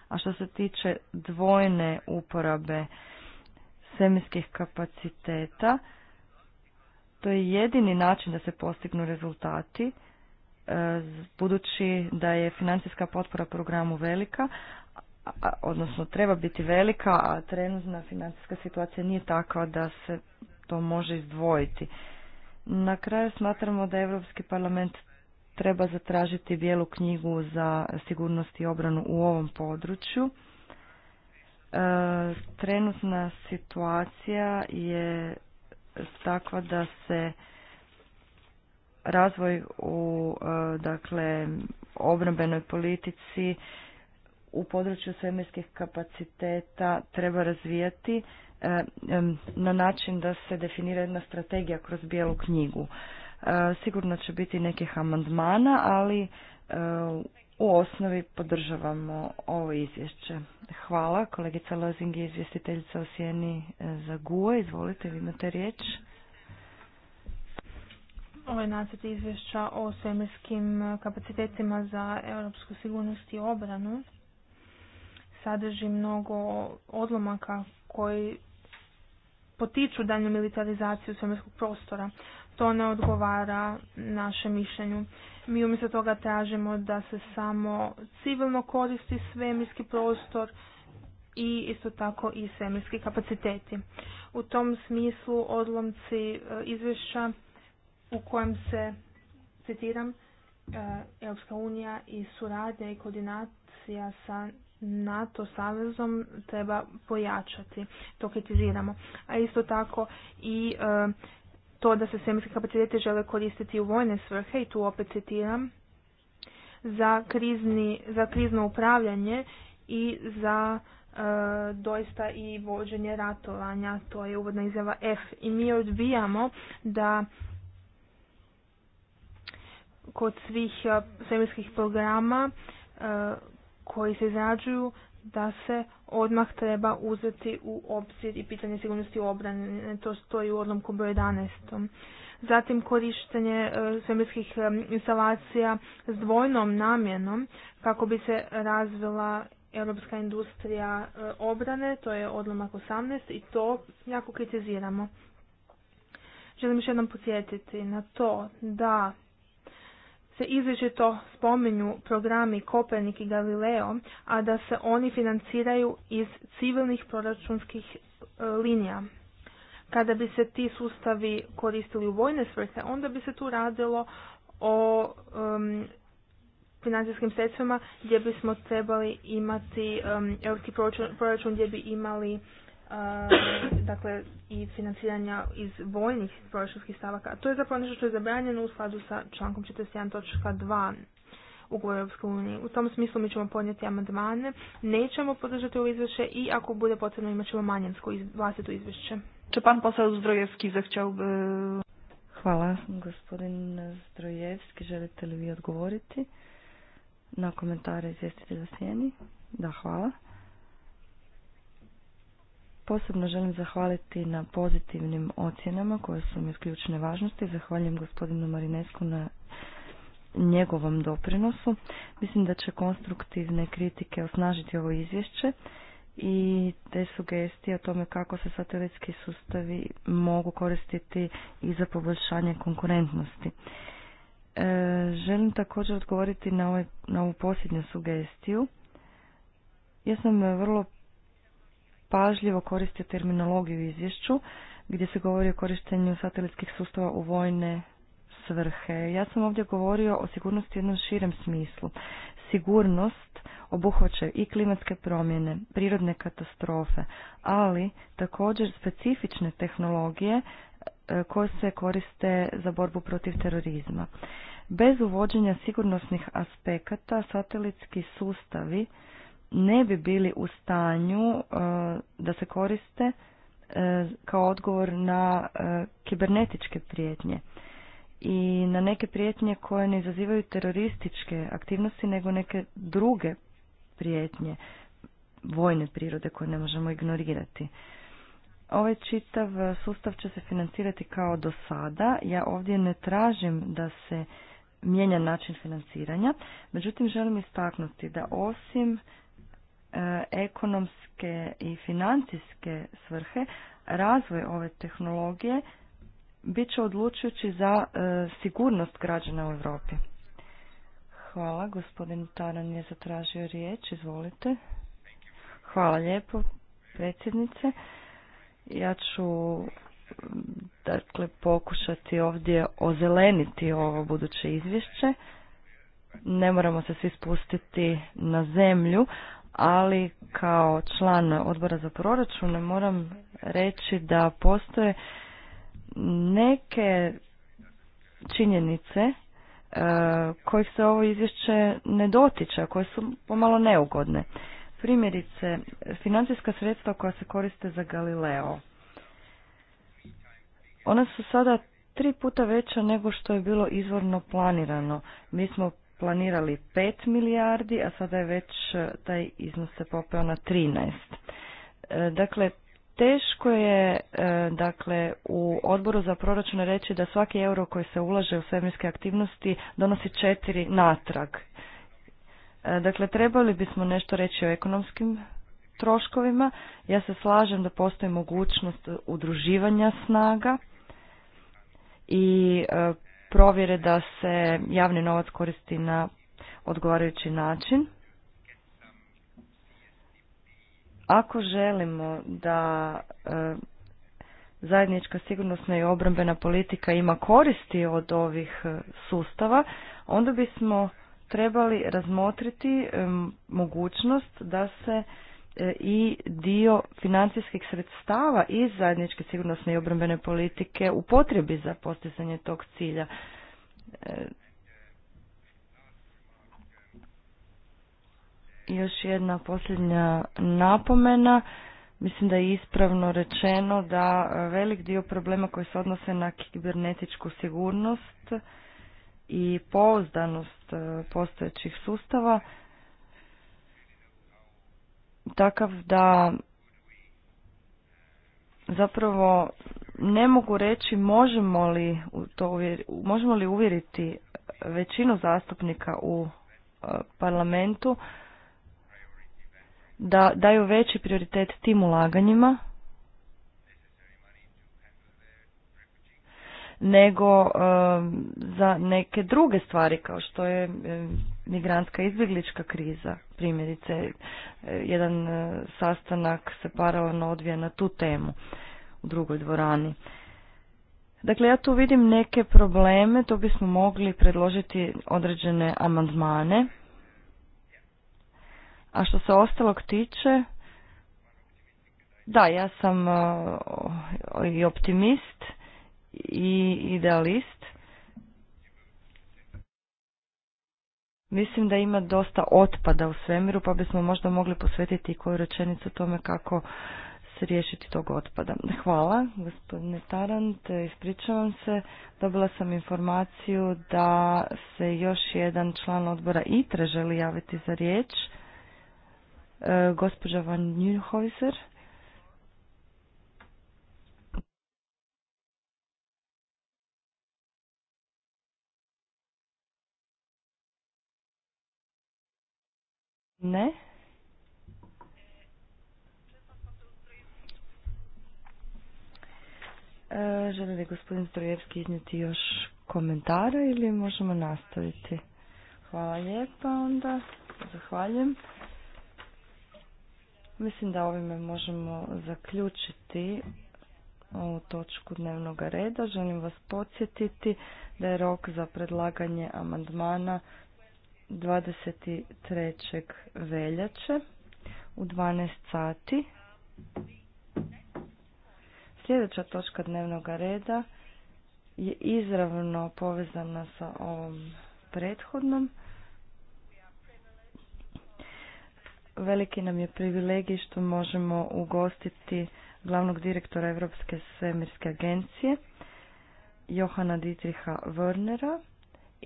A što se tiče dvojne uporabe svemirskih kapaciteta, to je jedini način da se postignu rezultati, e, budući da je financijska potpora programu velika, odnosno treba biti velika, a trenutna financijska situacija nije takva da se to može izdvojiti. Na kraju smatramo da Europski parlament treba zatražiti bijelu knjigu za sigurnost i obranu u ovom području. E, trenutna situacija je takva da se razvoj u e, dakle obrambenoj politici u području svemirskih kapaciteta treba razvijati e, na način da se definira jedna strategija kroz bijelu knjigu. E, sigurno će biti nekih amandmana, ali e, u osnovi podržavamo ovo izvješće. Hvala. Kolegica Lozing je izvjestiteljica o sjeni za GUO. Izvolite, vi imate riječ. Ovaj nacrt izvješća o svemirskim kapacitetima za europsku sigurnost i obranu sadrži mnogo odlomaka koji potiču daljnju militarizaciju svemirskog prostora. To ne odgovara našem mišljenju. Mi umjesto toga tražimo da se samo civilno koristi svemirski prostor i isto tako i svemirski kapaciteti. U tom smislu odlomci e, izvješća u kojem se, citiram, e, Europska unija i suradnja i koordinacija sa NATO savezom treba pojačati. To kritiziramo. A isto tako i e, to da se svemirski kapacitete žele koristiti u vojne svrhe i tu opet citiram za, krizni, za krizno upravljanje i za e, doista i vođenje ratovanja. To je uvodna izjava F. I mi odbijamo da kod svih e, svemirskih programa koji se izrađuju da se odmah treba uzeti u obzir i pitanje sigurnosti obrane. To stoji u odlomku broj 11. Zatim korištenje e, svemirskih e, instalacija s dvojnom namjenom kako bi se razvila europska industrija e, obrane, to je odlomak 18 i to jako kritiziramo. Želim još jednom podsjetiti na to da se izričito spominju programi Kopernik i Galileo, a da se oni financiraju iz civilnih proračunskih e, linija. Kada bi se ti sustavi koristili u vojne svrhe, onda bi se tu radilo o financijskim sredstvima gdje bismo trebali imati proračun, proračun gdje bi imali Uh, [coughs] dakle i financiranja iz vojnih proračunskih stavaka. to je zapravo nešto što je zabranjeno u skladu sa člankom 41.2 ugovora Europske unije. U tom smislu mi ćemo podnijeti amandmane, nećemo podržati ovo izvješće i ako bude potrebno imat ćemo manjinsko vlastito izvješće. Če pan Zdrojevski zahćao zahća e, Hvala, gospodin Zdrojevski. Želite li vi odgovoriti na komentare izvjestitelja Sjeni? Da, hvala. Posebno želim zahvaliti na pozitivnim ocjenama koje su mi ključne važnosti. Zahvaljujem gospodinu Marinesku na njegovom doprinosu. Mislim da će konstruktivne kritike osnažiti ovo izvješće i te sugestije o tome kako se satelitski sustavi mogu koristiti i za poboljšanje konkurentnosti. E, želim također odgovoriti na, ovaj, na ovu posljednju sugestiju. Ja sam vrlo pažljivo koriste terminologiju u izvješću gdje se govori o korištenju satelitskih sustava u vojne svrhe. Ja sam ovdje govorio o sigurnosti u jednom širem smislu. Sigurnost obuhvaća i klimatske promjene, prirodne katastrofe, ali također specifične tehnologije e, koje se koriste za borbu protiv terorizma. Bez uvođenja sigurnosnih aspekata satelitski sustavi ne bi bili u stanju e, da se koriste e, kao odgovor na e, kibernetičke prijetnje i na neke prijetnje koje ne izazivaju terorističke aktivnosti nego neke druge prijetnje vojne prirode koje ne možemo ignorirati. Ovaj čitav sustav će se financirati kao do sada. Ja ovdje ne tražim da se mijenja način financiranja, međutim želim istaknuti da osim E, ekonomske i financijske svrhe razvoj ove tehnologije bit će odlučujući za e, sigurnost građana u Europi. Hvala, gospodin Taran je zatražio riječ, izvolite. Hvala lijepo, predsjednice. Ja ću dakle pokušati ovdje ozeleniti ovo buduće izvješće. Ne moramo se svi spustiti na zemlju, ali kao član odbora za proračun moram reći da postoje neke činjenice e, kojih se ovo izvješće ne dotiče, koje su pomalo neugodne. Primjerice, financijska sredstva koja se koriste za Galileo. Ona su sada tri puta veća nego što je bilo izvorno planirano. Mi smo planirali 5 milijardi, a sada je već e, taj iznos se popeo na 13. E, dakle, teško je e, dakle u odboru za proračun reći da svaki euro koji se ulaže u svemirske aktivnosti donosi četiri natrag. Dakle, trebali bismo nešto reći o ekonomskim troškovima. Ja se slažem da postoji mogućnost udruživanja snaga i provjere da se javni novac koristi na odgovarajući način. Ako želimo da e, zajednička sigurnosna i obrambena politika ima koristi od ovih e, sustava, onda bismo trebali razmotriti e, mogućnost da se E, i dio financijskih sredstava iz zajedničke sigurnosne i obrambene politike u potrebi za postizanje tog cilja. E, još jedna posljednja napomena. Mislim da je ispravno rečeno da velik dio problema koji se odnose na kibernetičku sigurnost i pouzdanost e, postojećih sustava takav da zapravo ne mogu reći možemo li, to uvjeri, možemo li uvjeriti većinu zastupnika u e, parlamentu da daju veći prioritet tim ulaganjima nego e, za neke druge stvari kao što je e, migrantska izbjeglička kriza, primjerice, e, jedan e, sastanak se paralelno odvija na tu temu u drugoj dvorani. Dakle, ja tu vidim neke probleme, tu bismo mogli predložiti određene amandmane. A što se ostalog tiče, da, ja sam e, i optimist i idealist Mislim da ima dosta otpada u svemiru, pa bismo možda mogli posvetiti i koju rečenicu tome kako se riješiti tog otpada. Hvala, gospodine Tarant, ispričavam se. Dobila sam informaciju da se još jedan član odbora ITRE želi javiti za riječ. E, gospođa Van Njuhoviser. Ne. E, želi li gospodin Strojevski iznijeti još komentara ili možemo nastaviti? Hvala lijepa onda. Zahvaljujem. Mislim da ovime možemo zaključiti ovu točku dnevnog reda. Želim vas podsjetiti da je rok za predlaganje amandmana 23. veljače u 12 sati. Sljedeća točka dnevnog reda je izravno povezana sa ovom prethodnom. Veliki nam je privilegij što možemo ugostiti glavnog direktora Europske svemirske agencije Johana Dietricha Wernera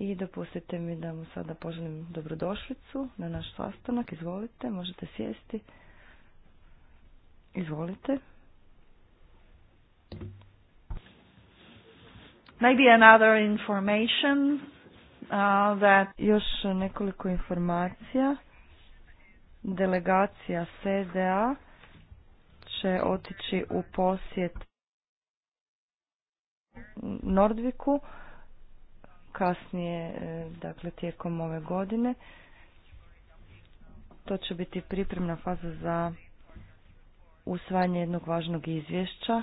i dopustite mi da mu sada poželim dobrodošlicu na naš sastanak. Izvolite, možete sjesti. Izvolite. Maybe another information uh, that... Još nekoliko informacija. Delegacija SDA će otići u posjet Nordviku kasnije, e, dakle tijekom ove godine. To će biti pripremna faza za usvajanje jednog važnog izvješća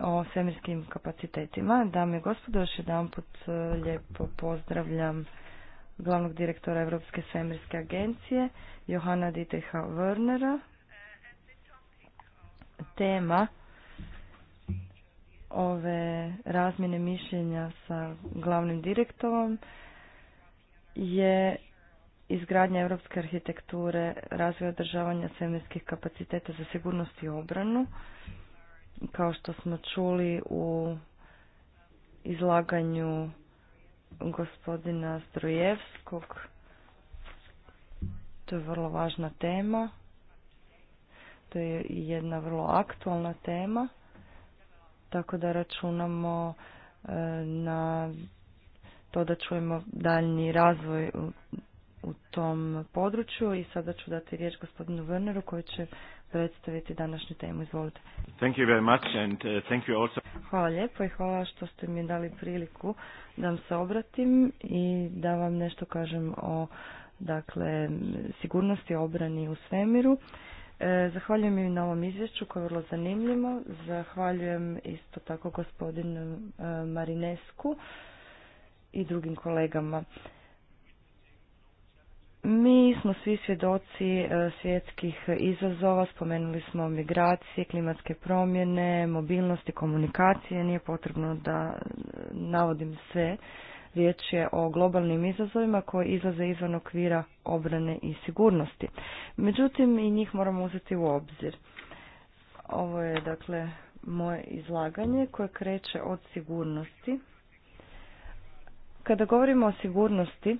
o svemirskim kapacitetima. Dame i gospodo, još jedanput e, lijepo pozdravljam glavnog direktora Europske svemirske agencije Johana Dietricha Wernera. Tema ove razmjene mišljenja sa glavnim direktorom je izgradnja europske arhitekture, razvoj održavanja svemirskih kapaciteta za sigurnost i obranu. Kao što smo čuli u izlaganju gospodina Strojevskog, to je vrlo važna tema, to je jedna vrlo aktualna tema tako da računamo e, na to da čujemo daljni razvoj u, tom području i sada ću dati riječ gospodinu Werneru koji će predstaviti današnju temu. Izvolite. Uh, hvala lijepo i hvala što ste mi dali priliku da vam se obratim i da vam nešto kažem o dakle sigurnosti obrani u svemiru. E, zahvaljujem i na ovom izvješću koje je vrlo zanimljivo. Zahvaljujem isto tako gospodinu e, Marinesku i drugim kolegama. Mi smo svi svjedoci e, svjetskih izazova, spomenuli smo migracije, klimatske promjene, mobilnosti, komunikacije, nije potrebno da navodim sve Riječ je o globalnim izazovima koji izlaze izvan okvira obrane i sigurnosti. Međutim, i njih moramo uzeti u obzir. Ovo je, dakle, moje izlaganje koje kreće od sigurnosti. Kada govorimo o sigurnosti,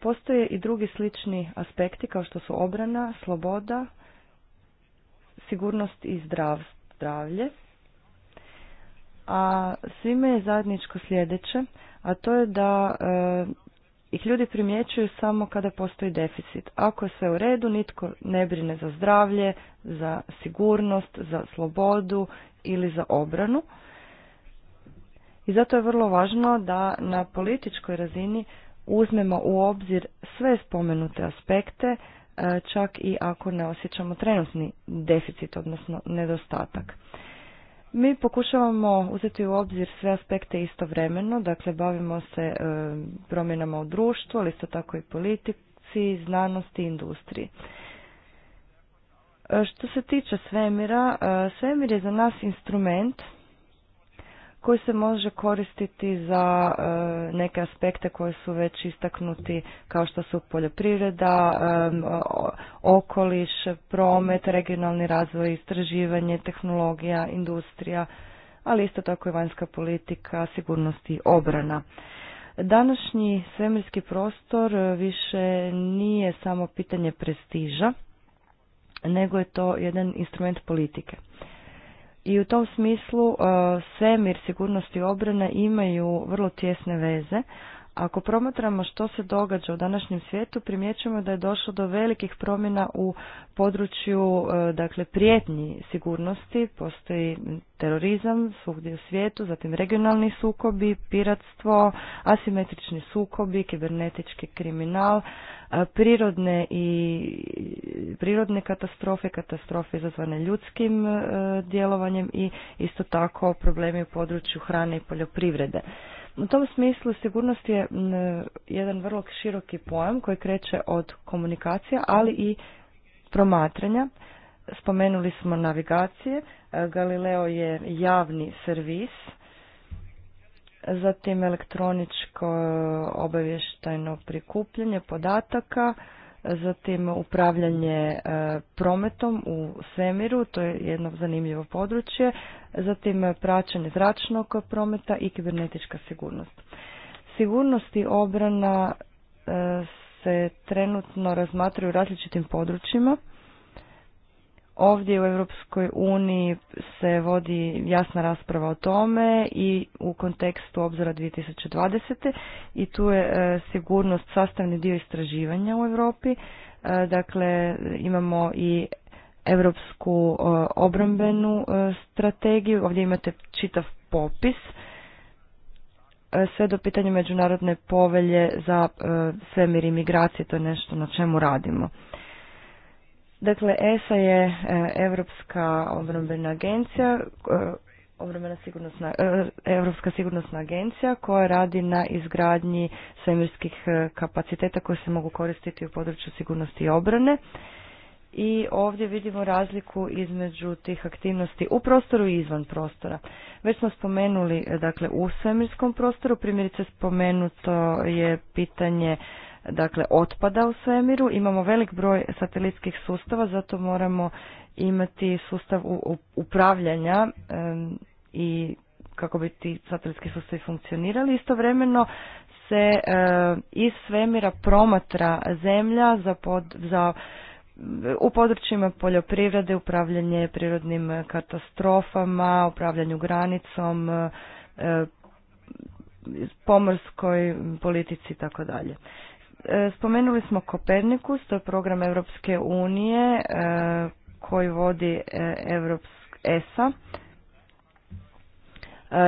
postoje i drugi slični aspekti kao što su obrana, sloboda, sigurnost i zdravlje a svime je zajedničko sljedeće, a to je da e, ih ljudi primjećuju samo kada postoji deficit. Ako je sve u redu, nitko ne brine za zdravlje, za sigurnost, za slobodu ili za obranu. I zato je vrlo važno da na političkoj razini uzmemo u obzir sve spomenute aspekte, e, čak i ako ne osjećamo trenutni deficit, odnosno nedostatak. Mi pokušavamo uzeti u obzir sve aspekte istovremeno, dakle bavimo se e, promjenama u društvu, ali isto tako i politici, znanosti i industriji. E, što se tiče svemira, e, svemir je za nas instrument koji se može koristiti za e, neke aspekte koji su već istaknuti kao što su poljoprivreda, e, okoliš, promet, regionalni razvoj, istraživanje, tehnologija, industrija, ali isto tako i vanjska politika, sigurnost i obrana. Današnji svemirski prostor više nije samo pitanje prestiža, nego je to jedan instrument politike i u tom smislu e, svemir sigurnosti obrane imaju vrlo tjesne veze ako promatramo što se događa u današnjem svijetu, primjećujemo da je došlo do velikih promjena u području e, dakle, prijetnji sigurnosti. Postoji terorizam svugdje u svijetu, zatim regionalni sukobi, piratstvo, asimetrični sukobi, kibernetički kriminal, e, prirodne i prirodne katastrofe, katastrofe izazvane ljudskim e, djelovanjem i isto tako problemi u području hrane i poljoprivrede. U tom smislu sigurnost je jedan vrlo široki pojam koji kreće od komunikacija, ali i promatranja. Spomenuli smo navigacije, Galileo je javni servis, zatim elektroničko obavještajno prikupljanje podataka, zatim upravljanje e, prometom u svemiru, to je jedno zanimljivo područje, zatim praćenje zračnog prometa i kibernetička sigurnost. Sigurnost i obrana e, se trenutno razmatraju u različitim područjima Ovdje u Europskoj uniji se vodi jasna rasprava o tome i u kontekstu obzora 2020. i tu je e, sigurnost sastavni dio istraživanja u Europi. E, dakle, imamo i europsku e, obrambenu strategiju. Ovdje imate čitav popis sve do pitanja međunarodne povelje za svemir i migracije, to je nešto na čemu radimo. Dakle, ESA je Europska obrambena agencija, e, obrambena sigurnosna, Europska sigurnosna agencija koja radi na izgradnji svemirskih e, kapaciteta koje se mogu koristiti u području sigurnosti i obrane. I ovdje vidimo razliku između tih aktivnosti u prostoru i izvan prostora. Već smo spomenuli, e, dakle, u svemirskom prostoru, primjerice spomenuto je pitanje dakle otpada u svemiru, imamo velik broj satelitskih sustava, zato moramo imati sustav upravljanja i kako bi ti satelitski sustavi funkcionirali. Istovremeno se iz svemira promatra zemlja za, za u područjima poljoprivrede, upravljanje prirodnim katastrofama, upravljanju granicom, pomorskoj politici i tako dalje. E, spomenuli smo Kopernikus, to je program Europske unije e, koji vodi e, Evropsk ESA.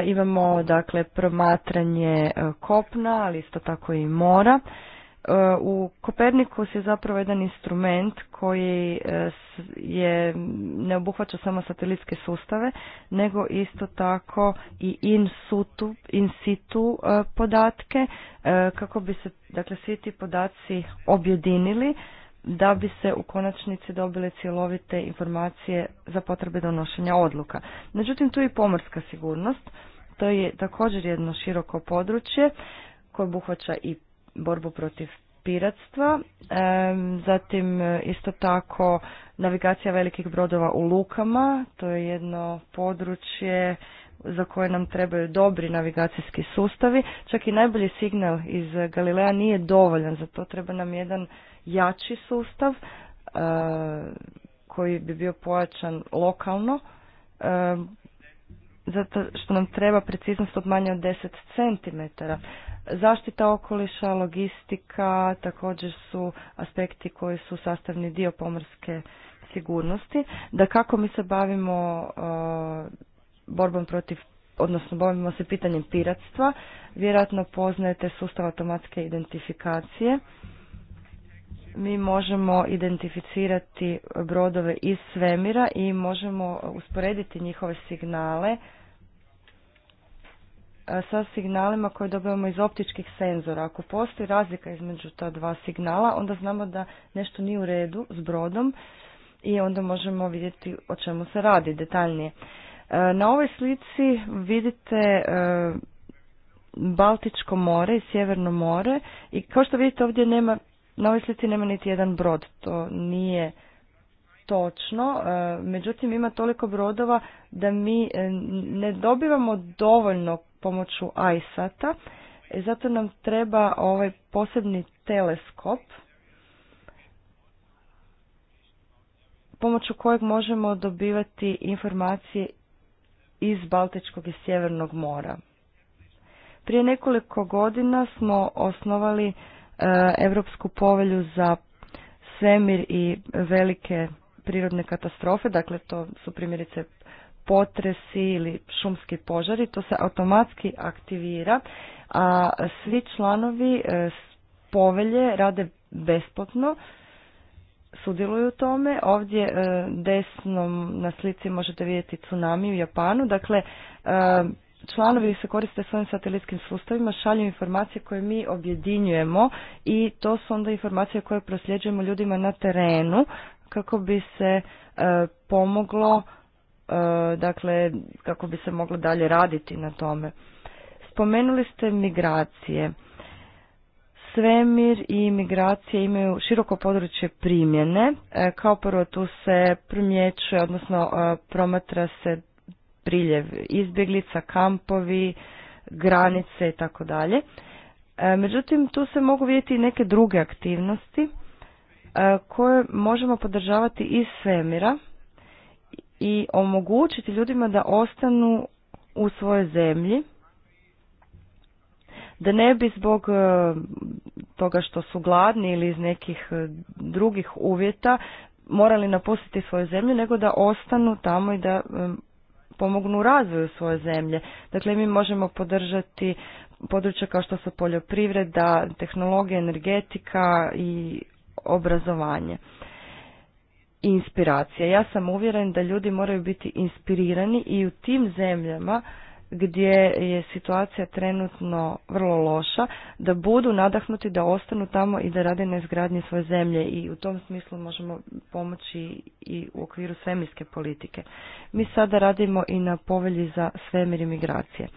Imamo dakle promatranje kopna, ali isto tako i mora. U Kopernikus je zapravo jedan instrument koji e, je, ne obuhvaća samo satelitske sustave, nego isto tako i in situ, in situ e, podatke, e, kako bi se dakle, svi ti podaci objedinili da bi se u konačnici dobile cjelovite informacije za potrebe donošenja odluka. Međutim, tu je i pomorska sigurnost. To je također jedno široko područje koje obuhvaća i borbu protiv piratstva, zatim e, isto tako navigacija velikih brodova u lukama, to je jedno područje za koje nam trebaju dobri navigacijski sustavi. Čak i najbolji signal iz Galilea nije dovoljan, za to treba nam jedan jači sustav e, koji bi bio pojačan lokalno zato što nam treba preciznost od manje od 10 cm. Zaštita okoliša, logistika također su aspekti koji su sastavni dio pomorske sigurnosti. Da kako mi se bavimo uh, borbom protiv odnosno bavimo se pitanjem piratstva, vjerojatno poznajete sustav automatske identifikacije. Mi možemo identificirati brodove iz svemira i možemo usporediti njihove signale E, sa signalima koje dobivamo iz optičkih senzora. Ako postoji razlika između ta dva signala, onda znamo da nešto nije u redu s brodom i onda možemo vidjeti o čemu se radi detaljnije. E, na ovoj slici vidite e, Baltičko more i Sjeverno more i kao što vidite ovdje nema, na ovoj slici nema niti jedan brod, to nije točno, međutim ima toliko brodova da mi ne dobivamo dovoljno pomoću isat e, zato nam treba ovaj posebni teleskop pomoću kojeg možemo dobivati informacije iz Baltičkog i Sjevernog mora. Prije nekoliko godina smo osnovali Europsku povelju za svemir i velike prirodne katastrofe, dakle to su primjerice potresi ili šumski požari, to se automatski aktivira, a svi članovi e, povelje rade besplatno, sudjeluju u tome. Ovdje e, desnom na slici možete vidjeti tsunami u Japanu. Dakle, e, članovi se koriste svojim satelitskim sustavima, šalju informacije koje mi objedinjujemo i to su onda informacije koje prosljeđujemo ljudima na terenu kako bi se pomoglo E, dakle kako bi se moglo dalje raditi na tome. Spomenuli ste migracije. Svemir i migracije imaju široko područje primjene. E, kao prvo tu se primjećuje, odnosno e, promatra se priljev izbjeglica, kampovi, granice i tako dalje. Međutim, tu se mogu vidjeti i neke druge aktivnosti koje možemo podržavati iz svemira, i omogućiti ljudima da ostanu u svojoj zemlji, da ne bi zbog e, toga što su gladni ili iz nekih e, drugih uvjeta morali napustiti svoju zemlju, nego da ostanu tamo i da e, pomognu razvoju svoje zemlje. Dakle, mi možemo podržati područja kao što su poljoprivreda, tehnologija, energetika i obrazovanje inspiracija. Ja sam uvjeren da ljudi moraju biti inspirirani i u tim zemljama gdje je situacija trenutno vrlo loša, da budu nadahnuti, da ostanu tamo i da rade na izgradnji svoje zemlje i u tom smislu možemo pomoći i u okviru svemirske politike. Mi sada radimo i na povelji za svemir i migracije.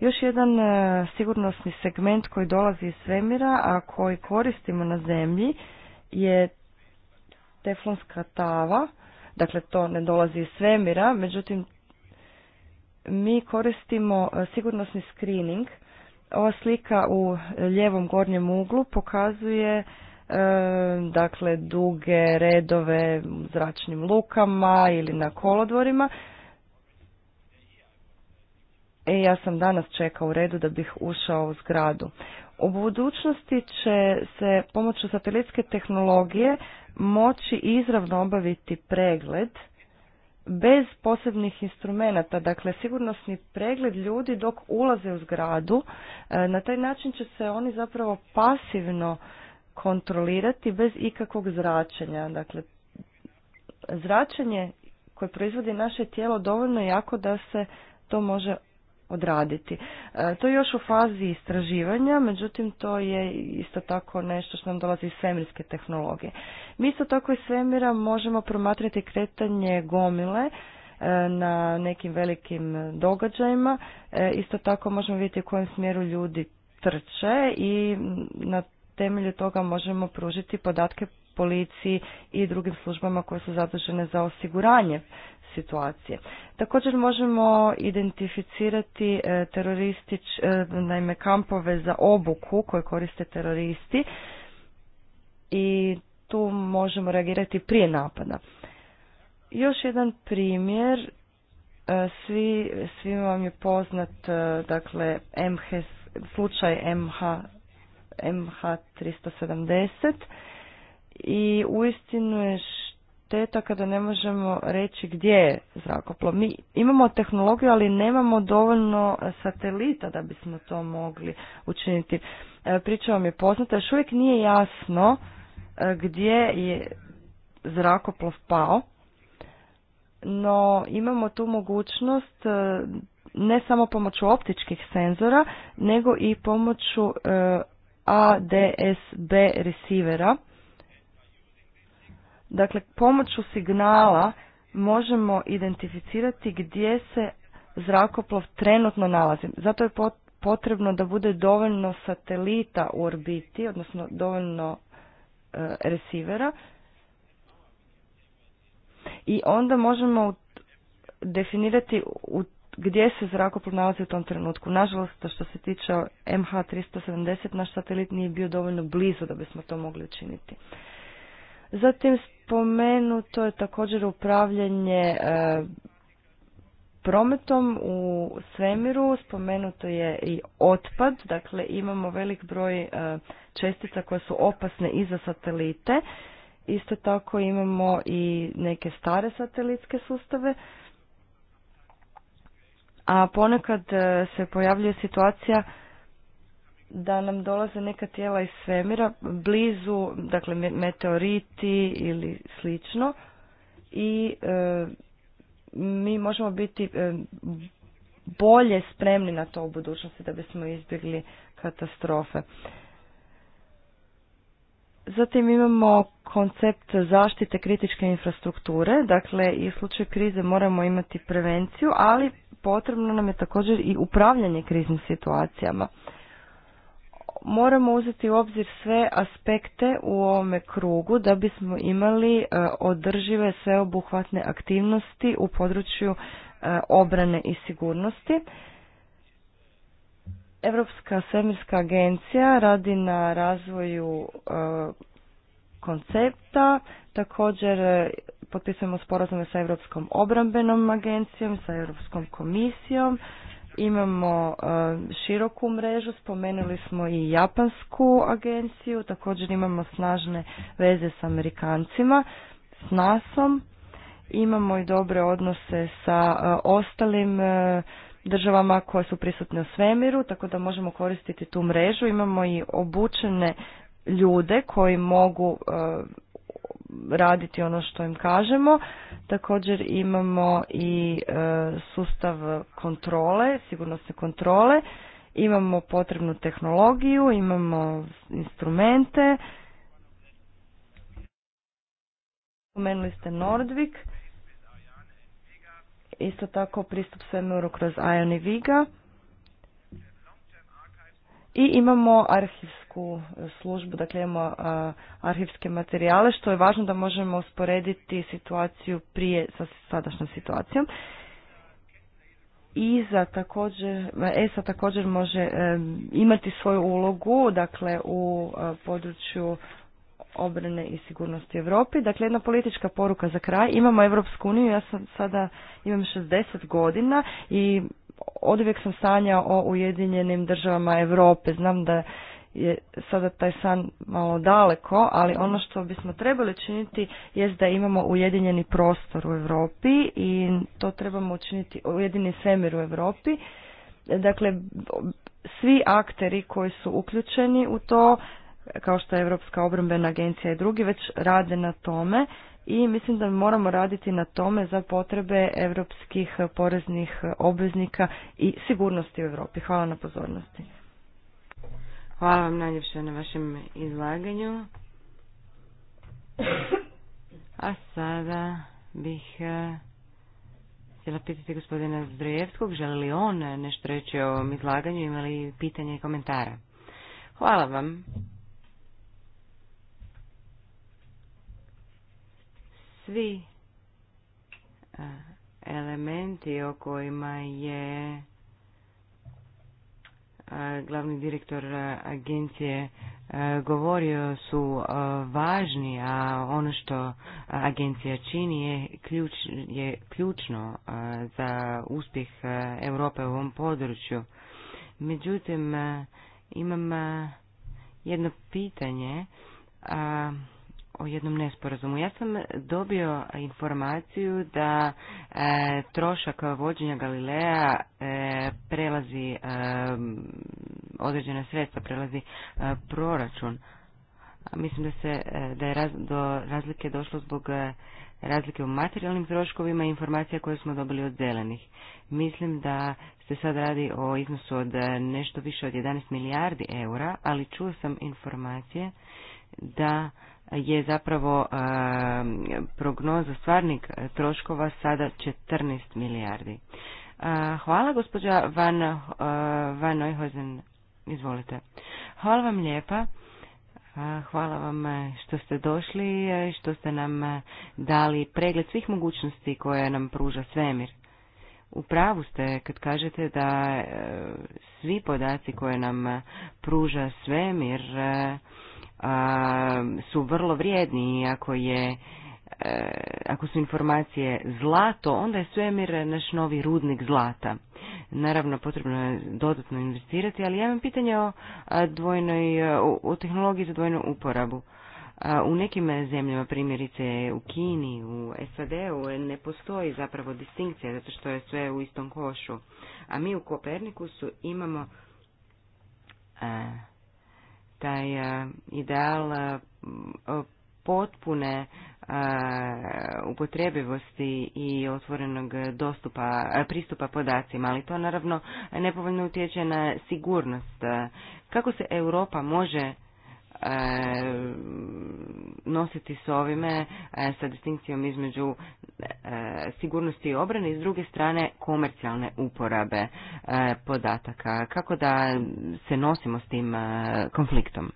Još jedan e, sigurnosni segment koji dolazi iz svemira, a koji koristimo na zemlji, je teflonska tava, dakle to ne dolazi iz svemira, međutim mi koristimo e, sigurnosni screening. Ova slika u lijevom gornjem uglu pokazuje e, dakle duge redove u zračnim lukama ili na kolodvorima. E, ja sam danas čekao u redu da bih ušao u zgradu. U budućnosti će se pomoću satelitske tehnologije moći izravno obaviti pregled bez posebnih instrumenta, dakle sigurnosni pregled ljudi dok ulaze u zgradu, e, na taj način će se oni zapravo pasivno kontrolirati bez ikakvog zračenja. Dakle, zračenje koje proizvodi naše tijelo dovoljno jako da se to može odraditi. E, to je još u fazi istraživanja, međutim to je isto tako nešto što nam dolazi iz svemirske tehnologije. Mi isto tako iz svemira možemo promatrati kretanje gomile e, na nekim velikim događajima. E, isto tako možemo vidjeti u kojem smjeru ljudi trče i na temelju toga možemo pružiti podatke policiji i drugim službama koje su zadužene za osiguranje situacije. Također možemo identificirati e, teroristič, e, naime kampove za obuku koje koriste teroristi i tu možemo reagirati prije napada. Još jedan primjer, e, svi, svima vam je poznat dakle, MH, slučaj MH, MH370, i uistinu je šteta kada ne možemo reći gdje je zrakoplov. Mi imamo tehnologiju, ali nemamo dovoljno e, satelita da bismo to mogli učiniti. E, priča vam je poznata, još uvijek nije jasno e, gdje je zrakoplov pao, no imamo tu mogućnost ne samo pomoću optičkih senzora, nego i pomoću ADSB receivera Dakle, pomoću signala možemo identificirati gdje se zrakoplov trenutno nalazi. Zato je potrebno da bude dovoljno satelita u orbiti, odnosno dovoljno e, resivera. I onda možemo definirati u gdje se zrakoplov nalazi u tom trenutku. Nažalost, što se tiče MH370, naš satelit nije bio dovoljno blizu da bismo to mogli učiniti. Zatim spomenuto je također upravljanje e, prometom u svemiru, spomenuto je i otpad, dakle imamo velik broj e, čestica koje su opasne i za satelite. Isto tako imamo i neke stare satelitske sustave. A ponekad e, se pojavljuje situacija da nam dolaze neka tijela iz svemira blizu, dakle meteoriti ili slično i e, mi možemo biti e, bolje spremni na to u budućnosti da bismo izbjegli katastrofe. Zatim imamo koncept zaštite kritičke infrastrukture, dakle i u slučaju krize moramo imati prevenciju, ali potrebno nam je također i upravljanje kriznim situacijama moramo uzeti u obzir sve aspekte u ovome krugu da bismo imali e, održive sveobuhvatne aktivnosti u području e, obrane i sigurnosti. Europska svemirska agencija radi na razvoju e, koncepta, također potpisujemo sporazume sa Europskom obrambenom agencijom, sa Europskom komisijom, Imamo e, široku mrežu, spomenuli smo i japansku agenciju, također imamo snažne veze s Amerikancima, s NASom, imamo i dobre odnose sa e, ostalim e, državama koje su prisutne u svemiru, tako da možemo koristiti tu mrežu. Imamo i obučene ljude koji mogu raditi ono što im kažemo. Također imamo i e, sustav kontrole, sigurnosne kontrole, imamo potrebnu tehnologiju, imamo instrumente. Spomenuli ste Nordvik, isto tako pristup svemiru kroz Ion i Viga i imamo arhivsku e, službu, dakle imamo e, arhivske materijale, što je važno da možemo usporediti situaciju prije sa sadašnjom situacijom. ISA također, e, ESA također može imati svoju ulogu, dakle u području obrane i sigurnosti Europi. Dakle, jedna politička poruka za kraj. Imamo Europsku uniju, ja sam sada imam 60 godina i odvijek sam sanjao o Ujedinjenim državama Europe. Znam da je sada taj san malo daleko, ali ono što bismo trebali činiti jest da imamo ujedinjeni prostor u Europi i to trebamo učiniti ujedini svemir u Europi. Dakle, svi akteri koji su uključeni u to, kao što je Europska obrambena agencija i drugi, već rade na tome i mislim da moramo raditi na tome za potrebe europskih poreznih obveznika i sigurnosti u Europi. Hvala na pozornosti. Hvala vam najljepše na vašem izlaganju. A sada bih eh, htjela pitati gospodina Zdrojevskog, želi li on nešto reći o ovom izlaganju, imali pitanje i komentara. Hvala vam. Svi e, elementi o kojima je e, glavni direktor agencije e, govorio su važni, a ono što agencija čini je, ključ, je ključno za uspjeh Europe u ovom području. Međutim, imam jedno pitanje o jednom nesporazumu. Ja sam dobio informaciju da e, trošak vođenja Galilea e, prelazi e, određena sredstva, prelazi e, proračun. A mislim da se da je do razlike došlo zbog razlike u materijalnim troškovima i informacija koje smo dobili od zelenih. Mislim da se sad radi o iznosu od nešto više od 11 milijardi eura, ali čuo sam informacije da je zapravo e, prognoza stvarnih troškova sada 14 milijardi. E, hvala gospođa Van, e, Van Neuhozen. Izvolite. Hvala vam lijepa. Hvala vam što ste došli i što ste nam dali pregled svih mogućnosti koje nam pruža svemir. U pravu ste kad kažete da svi podaci koje nam pruža svemir su vrlo vrijedni i ako je e, ako su informacije zlato, onda je svemir naš novi rudnik zlata. Naravno, potrebno je dodatno investirati, ali ja imam pitanje o, dvojnoj, o tehnologiji za dvojnu uporabu. U nekim zemljama, primjerice u Kini, u SAD-u, ne postoji zapravo distinkcija, zato što je sve u istom košu. A mi u Kopernikusu imamo... A, taj e, ideal e, potpune e, upotrebivosti i otvorenog dostupa, pristupa podacima, ali to naravno nepovoljno utječe na sigurnost. Kako se Europa može nositi s ovime, sa distinkcijom između E, sigurnosti i obrane i s druge strane komercijalne uporabe e, podataka. Kako da se nosimo s tim e, konfliktom?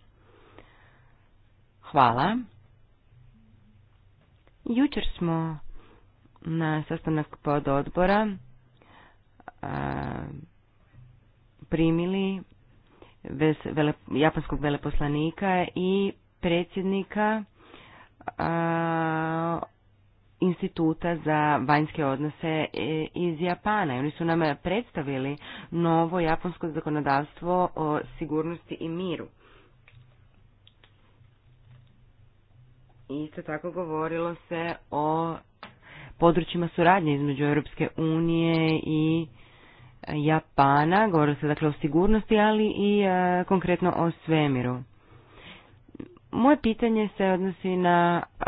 Hvala. Jučer smo na sastanak pod odbora primili japanskog veleposlanika i predsjednika instituta za vanjske odnose e, iz Japana. oni su nam predstavili novo japansko zakonodavstvo o sigurnosti i miru. Isto tako govorilo se o područjima suradnje između Europske unije i Japana, govorilo se dakle o sigurnosti, ali i e, konkretno o svemiru. Moje pitanje se odnosi na e,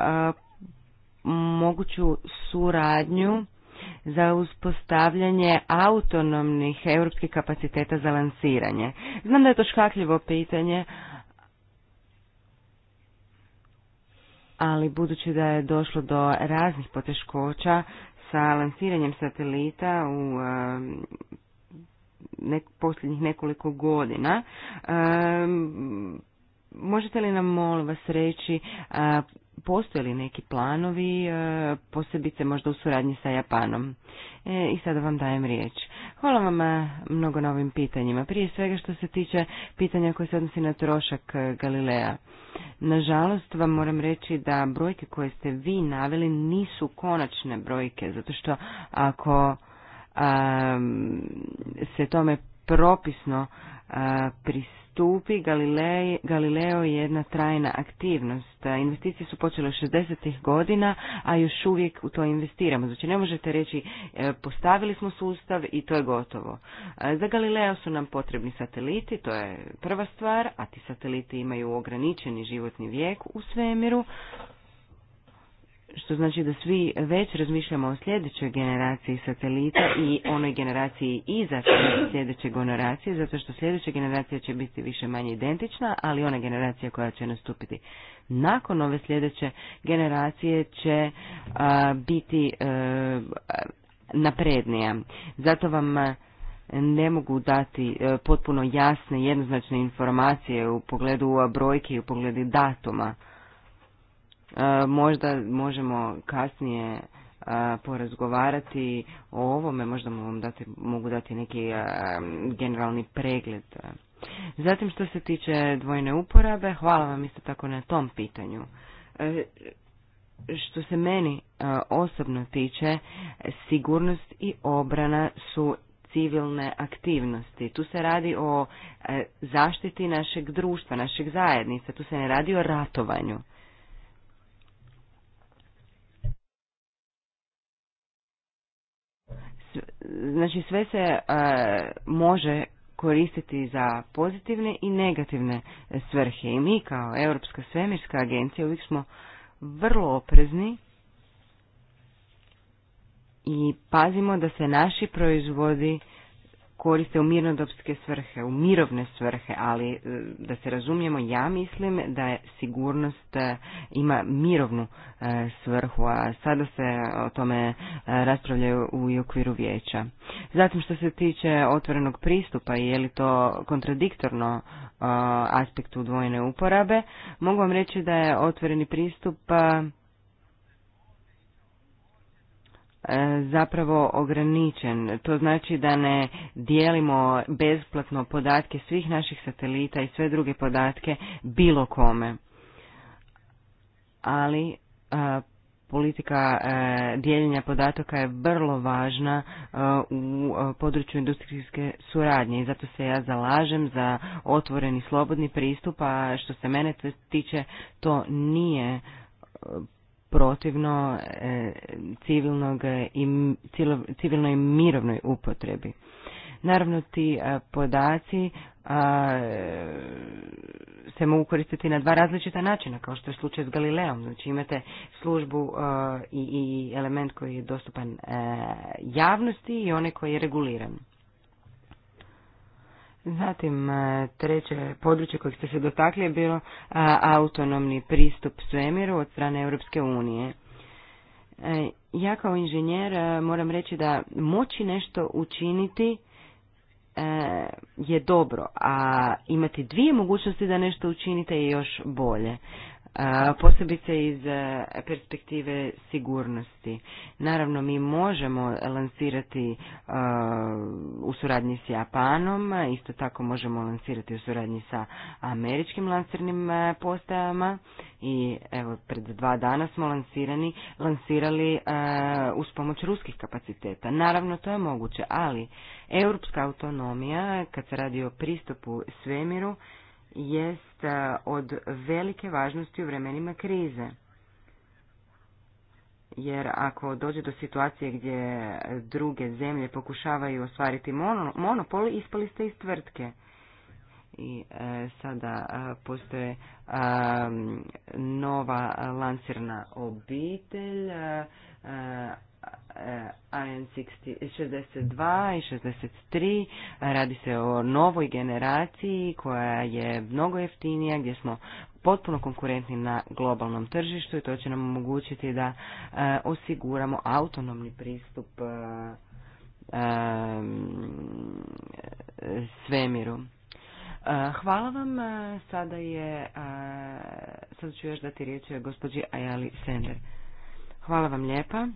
moguću suradnju za uspostavljanje autonomnih europskih kapaciteta za lansiranje. Znam da je to škakljivo pitanje, ali budući da je došlo do raznih poteškoća sa lansiranjem satelita u posljednjih nekoliko godina, možete li nam molim vas reći postoje li neki planovi, e, posebice možda u suradnji sa Japanom. E, I sada vam dajem riječ. Hvala vam e, mnogo na ovim pitanjima. Prije svega što se tiče pitanja koje se odnosi na trošak Galilea. Nažalost vam moram reći da brojke koje ste vi naveli nisu konačne brojke, zato što ako se tome propisno pristavljaju, stupi, Galileo je jedna trajna aktivnost. Investicije su počele 60. godina, a još uvijek u to investiramo. Znači ne možete reći e, postavili smo sustav i to je gotovo. E, za Galileo su nam potrebni sateliti, to je prva stvar, a ti sateliti imaju ograničeni životni vijek u svemiru što znači da svi već razmišljamo o sljedećoj generaciji satelita i onoj generaciji iza sljedeće generacije, zato što sljedeća generacija će biti više manje identična, ali ona generacija koja će nastupiti nakon ove sljedeće generacije će biti e, naprednija. Zato vam e, ne mogu dati e, potpuno jasne, jednoznačne informacije u pogledu brojke i u pogledu datuma E, možda možemo kasnije e, porazgovarati o ovome, možda vam dati, mogu dati neki e, generalni pregled. Zatim što se tiče dvojne uporabe, hvala vam isto tako na tom pitanju. Što se meni osobno tiče, sigurnost i obrana su civilne aktivnosti. Tu se radi o zaštiti našeg društva, našeg zajednica. tu se ne radi o ratovanju. znači sve se e, može koristiti za pozitivne i negativne svrhe. I mi kao Europska svemirska agencija uvijek smo vrlo oprezni i pazimo da se naši proizvodi koriste u mirnodopske svrhe, u mirovne svrhe, ali e, da se razumijemo, ja mislim da je sigurnost e, ima mirovnu e, svrhu, a sada se o tome raspravljaju u okviru vijeća. Zatim što se tiče otvorenog pristupa i je li to kontradiktorno aspektu dvojne uporabe, mogu vam reći da je otvoreni pristup E, zapravo ograničen. To znači da ne dijelimo besplatno podatke svih naših satelita i sve druge podatke bilo kome. Ali e, politika e, dijeljenja podataka je vrlo važna u području industrijske suradnje i zato se ja zalažem za otvoreni slobodni pristup, a što se mene tiče to nije protivno e, civilnog e, i, civilnoj mirovnoj upotrebi. Naravno ti e, podaci se mogu koristiti na dva različita načina, kao što je slučaj s Galileom. Znači imate službu i element koji je dostupan javnosti i onaj koji je reguliran. Zatim, e, treće područje kojeg ste se dotakli je bilo e, autonomni pristup svemiru od strane Europske unije. E, ja kao inženjer moram reći da moći nešto učiniti je dobro, a imati dvije mogućnosti da nešto učinite je još bolje posebice iz e, perspektive sigurnosti. Naravno, mi možemo lansirati e, u suradnji s Japanom, isto tako možemo lansirati u suradnji sa američkim lansirnim e, postajama i evo pred dva dana smo lansirani, lansirali uz pomoć ruskih kapaciteta. Naravno, to je moguće, ali europska autonomija kad se radi o pristupu svemiru jest e, od velike važnosti u vremenima krize. Jer ako dođe do situacije gdje druge zemlje pokušavaju ostvariti monopol, ispali ste iz tvrtke. I e, sada e, postoje nova lansirna obitelj, AN62 i 63. Radi se o novoj generaciji koja je mnogo jeftinija, gdje smo potpuno konkurentni na globalnom tržištu i to će nam omogućiti da e, osiguramo autonomni pristup e, e, svemiru. Hvala vam. Sada je, sad ću još dati riječ gospođi Ajali Sender. Hvala vam lijepa.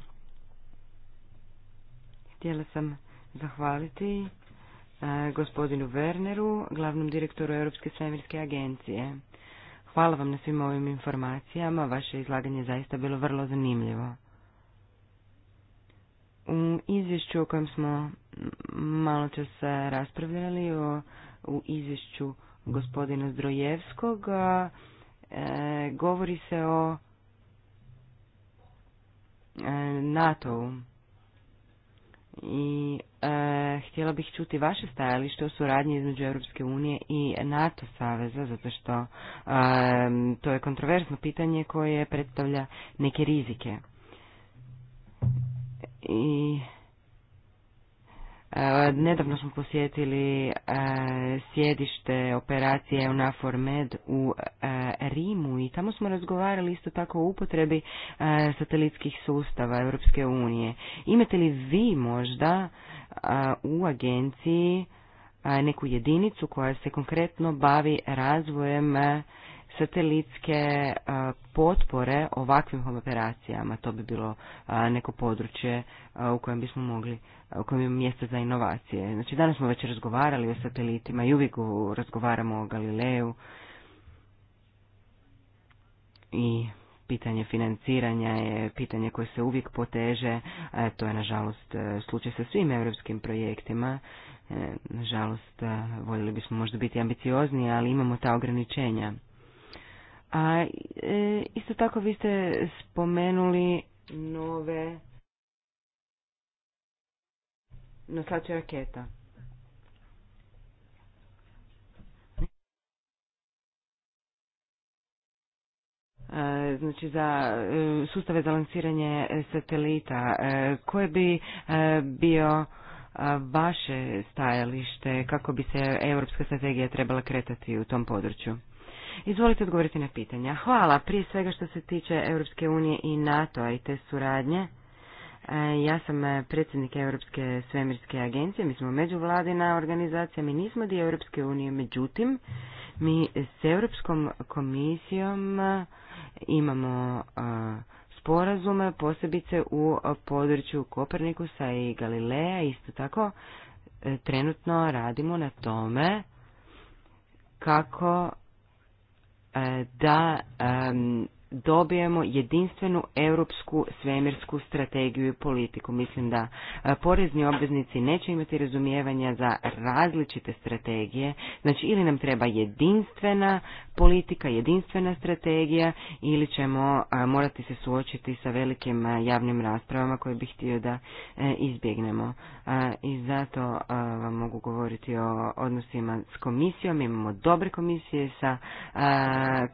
Htjela sam zahvaliti e, gospodinu Werneru, glavnom direktoru Europske svemirske agencije. Hvala vam na svim ovim informacijama, vaše izlaganje zaista bilo vrlo zanimljivo. U izvješću o kojem smo malo čas raspravljali, o, u izvješću gospodina Zdrojevskog, e, govori se o e, NATO-u i e, htjela bih čuti vaše stajalište o suradnji između Europske unije i NATO saveza zato što e, to je kontroverzno pitanje koje predstavlja neke rizike. I E, nedavno smo posjetili e, sjedište operacije EUNAFOR MED u e, Rimu i tamo smo razgovarali isto tako o upotrebi satelitskih sustava Europske unije. Imate li vi možda u agenciji neku jedinicu koja se konkretno bavi razvojem satelitske potpore ovakvim operacijama. To bi bilo neko područje u kojem bismo mogli, u kojem je mjesto za inovacije. Znači danas smo već razgovarali o satelitima i uvijek razgovaramo o Galileju i pitanje financiranja je pitanje koje se uvijek poteže. To je nažalost e, slučaj sa svim europskim projektima. E, nažalost, e, voljeli bismo možda biti ambiciozni, ali imamo ta ograničenja. A e, isto tako vi ste spomenuli nove nosače raketa. E, znači za e, sustave za lansiranje satelita. Koje bi bio vaše stajalište kako bi se europska strategija trebala kretati u tom području? Izvolite odgovoriti na pitanja. Hvala. Prije svega što se tiče Europske unije i NATO-a i te suradnje, e, ja sam e, predsjednik Europske svemirske agencije, mi smo međuvladina organizacija, mi nismo dio Europske unije, međutim, mi s Europskom komisijom e, imamo sporazume, posebice u području Kopernikusa i Galileja, isto tako trenutno radimo na tome kako da dobijemo jedinstvenu europsku svemirsku strategiju i politiku. Mislim da e, porezni obveznici neće imati razumijevanja za različite strategije. Znači ili nam treba jedinstvena politika, jedinstvena strategija ili ćemo e, morati se suočiti sa velikim e, javnim raspravama koje bih htio da izbjegnemo. I zato vam mogu govoriti o odnosima s komisijom. Imamo dobre komisije sa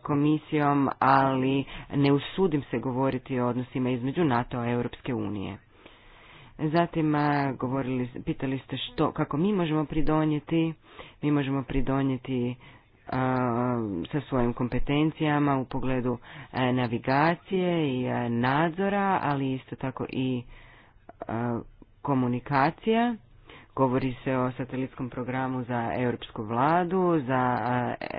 komisijom, ali ne usudim se govoriti o odnosima između NATO-a i Europske unije. Zatim govorili, pitali ste što, kako mi možemo pridonijeti, mi možemo pridonijeti sa svojim kompetencijama u pogledu navigacije i nadzora, ali isto tako i komunikacija. Govori se o satelitskom programu za europsku vladu, za e,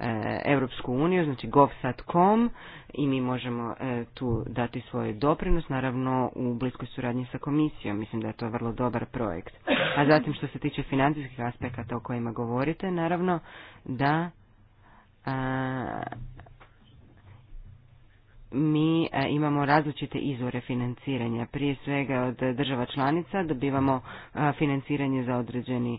E, Europsku uniju, znači govsat.com i mi možemo e, tu dati svoj doprinos, naravno u bliskoj suradnji sa komisijom. Mislim da je to vrlo dobar projekt. A zatim što se tiče financijskih aspekata o kojima govorite, naravno da mi e, imamo različite izvore financiranja. Prije svega od država članica dobivamo financiranje za određeni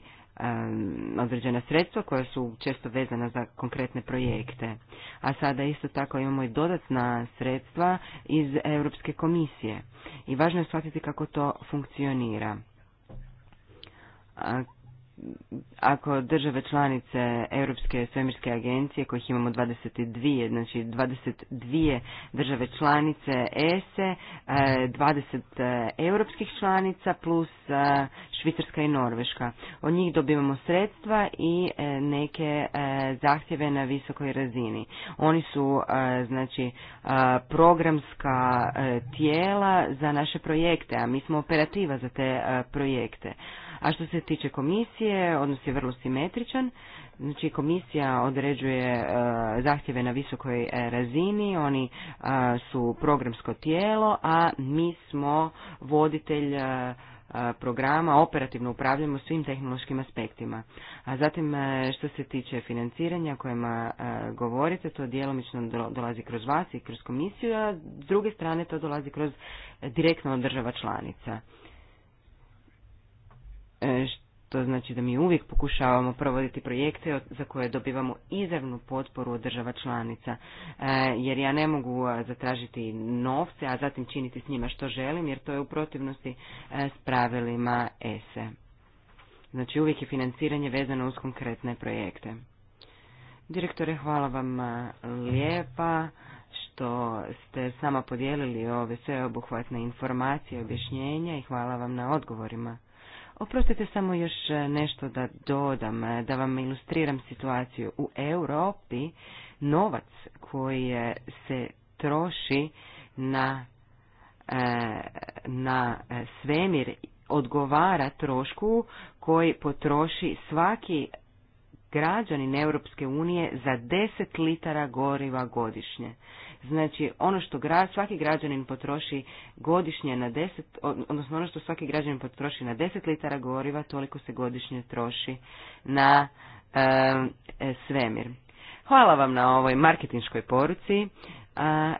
određena sredstva koja su često vezana za konkretne projekte. A sada isto tako imamo i dodatna sredstva iz Europske komisije. I važno je shvatiti kako to funkcionira ako države članice Europske svemirske agencije, kojih imamo 22, znači 22 države članice ESE, 20 eh, eh, europskih članica plus eh, Švicarska i Norveška. Od njih dobivamo sredstva i neke zahtjeve na visokoj razini. Oni su znači programska tijela za naše projekte, a mi smo operativa za te projekte. A što se tiče komisije, odnos je vrlo simetričan. Znači komisija određuje e, zahtjeve na visokoj e, razini, oni e, su programsko tijelo, a mi smo voditelj programa operativno upravljamo svim tehnološkim aspektima. A zatim što se tiče financiranja kojima govorite, to dijelomično dolazi kroz vas i kroz komisiju, a s druge strane to dolazi kroz direktno od država članica. E, što znači da mi uvijek pokušavamo provoditi projekte za koje dobivamo izravnu potporu od država članica, e, jer ja ne mogu zatražiti novce, a zatim činiti s njima što želim, jer to je u protivnosti e, s pravilima ESE. Znači uvijek je financiranje vezano uz konkretne projekte. Direktore, hvala vam lijepa što ste sama podijelili ove sveobuhvatne informacije i objašnjenja i hvala vam na odgovorima. Oprostite samo još e, nešto da dodam, e, da vam ilustriram situaciju. U Europi novac koji se troši na, e, na svemir odgovara trošku koji potroši svaki građanin Europske unije za 10 litara goriva godišnje. Znači, ono što gra, svaki građanin potroši godišnje na 10, odnosno ono što svaki građanin potroši na 10 litara goriva, toliko se godišnje troši na svemir. Hvala vam na ovoj marketinškoj poruci. A,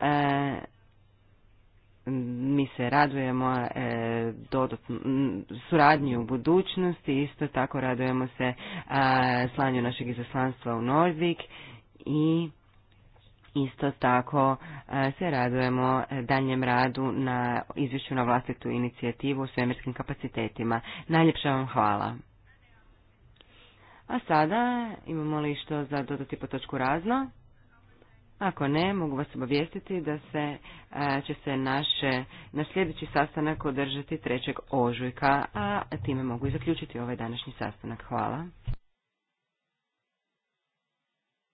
e, mi se radujemo e, suradnji u budućnosti, isto tako radujemo se slanju našeg izaslanstva u Nordvik i Isto tako e, se radujemo danjem radu na izvješću na vlastitu inicijativu u svemirskim kapacitetima. Najljepša vam hvala. A sada imamo li što za dodati po točku razno? Ako ne, mogu vas obavijestiti da se, e, će se naše, na sljedeći sastanak održati 3. ožujka, a time mogu i zaključiti ovaj današnji sastanak. Hvala.